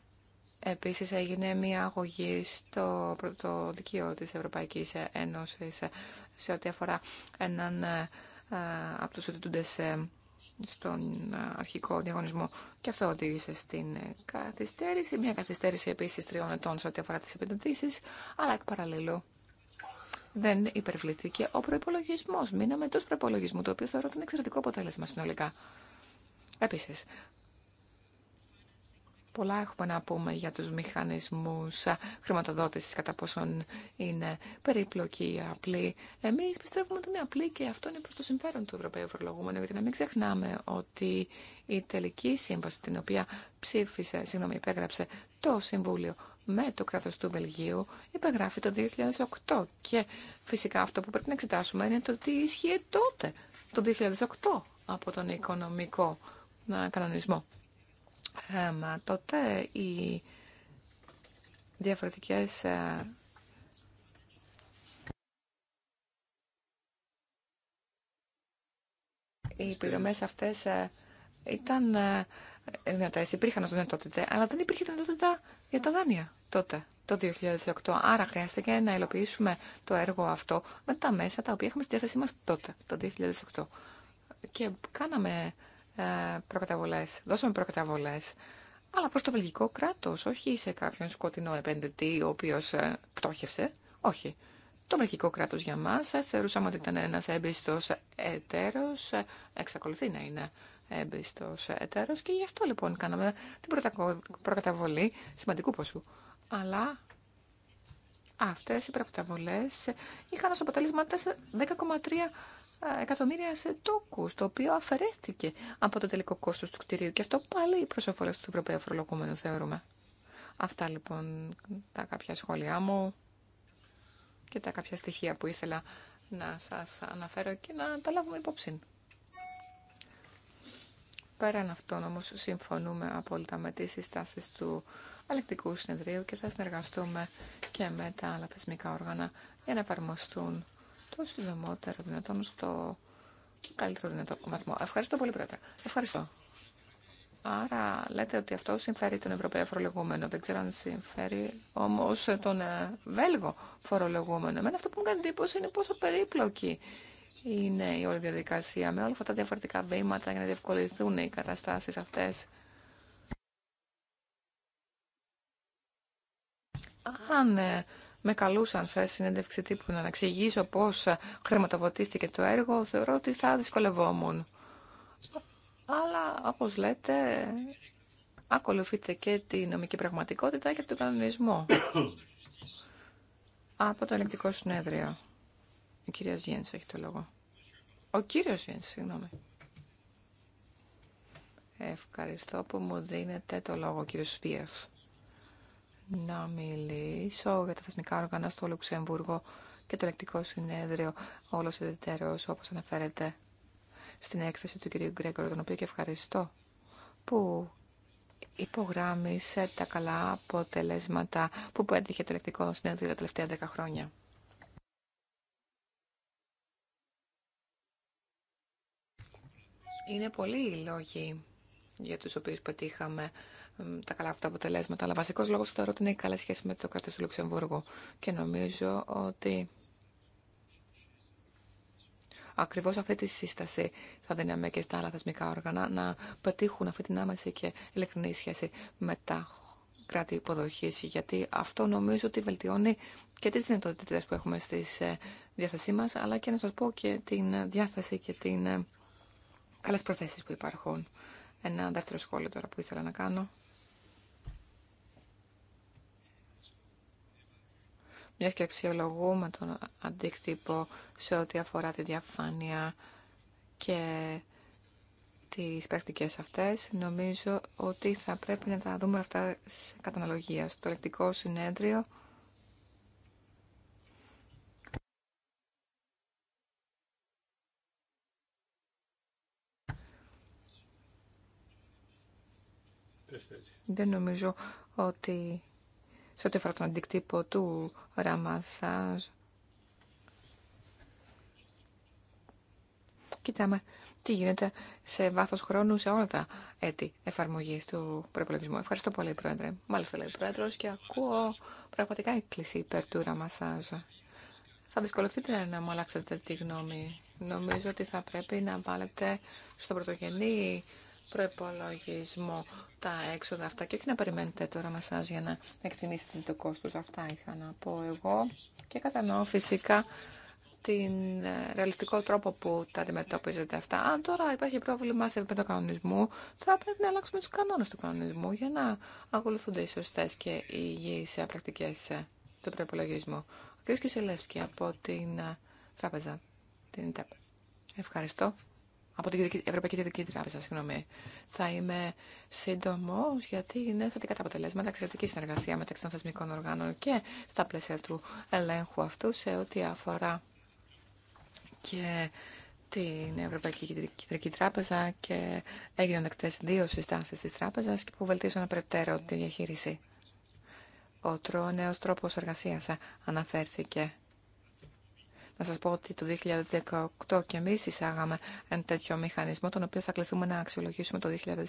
Επίσης έγινε μια αγωγή στο πρωτοδικείο της Ευρωπαϊκής Ένωσης σε ό,τι αφορά έναν ε, από τους οτιτούντες ε, στον αρχικό διαγωνισμό. Και αυτό οδήγησε στην ε, καθυστέρηση. Μια καθυστέρηση επίση τριών ετών σε ό,τι αφορά τι επενδύσει, αλλά εκ παραλληλού δεν υπερβληθήκε ο προπολογισμό. Μείναμε εντό προπολογισμού, το οποίο θεωρώ ότι είναι εξαιρετικό αποτέλεσμα συνολικά. Επίση, Πολλά έχουμε να πούμε για τους μηχανισμούς χρηματοδότησης, κατά πόσον είναι περίπλοκοι ή απλοί. Εμείς πιστεύουμε ότι είναι απλοί και αυτό είναι προς το συμφέρον του Ευρωπαίου Φορολογούμενου, γιατί να μην ξεχνάμε ότι η τελική σύμβαση την οποία ψήφισε, συγγνώμη, υπέγραψε το Συμβούλιο με το κράτος του Βελγίου υπεγράφει το 2008 και φυσικά αυτό που πρέπει να εξετάσουμε είναι το τι ίσχυε τότε, το 2008, από τον οικονομικό ε, κανονισμό θέμα, τότε οι διαφορετικές ε, οι πληρωμές αυτές ε, ήταν ε, δυνατές, υπήρχαν ως δυνατότητα, αλλά δεν υπήρχε δυνατότητα για τα δάνεια τότε, το 2008. Άρα χρειάστηκε να υλοποιήσουμε το έργο αυτό με τα μέσα τα οποία είχαμε στη διάθεσή μας τότε, το 2008. Και κάναμε ε, προκαταβολές, δώσαμε προκαταβολές, αλλά προς το βελγικό κράτος, όχι σε κάποιον σκοτεινό επενδυτή ο οποίος ε, πτώχευσε, όχι. Το βελγικό κράτος για μας ε, θεωρούσαμε ότι ήταν ένας έμπιστος εταίρος, εξακολουθεί να είναι έμπιστος εταίρος και γι' αυτό λοιπόν κάναμε την προκαταβολή σημαντικού ποσού. Αλλά Αυτές οι πρακταβολές είχαν ως αποτέλεσμα 10,3 ε, εκατομμύρια σε τόκους, το οποίο αφαιρέθηκε από το τελικό κόστος του κτηρίου και αυτό πάλι η προσφορά του Ευρωπαίου Φορολογούμενου θεωρούμε. Αυτά λοιπόν τα κάποια σχόλιά μου και τα κάποια στοιχεία που ήθελα να σας αναφέρω και να τα λάβουμε υπόψη. Πέραν αυτών όμως συμφωνούμε απόλυτα με τις συστάσεις του αλεκτικού συνεδρίου και θα συνεργαστούμε και με τα άλλα θεσμικά όργανα για να εφαρμοστούν το συντομότερο δυνατόν στο καλύτερο δυνατό βαθμό. Ευχαριστώ πολύ, Πρόεδρε. Ευχαριστώ. Άρα λέτε ότι αυτό συμφέρει τον Ευρωπαίο φορολογούμενο. Δεν ξέρω αν συμφέρει όμω τον ε, Βέλγο φορολογούμενο. Εμένα αυτό που μου κάνει εντύπωση είναι πόσο περίπλοκη είναι η όλη διαδικασία με όλα αυτά τα διαφορετικά βήματα για να διευκολυνθούν οι καταστάσει αυτέ. αν ε, με καλούσαν σε συνέντευξη τύπου να εξηγήσω πώς ε, χρηματοδοτήθηκε το έργο, θεωρώ ότι θα δυσκολευόμουν. Αλλά, όπως λέτε, ακολουθείτε και τη νομική πραγματικότητα και τον κανονισμό. Από το ελεκτικό συνέδριο. Ο κύριος Γιέννης έχει το λόγο. Ο κύριος Γιέννης, συγγνώμη. Ευχαριστώ που μου δίνετε το λόγο, κύριος Σπίας να μιλήσω για τα θεσμικά όργανα στο Λουξεμβούργο και το ελεκτικό συνέδριο όλος ιδιαίτερο όπως αναφέρεται στην έκθεση του κυρίου Γκρέκορ, τον οποίο και ευχαριστώ που υπογράμμισε τα καλά αποτελέσματα που πέτυχε το ελεκτικό συνέδριο τα τελευταία 10 χρόνια. Είναι πολλοί οι λόγοι για τους οποίους πετύχαμε τα καλά αυτά αποτελέσματα. Αλλά βασικό λόγο θεωρώ ότι είναι η καλή σχέση με το κράτο του Λουξεμβούργου. Και νομίζω ότι ακριβώ αυτή τη σύσταση θα δίναμε και στα άλλα θεσμικά όργανα να πετύχουν αυτή την άμεση και ειλικρινή σχέση με τα κράτη υποδοχή. Γιατί αυτό νομίζω ότι βελτιώνει και τι δυνατότητε που έχουμε στη ε, διάθεσή μα, αλλά και να σα πω και την διάθεση και την ε, καλές προθέσεις που υπάρχουν. Ένα δεύτερο σχόλιο τώρα που ήθελα να κάνω. μιας και αξιολογούμε τον αντίκτυπο σε ό,τι αφορά τη διαφάνεια και τις πρακτικές αυτές, νομίζω ότι θα πρέπει να τα δούμε αυτά σε καταναλογία. Στο ελεκτικό συνέδριο Δεν νομίζω ότι σε ό,τι αφορά τον αντικτύπο του Ραμασάζ. Κοιτάμε τι γίνεται σε βάθος χρόνου σε όλα τα έτη εφαρμογής του προπολογισμού. Ευχαριστώ πολύ, Πρόεδρε. Μάλιστα, λέει Πρόεδρος, και ακούω πραγματικά έκκληση υπέρ του Ραμασάζ. Θα δυσκολευτείτε να μου αλλάξετε τη γνώμη. Νομίζω ότι θα πρέπει να βάλετε στο πρωτογενή προπολογισμό τα έξοδα αυτά και όχι να περιμένετε τώρα μασάζ για να εκτιμήσετε το κόστος. Αυτά ήθελα να πω εγώ και κατανοώ φυσικά την ε, ρεαλιστικό τρόπο που τα αντιμετωπίζετε αυτά. Αν τώρα υπάρχει πρόβλημα σε επίπεδο κανονισμού, θα πρέπει να αλλάξουμε τους κανόνες του κανονισμού για να ακολουθούνται οι σωστές και υγιείς ε, πρακτικές ε, του προπολογισμού. Ο κ. Κισελεύσκη από την Τράπεζα, την ΤΕΠ. Ευχαριστώ από την Ευρωπαϊκή Κεντρική Τράπεζα, συγγνώμη. Θα είμαι σύντομο, γιατί είναι θετικά τα αποτελέσματα, εξαιρετική συνεργασία μεταξύ των θεσμικών οργάνων και στα πλαίσια του ελέγχου αυτού σε ό,τι αφορά και την Ευρωπαϊκή Κεντρική Τράπεζα και έγιναν δεκτέ δύο συστάσει τη τράπεζα και που βελτίωσαν περαιτέρω τη διαχείριση. Ο νέο τρόπο εργασία αναφέρθηκε να σας πω ότι το 2018 και εμείς εισάγαμε ένα τέτοιο μηχανισμό, τον οποίο θα κληθούμε να αξιολογήσουμε το 2020,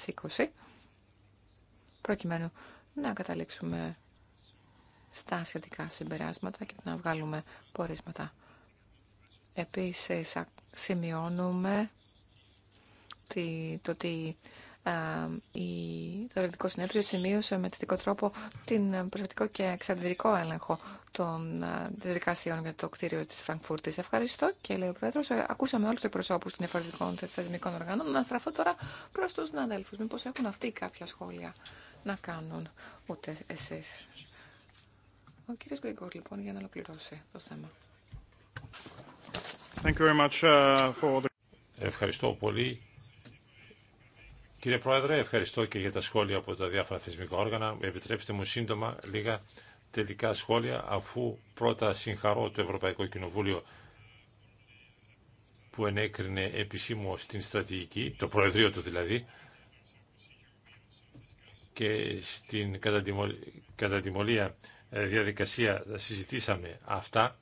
προκειμένου να καταλήξουμε στα σχετικά συμπεράσματα και να βγάλουμε πορίσματα. Επίσης, σημειώνουμε το ότι το Ελληνικό Συνέδριο σημείωσε με θετικό τρόπο την ε, προσωπικό και εξαντλητικό έλεγχο των ε, διαδικασιών για το κτίριο τη Φραγκφούρτη. Ευχαριστώ και λέει ο Πρόεδρο. Ε, ακούσαμε όλου του εκπροσώπου των διαφορετικών θεσμικών οργάνων. Να στραφώ τώρα προ του συναδέλφου. Μήπω έχουν αυτοί κάποια σχόλια να κάνουν, ούτε εσεί. Ο κύριο Γκριγκόρ, λοιπόν, για να ολοκληρώσει το θέμα. Uh, Ευχαριστώ πολύ Κύριε Πρόεδρε, ευχαριστώ και για τα σχόλια από τα διάφορα θεσμικά όργανα. Επιτρέψτε μου σύντομα λίγα τελικά σχόλια, αφού πρώτα συγχαρώ το Ευρωπαϊκό Κοινοβούλιο που ενέκρινε επισήμως την στρατηγική, το Προεδρείο του δηλαδή, και στην κατατιμωλία ε, διαδικασία συζητήσαμε αυτά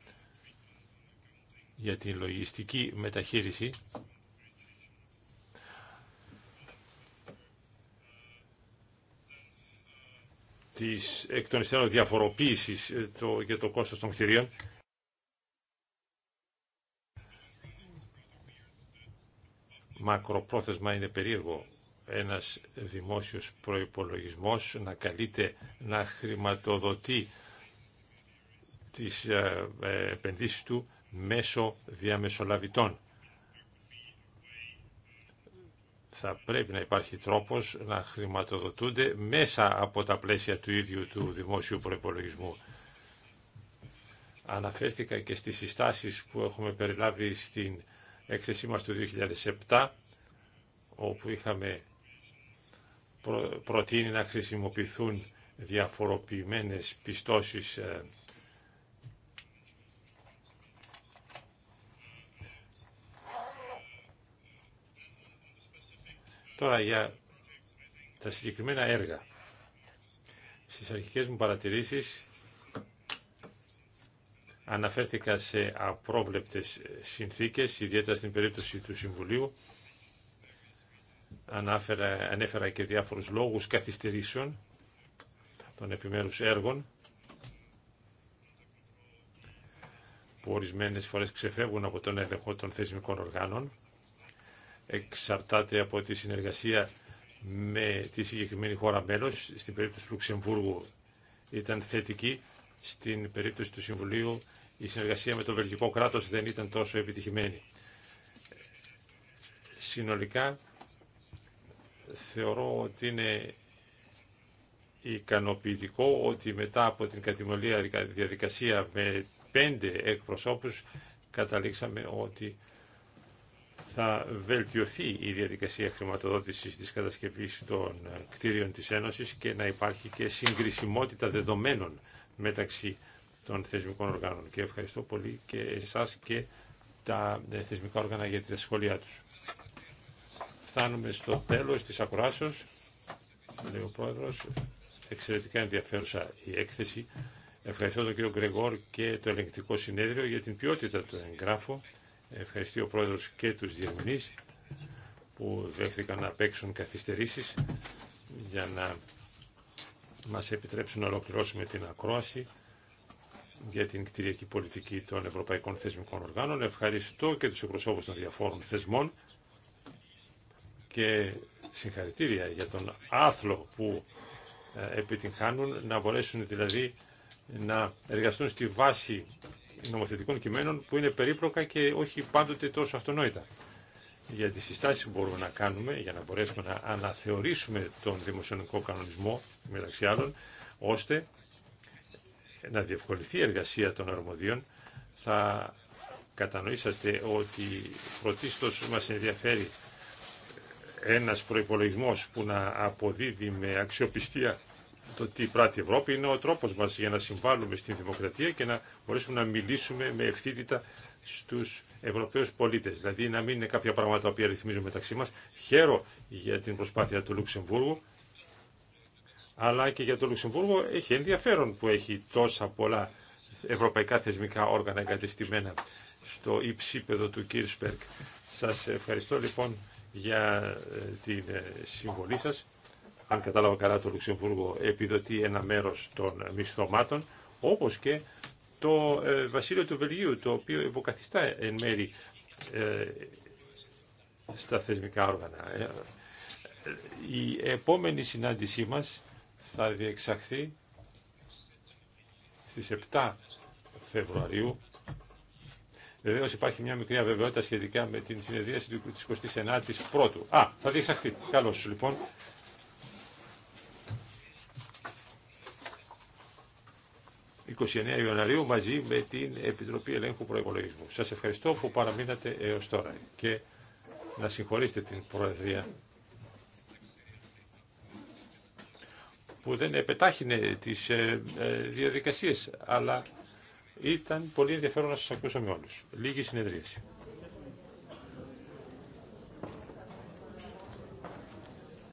για την λογιστική μεταχείριση της εκ των υστέρων διαφοροποίησης ε, το, για το κόστος των κτηρίων. Μακροπρόθεσμα είναι περίεργο ένας δημόσιος προϋπολογισμός να καλείται να χρηματοδοτεί τις ε, ε, επενδύσεις του μέσω διαμεσολαβητών. θα πρέπει να υπάρχει τρόπος να χρηματοδοτούνται μέσα από τα πλαίσια του ίδιου του δημόσιου προϋπολογισμού. Αναφέρθηκα και στις συστάσεις που έχουμε περιλάβει στην έκθεσή μας του 2007, όπου είχαμε προτείνει να χρησιμοποιηθούν διαφοροποιημένες πιστώσεις ε, Τώρα για τα συγκεκριμένα έργα. Στις αρχικές μου παρατηρήσεις αναφέρθηκα σε απρόβλεπτες συνθήκες, ιδιαίτερα στην περίπτωση του Συμβουλίου. Ανάφερα, ανέφερα και διάφορους λόγους καθυστερήσεων των επιμέρους έργων που ορισμένες φορές ξεφεύγουν από τον έλεγχο των θεσμικών οργάνων εξαρτάται από τη συνεργασία με τη συγκεκριμένη χώρα μέλος. Στην περίπτωση του Λουξεμβούργου ήταν θετική. Στην περίπτωση του Συμβουλίου η συνεργασία με το βελγικό κράτος δεν ήταν τόσο επιτυχημένη. Συνολικά θεωρώ ότι είναι ικανοποιητικό ότι μετά από την κατημολία διαδικασία με πέντε εκπροσώπους καταλήξαμε ότι θα βελτιωθεί η διαδικασία χρηματοδότησης της κατασκευής των ε, κτίριων της Ένωσης και να υπάρχει και συγκρισιμότητα δεδομένων μεταξύ των θεσμικών οργάνων. Και ευχαριστώ πολύ και εσάς και τα ε, θεσμικά όργανα για τη σχόλιά τους. Φτάνουμε στο τέλος της ακουράσεως. Λέει ο Πρόεδρος, εξαιρετικά ενδιαφέρουσα η έκθεση. Ευχαριστώ τον κύριο Γκρεγόρ και το ελεγκτικό συνέδριο για την ποιότητα του εγγράφου. Ευχαριστεί ο πρόεδρος και τους διερμηνείς που δέχθηκαν να παίξουν καθυστερήσεις για να μας επιτρέψουν να ολοκληρώσουμε την ακρόαση για την κτηριακή πολιτική των Ευρωπαϊκών Θεσμικών Οργάνων. Ευχαριστώ και τους εκπροσώπους των διαφόρων θεσμών και συγχαρητήρια για τον άθλο που ε, επιτυγχάνουν να μπορέσουν δηλαδή να εργαστούν στη βάση νομοθετικών κειμένων που είναι περίπλοκα και όχι πάντοτε τόσο αυτονόητα. Για τι συστάσει που μπορούμε να κάνουμε, για να μπορέσουμε να αναθεωρήσουμε τον δημοσιονομικό κανονισμό, μεταξύ άλλων, ώστε να διευκολυνθεί η εργασία των αρμοδίων, θα κατανοήσατε ότι πρωτίστως μας ενδιαφέρει ένας προϋπολογισμός που να αποδίδει με αξιοπιστία το τι πράττει η Ευρώπη είναι ο τρόπος μας για να συμβάλλουμε στην δημοκρατία και να μπορέσουμε να μιλήσουμε με ευθύτητα στους Ευρωπαίους πολίτες. Δηλαδή να μην είναι κάποια πράγματα τα οποία ρυθμίζουν μεταξύ μα. Χαίρο για την προσπάθεια του Λουξεμβούργου, αλλά και για το Λουξεμβούργο έχει ενδιαφέρον που έχει τόσα πολλά ευρωπαϊκά θεσμικά όργανα εγκατεστημένα στο υψίπεδο του Κίρσπερκ. Σας ευχαριστώ λοιπόν για ε, την ε, συμβολή σας. Αν κατάλαβα καλά το Λουξεμβούργο επιδοτεί ένα μέρος των μισθωμάτων, όπως και το ε, βασίλειο του Βελγίου, το οποίο υποκαθιστά εν μέρη ε, στα θεσμικά όργανα. Ε, η επόμενη συνάντησή μας θα διεξαχθεί στις 7 Φεβρουαρίου. Βεβαίω υπάρχει μια μικρή αβεβαιότητα σχετικά με την συνεδρίαση της 29η Πρώτου. Α, θα διεξαχθεί. Καλώ λοιπόν. 29 Ιανουαρίου μαζί με την Επιτροπή Ελέγχου Προεκολογισμού. Σας ευχαριστώ που παραμείνατε έως τώρα και να συγχωρήσετε την Προεδρία που δεν επετάχυνε τις ε, ε, διαδικασίες αλλά ήταν πολύ ενδιαφέρον να σας με όλους. Λίγη συνεδρίαση.